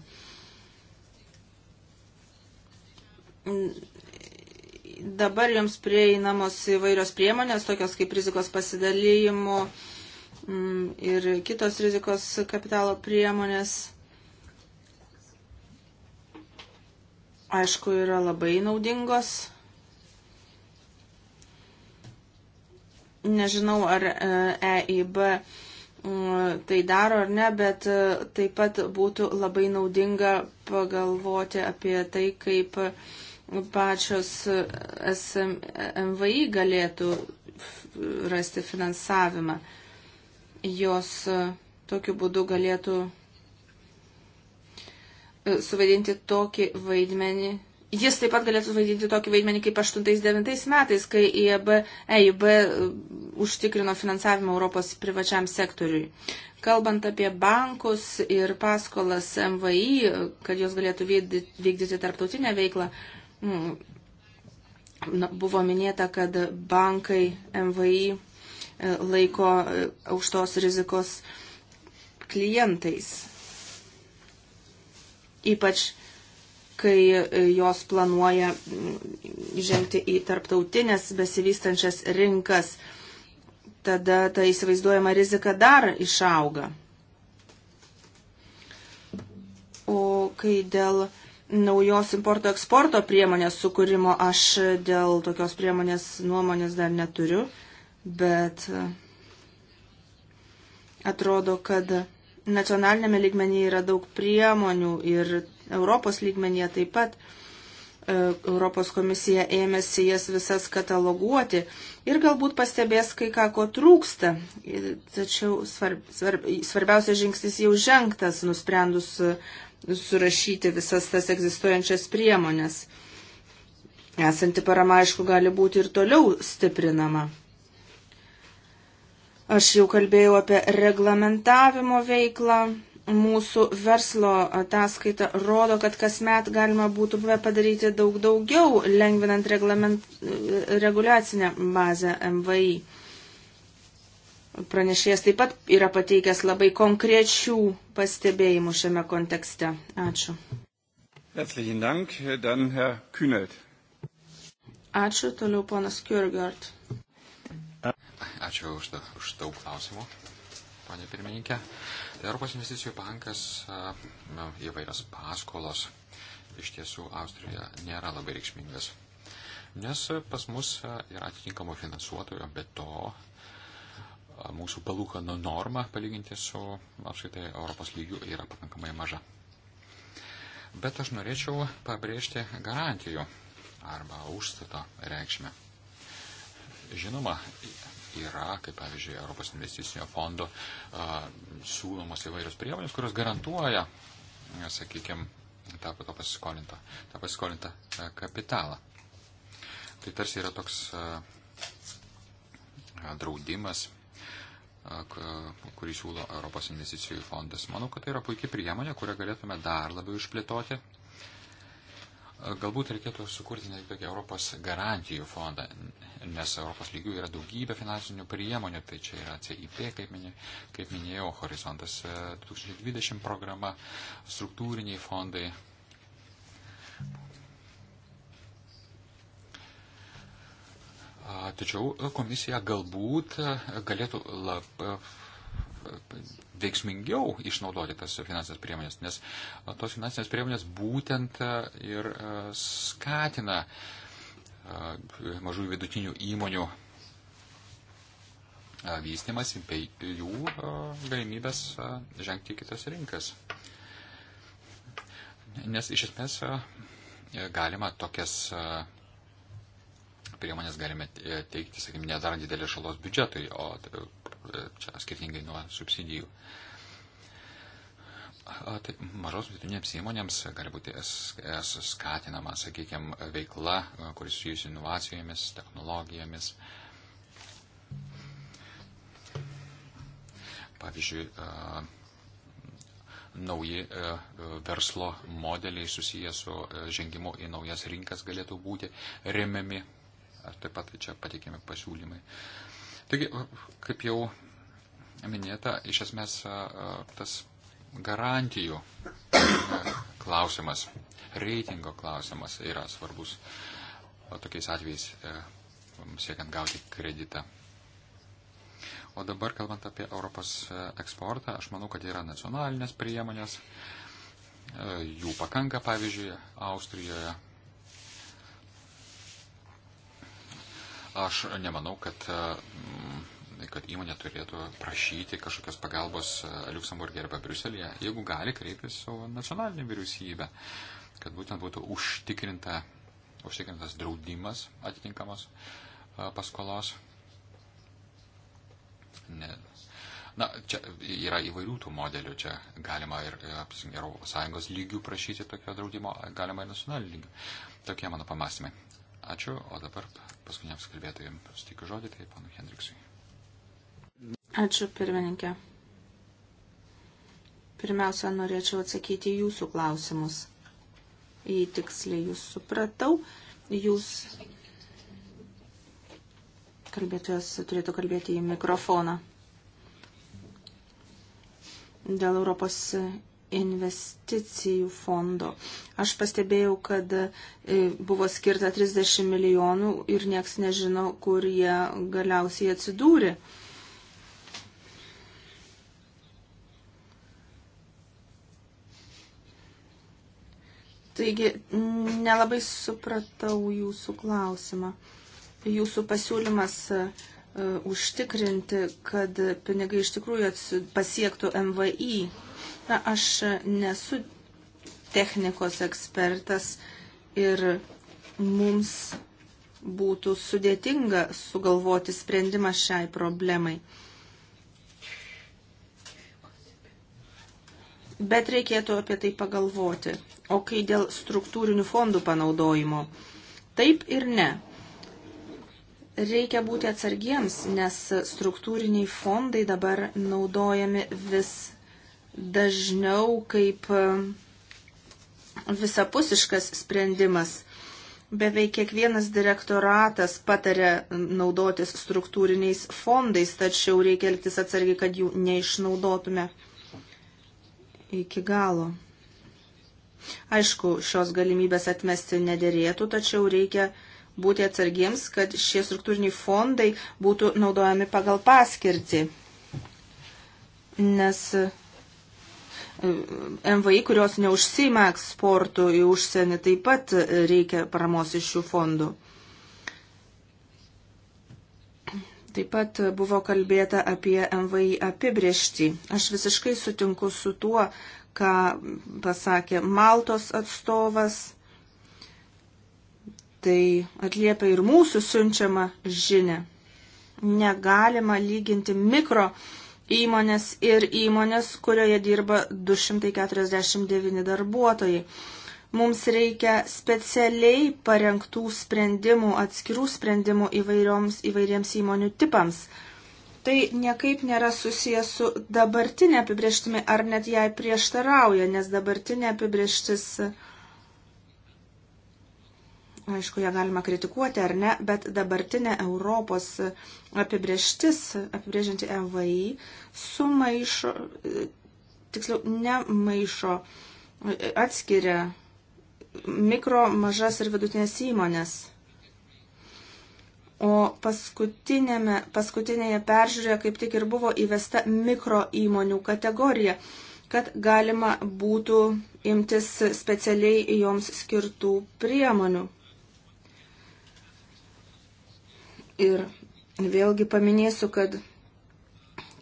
dabar jums prieinamos įvairios priemonės, tokios kaip rizikos pasidalymo mm, ir kitos rizikos kapitalo priemonės. aišku, yra labai naudingos. Nežinau, ar EIB e tai daro ar ne, bet e, taip pat būtų labai naudinga pagalvoti apie tai, kaip pačios MVI galėtų rasti finansavimą. Jos e, tokiu būdu galėtų E, suvaidinti tokį vaidmenį. Jis taip pat galėtų vaidinti tokį vaidmenį kaip 8-9 metais, kai EIB, EIB e, užtikrino finansavimą Europos privačiam sektoriui. Kalbant apie bankus ir paskolas MVI, kad jos galėtų vykdyti tarptautinę veiklą, mm, buvo minėta, kad bankai MVI e, laiko aukštos rizikos klientais ypač kai e, jos planuoja mm, žengti į tarptautinės besivystančias rinkas, tada ta įsivaizduojama rizika dar išauga. O kai dėl naujos importo eksporto priemonės sukūrimo aš dėl tokios priemonės nuomonės dar neturiu, bet e, atrodo, kad nacionalinėme lygmenyje yra daug priemonių ir Europos lygmenyje taip pat e, Europos komisija ėmėsi jas visas kataloguoti ir galbūt pastebės kai ką, ko trūksta. Tačiau svarb, svarb, svarbiausias žingsnis jau žengtas, nusprendus e, surašyti visas tas egzistuojančias priemonės. Esanti parama, aišku, gali būti ir toliau stiprinama. Aš jau kalbėjau apie reglamentavimo veiklą. Mūsų verslo ataskaita rodo, kad kasmet galima būtų padaryti daug daugiau, lengvinant reglament... reguliacinę bazę MVI. Pranešėjas taip pat yra pateikęs labai konkrečių pastebėjimų šiame kontekste. Ačiū. Herzlichen Dank, dann Herr Kühnert. Ačiū, toliau ponas Kjörgard. Ačiū už, da, už daug klausimų, ponė pirmininkė. Europos investicijų bankas įvairios paskolos iš tiesų Austrijoje nėra labai reikšmingas. Nes pas mus yra atitinkamo finansuotojo, bet to mūsų palūkanų norma palyginti su apskaitai Europos lygiu yra pakankamai maža. Bet aš norėčiau pabrėžti garantijų arba užstato reikšmę. Žinoma, yra, kaip pavyzdžiui, Europos investicinio fondo siūlomos įvairios priemonės, kurios garantuoja, sakykime, tą, tą pasiskolintą, tą pasiskolintą kapitalą. Tai tarsi yra toks draudimas, kurį siūlo Europos investicijų fondas. Manau, kad tai yra puikia priemonė, kurią galėtume dar labiau išplėtoti Galbūt reikėtų sukurti net tokį Europos garantijų fondą, nes Europos lygių yra daugybė finansinių priemonių, tai čia yra CIP, kaip, minė, kaip minėjau, Horizontas 2020 e, programa, struktūriniai fondai. Tačiau e, komisija galbūt e, galėtų lab, veiksmingiau išnaudoti tas finansinės priemonės, nes tos finansinės priemonės būtent e, ir e, skatina e, mažų vidutinių įmonių vystimas bei jų galimybės žengti į kitas rinkas. Nes iš esmės galima tokias priemonės galime e, teikti, sakykime, nedarant didelės šalos biudžetui, o e, čia skirtingai nuo subsidijų. A, tai mažos vidutinėms įmonėms gali būti skatinama, sakykime, veikla, e, kuris susijusi inovacijomis, technologijomis. Pavyzdžiui, nauji verslo modeliai susiję su žengimu į naujas rinkas galėtų būti remiami ar taip pat čia pateikiami pasiūlymai. Taigi, kaip jau minėta, iš esmės tas garantijų klausimas, reitingo klausimas yra svarbus tokiais atvejais e, siekiant gauti kreditą. O dabar, kalbant apie Europos e, eksportą, aš manau, kad yra nacionalinės priemonės, e, jų pakanka, pavyzdžiui, Austrijoje Aš nemanau, kad, mm, kad įmonė turėtų prašyti kažkokios pagalbos e, Luksemburgė arba Briuselėje, jeigu gali kreiptis savo nacionalinę vyriausybę, kad būtent būtų užtikrinta, užtikrintas draudimas atitinkamos e, paskolos. Ne. Na, čia yra įvairių tų modelių, čia galima ir e, Europos Sąjungos lygių prašyti tokio draudimo, galima ir nacionalinių lygių. Tokie mano pamastymai. Ačiū, o dabar paskutiniams kalbėtojams sutikiu žodį, tai panu Hendriksui. Ačiū, pirmininkė. Pirmiausia, norėčiau atsakyti jūsų klausimus. Jei tiksliai jūs supratau, jūs kalbėtojas turėtų kalbėti į mikrofoną. Dėl Europos investicijų fondo. Aš pastebėjau, kad e, buvo skirta 30 milijonų ir nieks nežino, kur jie galiausiai atsidūrė. Taigi, nelabai supratau jūsų klausimą. Jūsų pasiūlymas e, užtikrinti, kad pinigai iš tikrųjų pasiektų MVI. Na, aš nesu technikos ekspertas ir mums būtų sudėtinga sugalvoti sprendimą šiai problemai. Bet reikėtų apie tai pagalvoti. O kai dėl struktūrinių fondų panaudojimo? Taip ir ne. Reikia būti atsargiems, nes struktūriniai fondai dabar naudojami vis dažniau kaip e, visapusiškas sprendimas. Beveik kiekvienas direktoratas patarė naudotis struktūriniais fondais, tačiau reikia elgtis atsargiai, kad jų neišnaudotume iki galo. Aišku, šios galimybės atmesti nederėtų, tačiau reikia būti atsargiems, kad šie struktūriniai fondai būtų naudojami pagal paskirtį. Nes MVI, kurios neužsima eksportų į užsienį, taip pat reikia paramos iš šių fondų. Taip pat buvo kalbėta apie MVI apibriešti. Aš visiškai sutinku su tuo, ką pasakė Maltos atstovas. Tai atliepia ir mūsų siunčiama žinia. Negalima lyginti mikro įmonės ir įmonės, kurioje dirba 249 darbuotojai. Mums reikia specialiai parengtų sprendimų, atskirų sprendimų įvairioms, įvairiems įmonių tipams. Tai niekaip nėra susijęs su dabartinė apibrieštimi ar net jai prieštarauja, nes dabartinė apibrieštis uh, Aišku, ją galima kritikuoti ar ne, bet dabartinė Europos apibrieštis, apibrėžinti MVI, sumaišo, tiksliau, nemaišo, atskiria mikro, mažas ir vidutinės įmonės. O paskutinėje peržiūrėje kaip tik ir buvo įvesta mikro įmonių kategorija, kad galima būtų imtis specialiai joms skirtų priemonių. Ir vėlgi paminėsiu, kad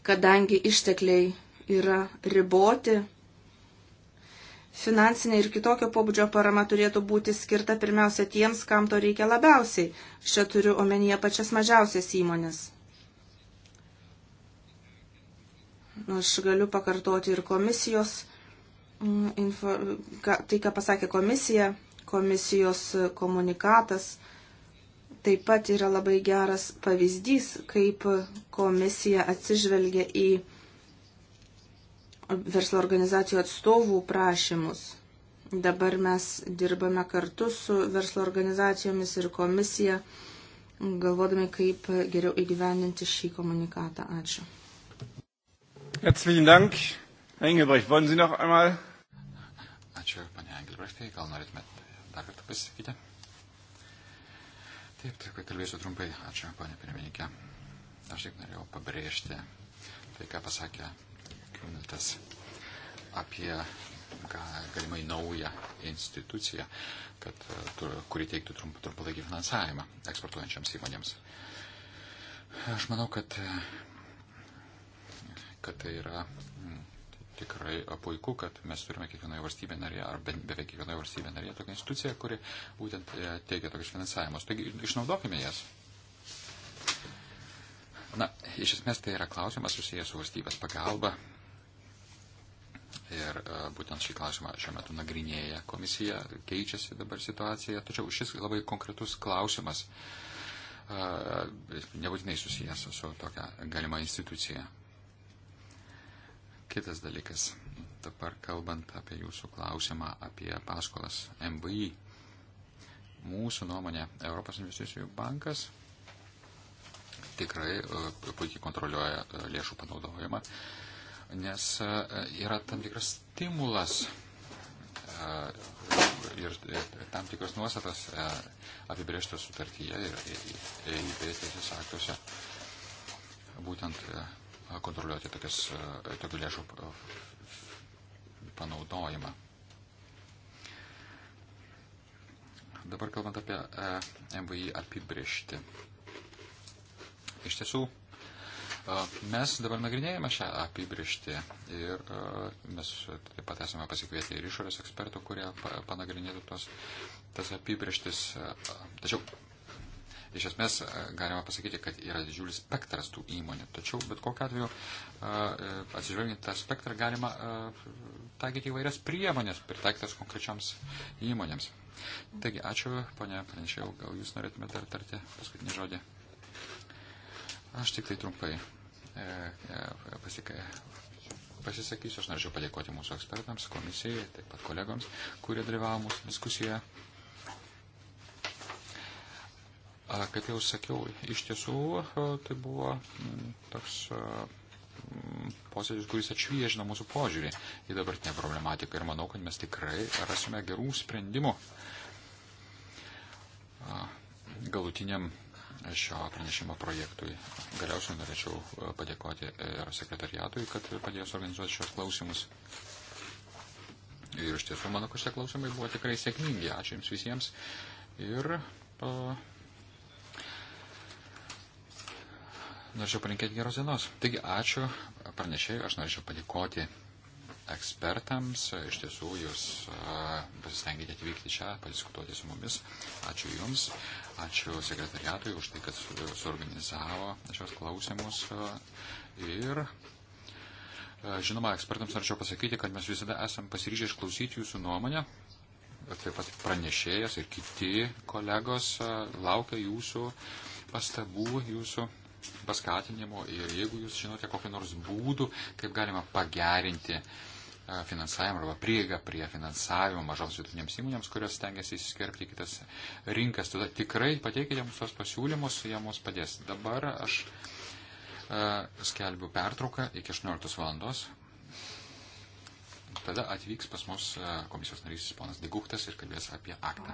kadangi ištekliai yra riboti, finansinė ir kitokio pobūdžio parama turėtų būti skirta pirmiausia tiems, kam to reikia labiausiai. Šia turiu omenyje pačias mažiausias įmonės. Aš galiu pakartoti ir komisijos, mm, info, ką, tai ką pasakė komisija, komisijos komunikatas – taip pat yra labai geras pavyzdys, kaip komisija atsižvelgia į verslo organizacijų atstovų prašymus. Dabar mes dirbame kartu su verslo organizacijomis ir komisija, galvodami, kaip geriau įgyveninti šį komunikatą. Ačiū. Herzlichen Dank. Herr Engelbrecht, wollen Sie noch einmal? Ačiū, panė Engelbrechtai, gal norėtumėt dar kartą pasisakyti? Taip, taip, kalbėsiu trumpai. Ačiū, ponė pirmininkė. Aš tik norėjau pabrėžti tai, ką pasakė Kvintas apie galimai naują instituciją, kad, e, kuri teiktų trump, trumpalaikį finansavimą eksportuojančiams įmonėms. Aš manau, kad, e, kad tai yra tikrai puiku, kad mes turime kiekvienoje valstybėje narėje, ar be, beveik kiekvienoje valstybėje narėje tokią instituciją, kuri būtent e, teikia tokius finansavimus. Taigi išnaudokime jas. Na, iš esmės tai yra klausimas susijęs su valstybės pagalba. Ir e, būtent šį klausimą šiuo metu nagrinėja komisija, keičiasi dabar situacija, tačiau šis labai konkretus klausimas e, nebūtinai susijęs su tokia galima institucija. Kitas dalykas, dabar kalbant apie jūsų klausimą apie paskolas MVI. Mūsų nuomonė, Europos investicijų bankas tikrai e, puikiai kontroliuoja e, lėšų panaudojimą, nes e, yra tam tikras stimulas ir tam tikras nuostatas apibrėžtas sutartyje ir įvairiais teisės aktuose būtent kontroliuoti tokias, e, tokių lėšų e, panaudojimą. Dabar kalbant apie e, MVI apibriešti. Iš tiesų, mes dabar nagrinėjame šią apibriešti ir mes taip pat esame pasikvietę ir išorės ekspertų, kurie panagrinėtų tos, tas apibrieštis. Tačiau Iš esmės e, galima pasakyti, kad yra didžiulis spektras tų įmonių, tačiau bet kokiu atveju e, e, atsižvelgiant tą spektrą galima taikyti įvairias priemonės pritaikytas konkrečioms įmonėms. Taigi, ačiū, ponia pranešėjau, gal jūs norėtumėte dar tarti paskutinį žodį. Aš tik tai trumpai pasikai pasisakysiu. Aš norėčiau padėkoti mūsų ekspertams, komisijai, taip pat kolegoms, kurie dalyvavo mūsų diskusijoje. Kaip jau sakiau, iš tiesų tai buvo mm, toks mm, posėdis, kuris atšviežina mūsų požiūrį į dabartinę problematiką ir manau, kad mes tikrai rasime gerų sprendimų galutiniam šio pranešimo projektui. Galiausiai norėčiau padėkoti ir sekretariatui, kad padėjo suorganizuoti šios klausimus. Ir iš tiesų, manau, kad šie klausimai buvo tikrai sėkmingi. Ačiū Jums visiems. Ir o, Norėčiau palinkėti geros dienos. Taigi, ačiū pranešėjai, aš norėčiau padėkoti ekspertams. Iš tiesų, jūs pasistengėte atvykti čia, padiskutuoti su mumis. Ačiū Jums, ačiū sekretariatui už tai, kad suorganizavo šios klausimus. Ir Žinoma, ekspertams norėčiau pasakyti, kad mes visada esam pasiryžę išklausyti jūsų nuomonę. Taip pat pranešėjas ir kiti kolegos laukia jūsų pastabų, jūsų paskatinimo ir jeigu jūs žinote kokį nors būdų, kaip galima pagerinti e, finansavimą arba prieigą prie finansavimo mažoms vidutinėms įmonėms, kurios stengiasi įsiskirpti į kitas rinkas, tada tikrai pateikite mums tos pasiūlymus, jie mums padės. Dabar aš uh, skelbiu pertrauką iki 18 valandos. Tada atvyks pas mus e, komisijos narys ponas Diguktas ir kalbės apie aktą.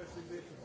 interesting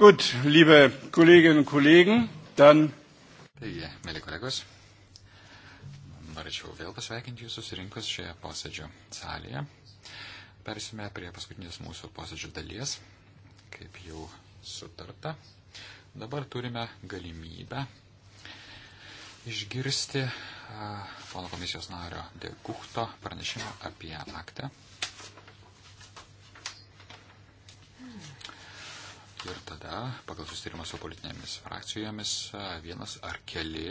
Gut, liebe Kolleginnen und Kollegen, dann. Taigi, mėly kolegos, norėčiau vėl pasveikinti jūsų susirinkus šioje posėdžio salėje. Persime prie paskutinės mūsų posėdžio dalies, kaip jau sutarta. Dabar turime galimybę išgirsti pono komisijos nario Degukto pranešimą apie aktą, Ir tada, pagal susitarimą su politinėmis frakcijomis, vienas ar keli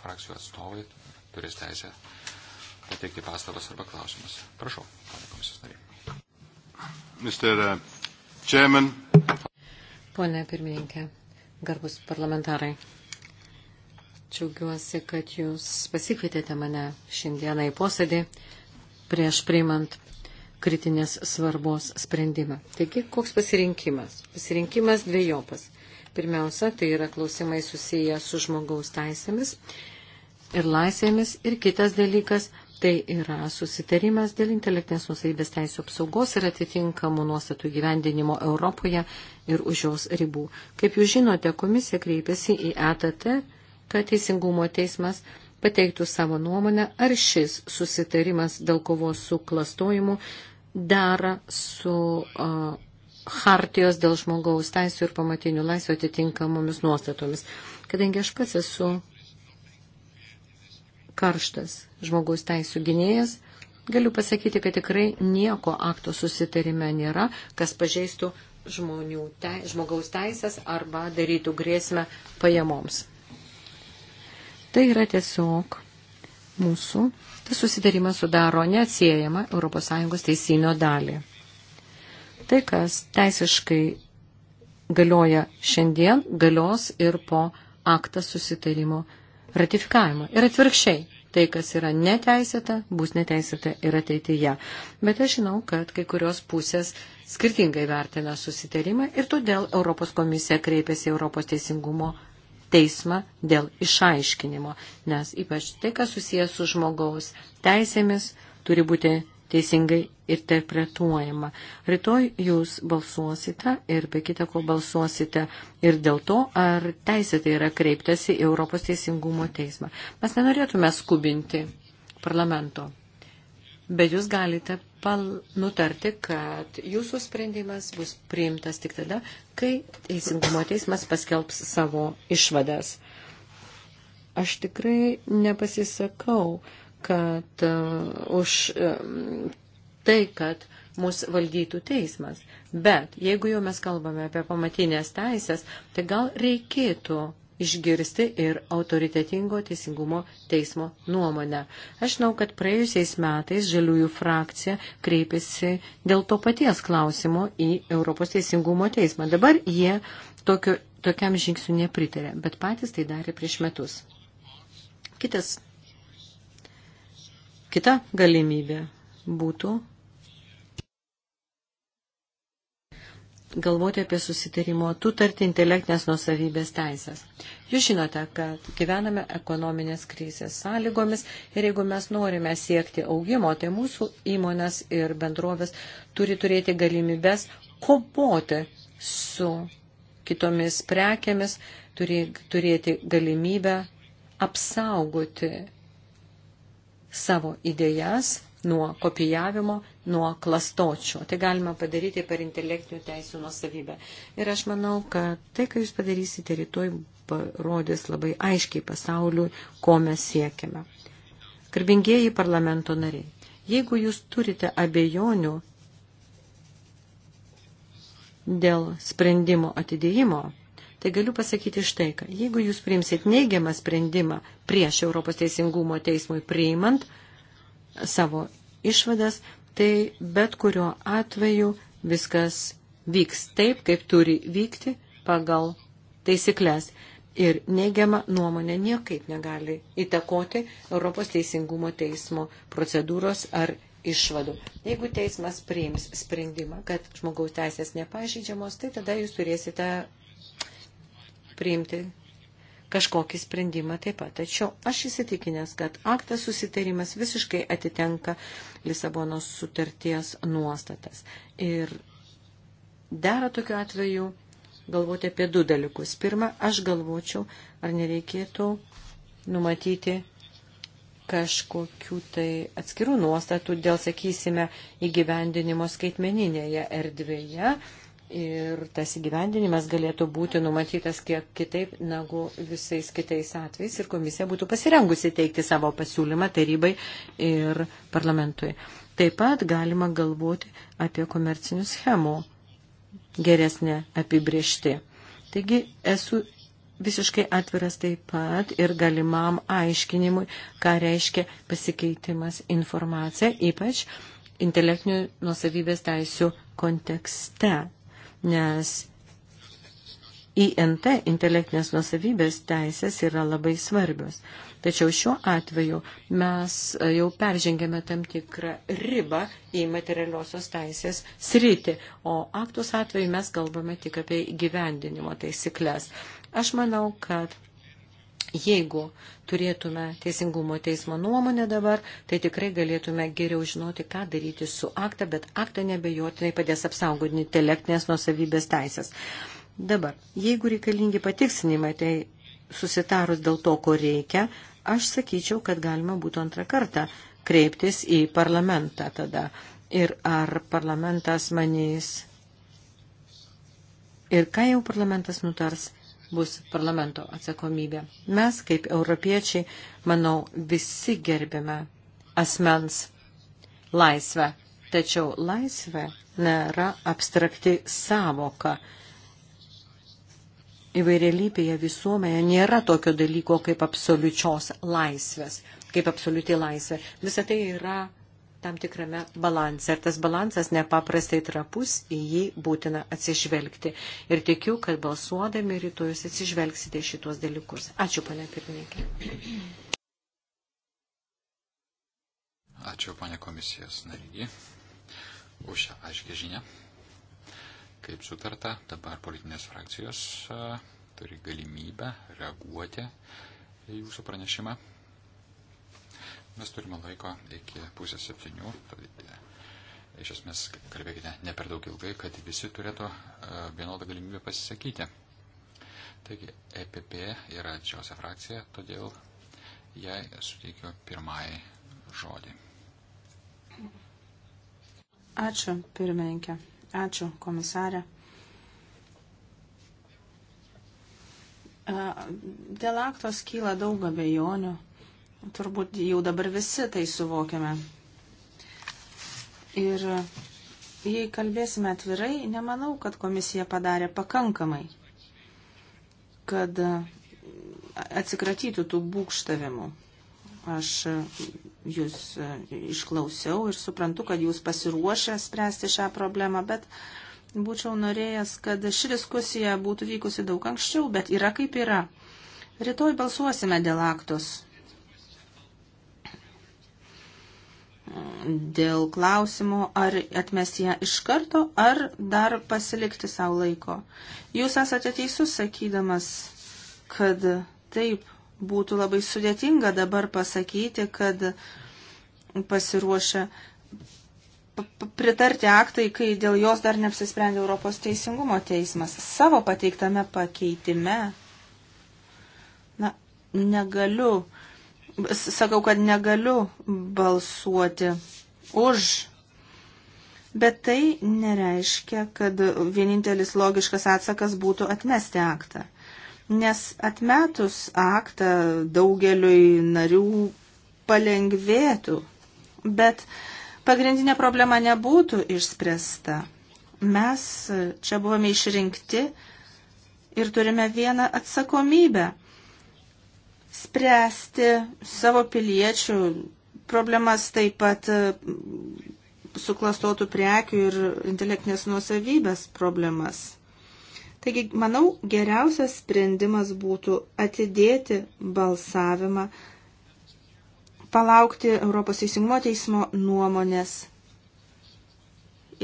frakcijų atstovai turės teisę pateikti pastabas arba klausimus. Prašau, pane komisijos nariai. Mr. Chairman. Pone pirmininkė, garbus parlamentarai. Džiaugiuosi, kad jūs pasikvietėte mane šiandieną į posėdį prieš priimant kritinės svarbos sprendimą. Taigi, koks pasirinkimas? Pasirinkimas dviejopas. Pirmiausia, tai yra klausimai susiję su žmogaus teisėmis ir laisvėmis. Ir kitas dalykas, tai yra susitarimas dėl intelektinės nusavybės teisų apsaugos ir atitinkamų nuostatų gyvendinimo Europoje ir už jos ribų. Kaip jūs žinote, komisija kreipėsi į ATT, e kad Teisingumo teismas pateiktų savo nuomonę, ar šis susitarimas dėl kovos su klastojimu dera su uh, hartijos dėl žmogaus teisų ir pamatinių laisvų atitinkamomis nuostatomis. Kadangi aš pats esu karštas žmogaus teisų gynėjas, galiu pasakyti, kad tikrai nieko akto susitarime nėra, kas pažeistų žmonių te, žmogaus teisės arba darytų grėsmę pajamoms. Tai yra tiesiog mūsų tas susidarimas sudaro neatsiejama ES teisinio dalį. Tai, kas teisiškai galioja šiandien, galios ir po aktą susitarimo ratifikavimo. Ir atvirkščiai, tai, kas yra neteisėta, bus neteisėta ir ateityje. Bet aš žinau, kad kai kurios pusės skirtingai vertina susitarimą ir todėl Europos komisija kreipėsi Europos teisingumo teismą dėl išaiškinimo, nes ypač tai, kas susijęs su žmogaus teisėmis, turi būti teisingai interpretuojama. Rytoj jūs balsuosite ir be kita ko balsuosite ir dėl to, ar teisėtai yra kreiptasi į Europos teisingumo teismą. Mes nenorėtume skubinti parlamento bet jūs galite nutarti, kad jūsų sprendimas bus priimtas tik tada, kai Teisingumo teismas paskelbs savo išvadas. Aš tikrai nepasisakau, kad uh, už uh, tai, kad mus valdytų teismas. Bet jeigu jau mes kalbame apie pamatinės teisės, tai gal reikėtų išgirsti ir autoritetingo teisingumo teismo nuomonę. Aš žinau, kad praėjusiais metais žaliųjų frakcija kreipėsi dėl to paties klausimo į Europos teisingumo teismą. Dabar jie tokio, tokiam žingsniu nepritarė, bet patys tai darė prieš metus. Kitas, kita galimybė būtų galvoti apie susitarimo tutartį intelektinės nusavybės teisės. Jūs žinote, kad gyvename ekonominės krizės sąlygomis ir jeigu mes norime siekti augimo, tai mūsų įmonės ir bendrovės turi turėti galimybės kovoti su kitomis prekiamis, turi turėti galimybę apsaugoti savo idėjas nuo kopijavimo, nuo klastočio. Tai galima padaryti per intelektinių teisų nuosavybę. Ir aš manau, kad tai, ką jūs padarysite rytoj, parodys labai aiškiai pasauliui, ko mes siekime. Karbingieji parlamento nariai, jeigu jūs turite abejonių dėl sprendimo atidėjimo, tai galiu pasakyti štai, kad jeigu jūs priimsit neigiamą sprendimą prieš Europos teisingumo teismui priimant, savo išvadas, tai bet kurio atveju viskas vyks taip, kaip turi vykti pagal taisyklės. Ir neigiama nuomonė niekaip negali įtakoti Europos teisingumo teismo procedūros ar išvadų. Jeigu teismas priims sprendimą, kad žmogaus teisės nepažydžiamos, tai tada jūs turėsite priimti kažkokį sprendimą taip pat. Tačiau aš įsitikinęs, kad aktas susitarimas visiškai atitenka Lisabonos sutarties nuostatas. Ir dera tokiu atveju galvoti apie du dalykus. Pirma, aš galvočiau, ar nereikėtų numatyti kažkokių tai atskirų nuostatų dėl, sakysime, įgyvendinimo skaitmeninėje erdvėje ir tas įgyvendinimas galėtų būti numatytas kiek kitaip negu visais kitais atvejais ir komisija būtų pasirengusi teikti savo pasiūlymą tarybai ir parlamentui. Taip pat galima galvoti apie komercinių schemų geresnė apibriešti. Taigi esu visiškai atviras taip pat ir galimam aiškinimui, ką reiškia pasikeitimas informacija, ypač intelektinių nusavybės teisių kontekste nes INT intelektinės nusavybės teisės yra labai svarbios. Tačiau šiuo atveju mes jau peržengėme tam tikrą ribą į materialiosios teisės sritį, o aktus atveju mes kalbame tik apie gyvendinimo taisyklės. Aš manau, kad Jeigu turėtume teisingumo teismo nuomonę dabar, tai tikrai galėtume geriau žinoti, ką daryti su aktą, bet aktą nebejotinai padės apsaugoti intelektinės nuosavybės teisės. Dabar, jeigu reikalingi patiksinimai, tai susitarus dėl to, ko reikia, aš sakyčiau, kad galima būtų antrą kartą kreiptis į parlamentą tada. Ir ar parlamentas manys. Ir ką jau parlamentas nutars, bus parlamento atsakomybė. Mes, kaip europiečiai, manau, visi gerbėme asmens laisvę. Tačiau laisvė nėra abstrakti savoka. Įvairialypėje visuomenėje nėra tokio dalyko kaip absoliučios laisvės, kaip absoliuti laisvė. Visą tai yra tam tikrame balanse. Ir tas balansas nepaprastai trapus, į jį būtina atsižvelgti. Ir tikiu, kad balsuodami rytojus atsižvelgsite šitos dalykus. Ačiū, pane pirmininkė. Ačiū, pane komisijos nariai, už šią aiškę žinę. Kaip sutarta, dabar politinės frakcijos e, turi galimybę reaguoti į jūsų pranešimą. Mes turime laiko iki pusės septynių. Tai, e, iš esmės, kalbėkite ne per daug ilgai, kad visi turėtų e, vienodą galimybę pasisakyti. Taigi, EPP yra didžiausia frakcija, todėl jai suteikiu pirmąjį žodį. Ačiū, pirmininkė. Ačiū, komisarė. E, dėl aktos kyla daug abejonių. Turbūt jau dabar visi tai suvokiame. Ir jei kalbėsime atvirai, nemanau, kad komisija padarė pakankamai, kad atsikratytų tų būkštavimų. Aš jūs išklausiau ir suprantu, kad jūs pasiruošę spręsti šią problemą, bet būčiau norėjęs, kad ši diskusija būtų vykusi daug anksčiau, bet yra kaip yra. Rytoj balsuosime dėl aktos dėl klausimų, ar atmesti ją iš karto, ar dar pasilikti savo laiko. Jūs esate teisus sakydamas, kad taip būtų labai sudėtinga dabar pasakyti, kad pasiruošę pritarti aktai, kai dėl jos dar neapsisprendė Europos teisingumo teismas. Savo pateiktame pakeitime na, negaliu uh, sakau, kad negaliu balsuoti už, bet tai nereiškia, kad vienintelis logiškas atsakas būtų atmesti aktą. Nes atmetus aktą daugeliui narių palengvėtų, bet pagrindinė problema nebūtų išspręsta. Mes čia buvome išrinkti ir turime vieną atsakomybę spręsti savo piliečių problemas taip pat e, suklastotų prekių ir intelektinės nuosavybės problemas. Taigi, manau, geriausias sprendimas būtų atidėti balsavimą, palaukti Europos teisingumo teismo nuomonės.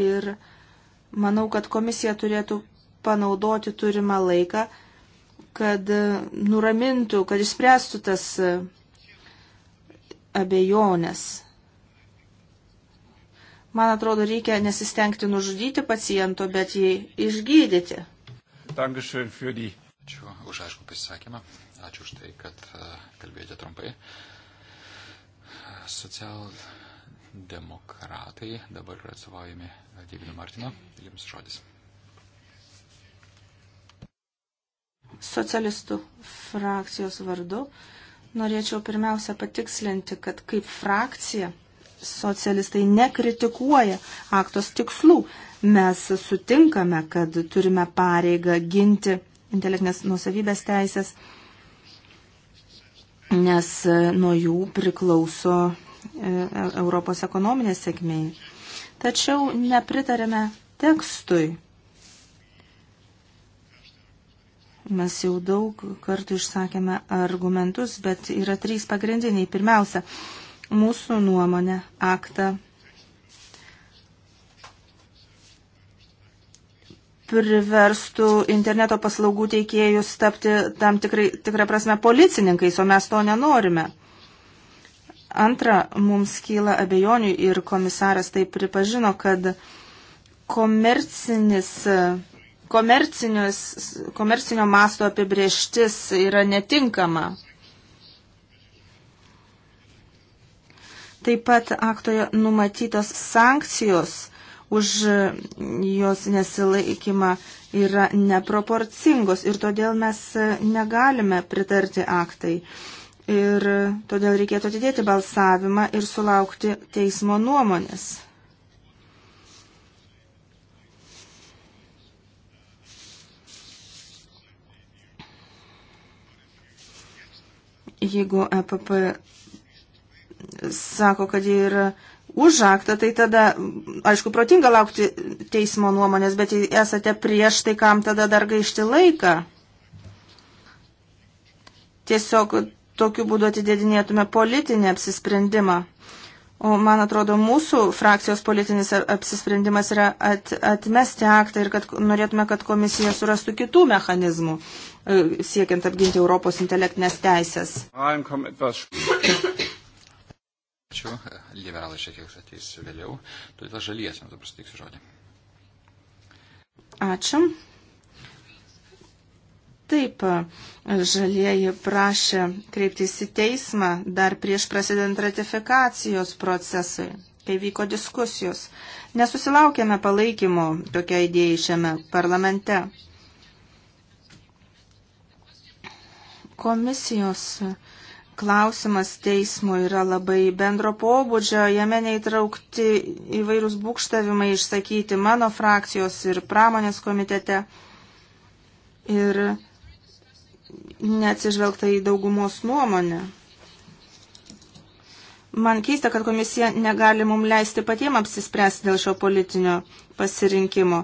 Ir manau, kad komisija turėtų panaudoti turimą laiką kad e, nuramintų, kad išspręstų tas e, abejonės. Man atrodo, reikia nesistengti nužudyti paciento, bet jį išgydyti. Ačiū už aišku pasisakymą. Ačiū už tai, kad e, kalbėjote trumpai. Socialdemokratai dabar yra atstovaujami Dievido Martino. Jums žodis. Socialistų frakcijos vardu norėčiau pirmiausia patikslinti, kad kaip frakcija socialistai nekritikuoja aktos tikslų. Mes sutinkame, kad turime pareigą ginti intelektinės nusavybės teisės, nes e, nuo jų priklauso e, Europos ekonominė sėkmė. Tačiau nepritarėme tekstui, Mes jau daug kartų išsakėme argumentus, bet yra trys pagrindiniai. Pirmiausia, mūsų nuomonė, aktą priverstų interneto paslaugų teikėjus tapti tam tikrai, tikrą prasme policininkais, o mes to nenorime. Antra, mums kyla abejonių ir komisaras tai pripažino, kad komercinis komercinio masto apibrieštis yra netinkama. Taip pat aktoje numatytos sankcijos už jos nesilaikymą yra neproporcingos ir todėl mes negalime pritarti aktai. Ir todėl reikėtų atidėti balsavimą ir sulaukti teismo nuomonės. Jeigu EPP sako, kad jie yra už aktą, tai tada, aišku, protinga laukti teismo nuomonės, bet jei esate prieš, tai kam tada dar gaišti laiką? Tiesiog tokiu būdu atidėdinėtume politinį apsisprendimą. O man atrodo, mūsų frakcijos politinis apsisprendimas yra at, atmesti aktą ir kad norėtume, kad komisija surastų kitų mechanizmų. E, siekiant apginti Europos intelektinės teisės. Ačiū, liberalai šiek tiek ateis vėliau, todėl žaliesiams nu, dabar suteiksiu žodį. Ačiū. Taip, žalieji prašė kreiptis į teismą dar prieš prasidant ratifikacijos procesui, kai vyko diskusijos. Nesusilaukėme palaikymo tokia idėja šiame parlamente. Komisijos klausimas teismo yra labai bendro pobūdžio, jame neįtraukti įvairūs būkštavimai išsakyti mano frakcijos ir pramonės komitete. Ir neatsižvelgta į daugumos nuomonę. Man keista, kad komisija negali mum leisti patiems apsispręsti dėl šio politinio pasirinkimo.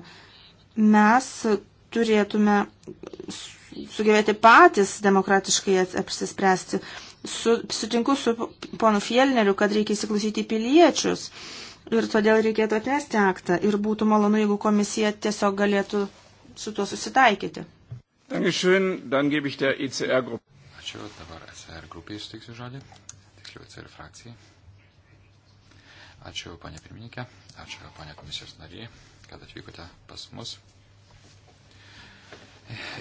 Mes turėtume sugebėti patys demokratiškai apsispręsti. Su, sutinku su ponu Fielneriu, kad reikia įsiklausyti piliečius ir todėl reikėtų atmesti aktą ir būtų malonu, jeigu komisija tiesiog galėtų su tuo susitaikyti. Dankeschön, dann gebe ich der ECR Gruppe. Ačiū, dabar ECR grupiai suteiksiu žodį, tiksliau ECR frakcijai. Ačiū, panė pirmininkė, ačiū, panė komisijos nariai, kad atvykote pas mus.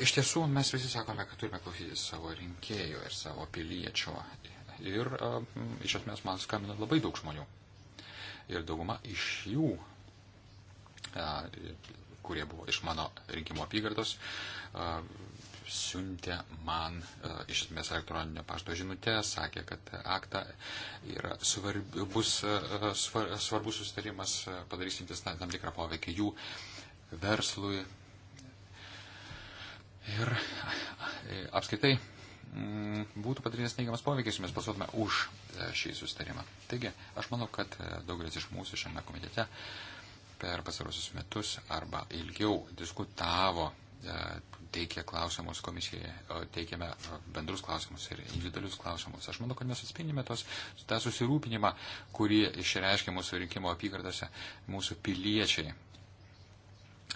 Iš tiesų, mes visi sakome, kad turime klausytis savo rinkėjų ir savo piliečio. Ir a, iš esmės man skambina labai daug žmonių. Ir dauguma iš jų, a, kurie buvo iš mano rinkimo apygardos, a, siuntė man a, iš esmės elektroninio pašto žinutę, sakė, kad aktą yra svarb, bus a, svar, svarbus susitarimas padarysintis tam tikrą poveikį jų verslui Ir e, apskaitai mm, būtų padarytas neigiamas poveikis, mes balsuotume už e, šį susitarimą. Taigi, aš manau, kad e, daugelis iš mūsų šiame komitete per pasarosius metus arba ilgiau diskutavo, teikė klausimus komisijai, teikėme bendrus klausimus ir individualius klausimus. Aš manau, kad mes atspindime tos, tą susirūpinimą, kurį išreiškia mūsų rinkimo apygardose mūsų piliečiai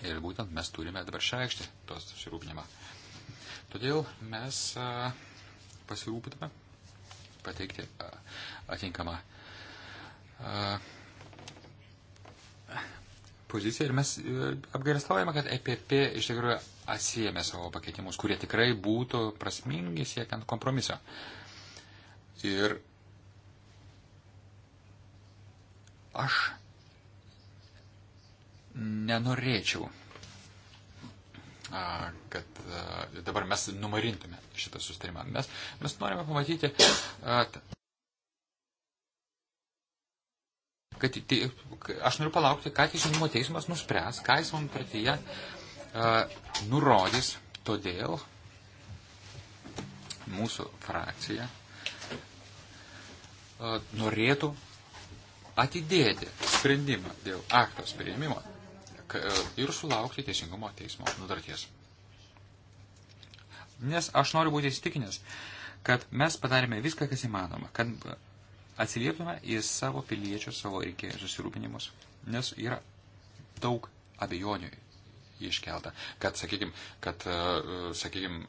Ir būtent mes turime dabar šeikšti tos susirūpinimą. Todėl mes pasirūpiname pateikti atinkamą poziciją ir mes e, apgailestavome, kad EPP iš tikrųjų atsijėmė savo pakeitimus, kurie tikrai būtų prasmingi siekiant kompromiso. Ir aš nenorėčiau, kad dabar mes numarintume šitą sustarimą. Mes, mes norime pamatyti, kad tai, aš noriu palaukti, ką teisingumo teismas nuspręs, ką jis man pratyje nurodys. Todėl mūsų frakcija norėtų atidėti sprendimą dėl aktos prieimimo E, ir sulaukti teisingumo teismo nutarties. Nes aš noriu būti įsitikinęs, kad mes padarėme viską, kas įmanoma, kad atsilieptume į savo piliečių, savo reikėjų susirūpinimus, nes yra daug abejonių iškelta. Kad, sakykime, kad, e, sakykime,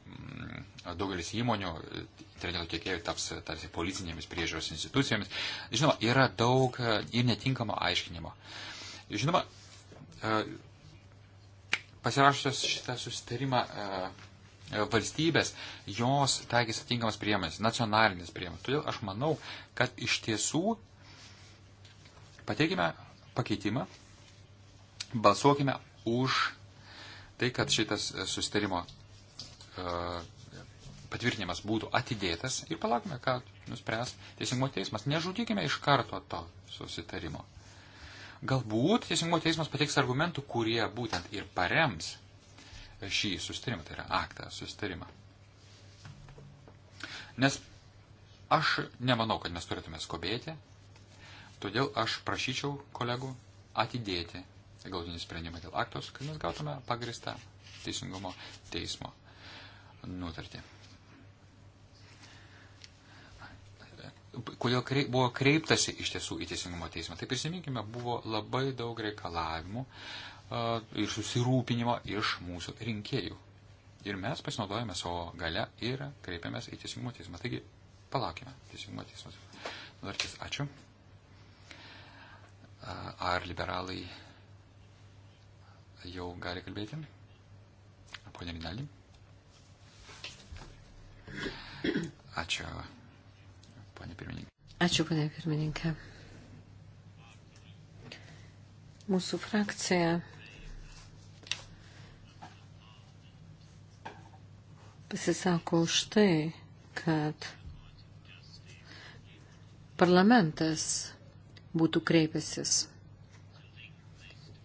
daugelis įmonių interneto tiekėjų taps tarsi policinėmis priežiūros institucijomis. Žinoma, yra daug e, ir netinkamo aiškinimo. Žinoma, pasirašusios šitą susitarimą valstybės, jos taikys atitinkamas priemonės, nacionalinės priemonės. Todėl aš manau, kad iš tiesų pateikime pakeitimą, balsuokime už tai, kad šitas e, susitarimo patvirtinimas būtų atidėtas ir palaukime, ką nuspręs teisingumo teismas. Nežudykime iš karto to susitarimo. Galbūt Teisingumo teismas pateiks argumentų, kurie būtent ir parems šį sustarimą, tai yra aktą sustarimą. Nes aš nemanau, kad mes turėtume skubėti, todėl aš prašyčiau kolegų atidėti galutinį sprendimą dėl aktos, kad mes gautume pagristą Teisingumo teismo nutartį. kodėl krei, buvo kreiptasi iš tiesų į Teisingumo teismą. Tai prisiminkime, buvo labai daug reikalavimų uh, ir susirūpinimo iš mūsų rinkėjų. Ir mes pasinaudojame savo gale ir kreipiamės į Teisingumo teismą. Taigi, palaukime Teisingumo teismą. Norkis, ačiū. Ar liberalai jau gali kalbėti? Pone Rinaldi. Ačiū ponė pirmininkė. Ačiū, ponė pirmininkė. Mūsų frakcija pasisako už tai, kad parlamentas būtų kreipęsis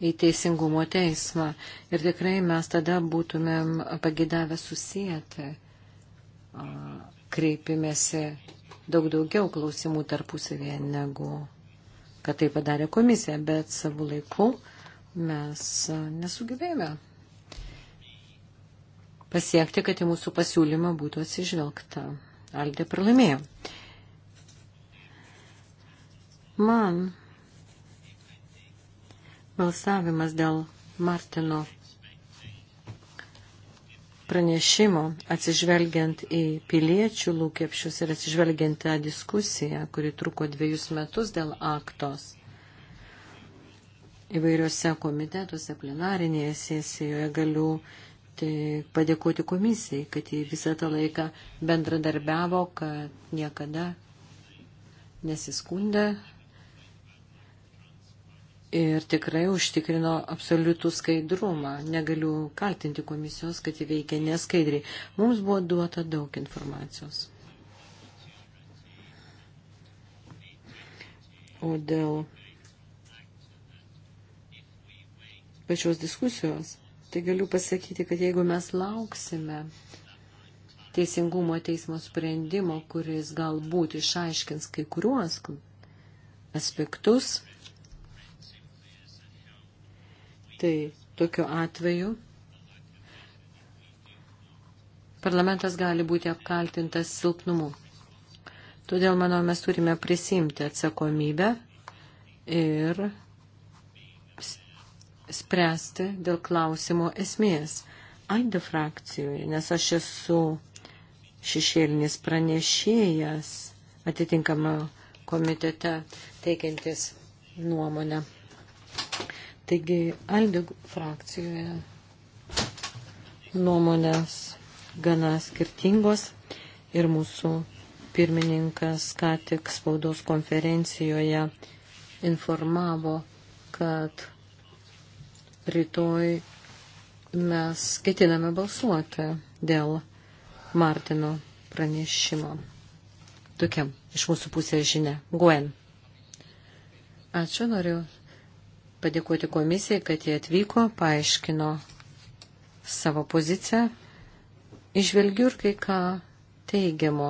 į teisingumo teismą. Ir tikrai mes tada būtumėm pagidavę susijęti kreipimėsi daug daugiau klausimų tarpusavėje, negu kad tai padarė komisija, bet savo laiku mes nesugebėjome pasiekti, kad į mūsų pasiūlymą būtų atsižvelgta. Aldė pralaimėjo. Man balsavimas dėl Martino pranešimo, atsižvelgiant į piliečių lūkesčius ir atsižvelgiant tą diskusiją, kuri truko dviejus metus dėl aktos. Įvairiuose komitetuose, plenarinėje sesijoje galiu tik padėkoti komisijai, kad jį visą tą laiką bendradarbiavo, kad niekada nesiskundė ir tikrai užtikrino absoliutų skaidrumą. Negaliu kaltinti komisijos, kad jį veikia neskaidriai. Mums buvo duota daug informacijos. O dėl pačios diskusijos, tai galiu pasakyti, kad jeigu mes lauksime teisingumo teismo sprendimo, kuris galbūt išaiškins kai kuriuos aspektus, tai tokiu atveju parlamentas gali būti apkaltintas silpnumu. Todėl, manau, mes turime prisimti atsakomybę ir spręsti dėl klausimo esmės. Aida frakcijoje, nes aš esu šešėlinis pranešėjas atitinkamo komitete teikiantis nuomonę. Taigi, Aldi frakcijoje nuomonės gana skirtingos ir mūsų pirmininkas ką tik spaudos konferencijoje informavo, kad rytoj mes ketiname balsuoti dėl Martino pranešimo. Tokia iš mūsų pusės žinia. Gwen. Ačiū, noriu padėkoti komisijai, kad jie atvyko, paaiškino savo poziciją. Išvelgiu ir kai ką teigiamo.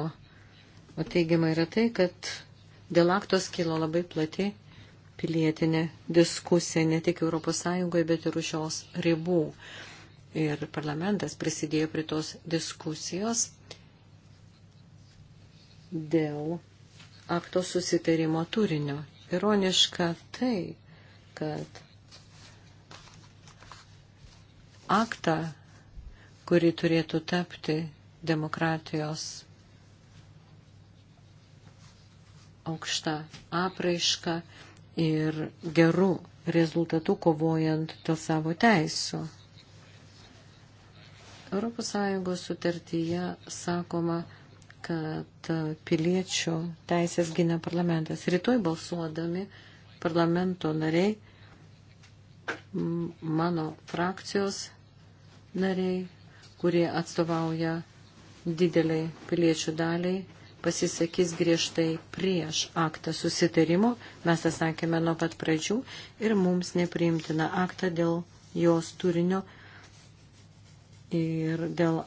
O teigiama yra tai, kad dėl aktos kilo labai plati pilietinė diskusija ne tik ES, bet ir už jos ribų. Ir parlamentas prisidėjo prie tos diskusijos dėl akto susitarimo turinio. Ironiška tai, kad aktą, kuri turėtų tapti demokratijos aukšta apraiška ir gerų rezultatų kovojant dėl savo teisų. ES sutartyje sakoma, kad piliečių teisės gina parlamentas. Rytoj balsuodami parlamento nariai mano frakcijos nariai, kurie atstovauja dideliai piliečių daliai, pasisakys griežtai prieš aktą susitarimo. Mes tą sakėme nuo pat pradžių ir mums nepriimtina aktą dėl jos turinio ir dėl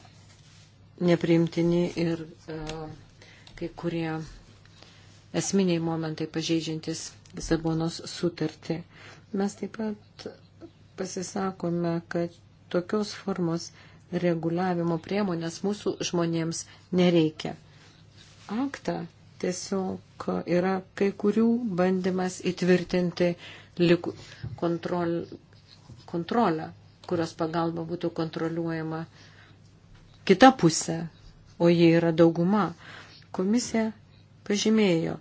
nepriimtini ir uh, kai kurie esminiai momentai pažeidžiantis Lisabonos sutartį. Mes taip pat pasisakome, kad tokios formos reguliavimo priemonės mūsų žmonėms nereikia. Akta tiesiog yra kai kurių bandymas įtvirtinti kontrol, kontrolę, kurios pagalba būtų kontroliuojama kita pusė, o jie yra dauguma. Komisija pažymėjo,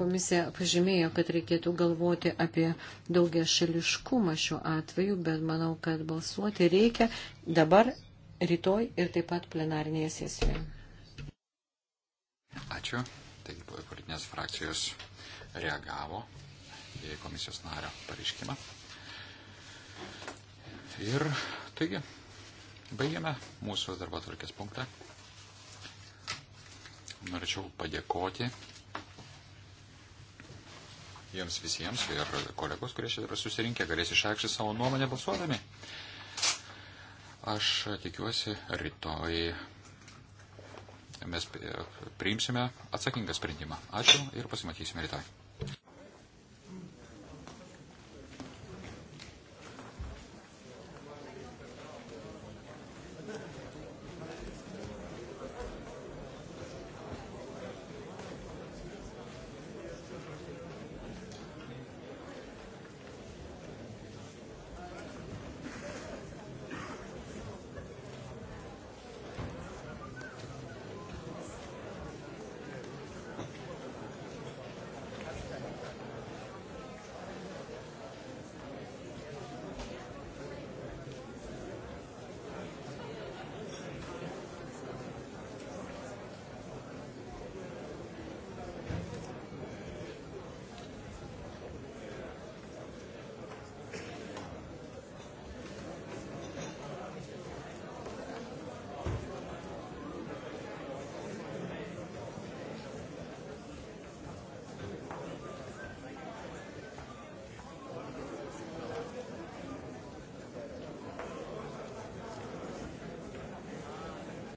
Komisija pažymėjo, kad reikėtų galvoti apie daugia šališkumą šiuo atveju, bet manau, kad balsuoti reikia dabar, rytoj ir taip pat plenarinėje sesijoje. Ačiū. Taigi politinės frakcijos reagavo į komisijos nario pareiškimą. Ir taigi, baigiame mūsų darbo tvarkės punktą. Norėčiau padėkoti jums visiems ir kolegos, kurie čia dabar susirinkę, galės išreikšti savo nuomonę balsuodami. Aš tikiuosi, rytoj mes e, priimsime atsakingą sprendimą. Ačiū ir pasimatysime rytoj.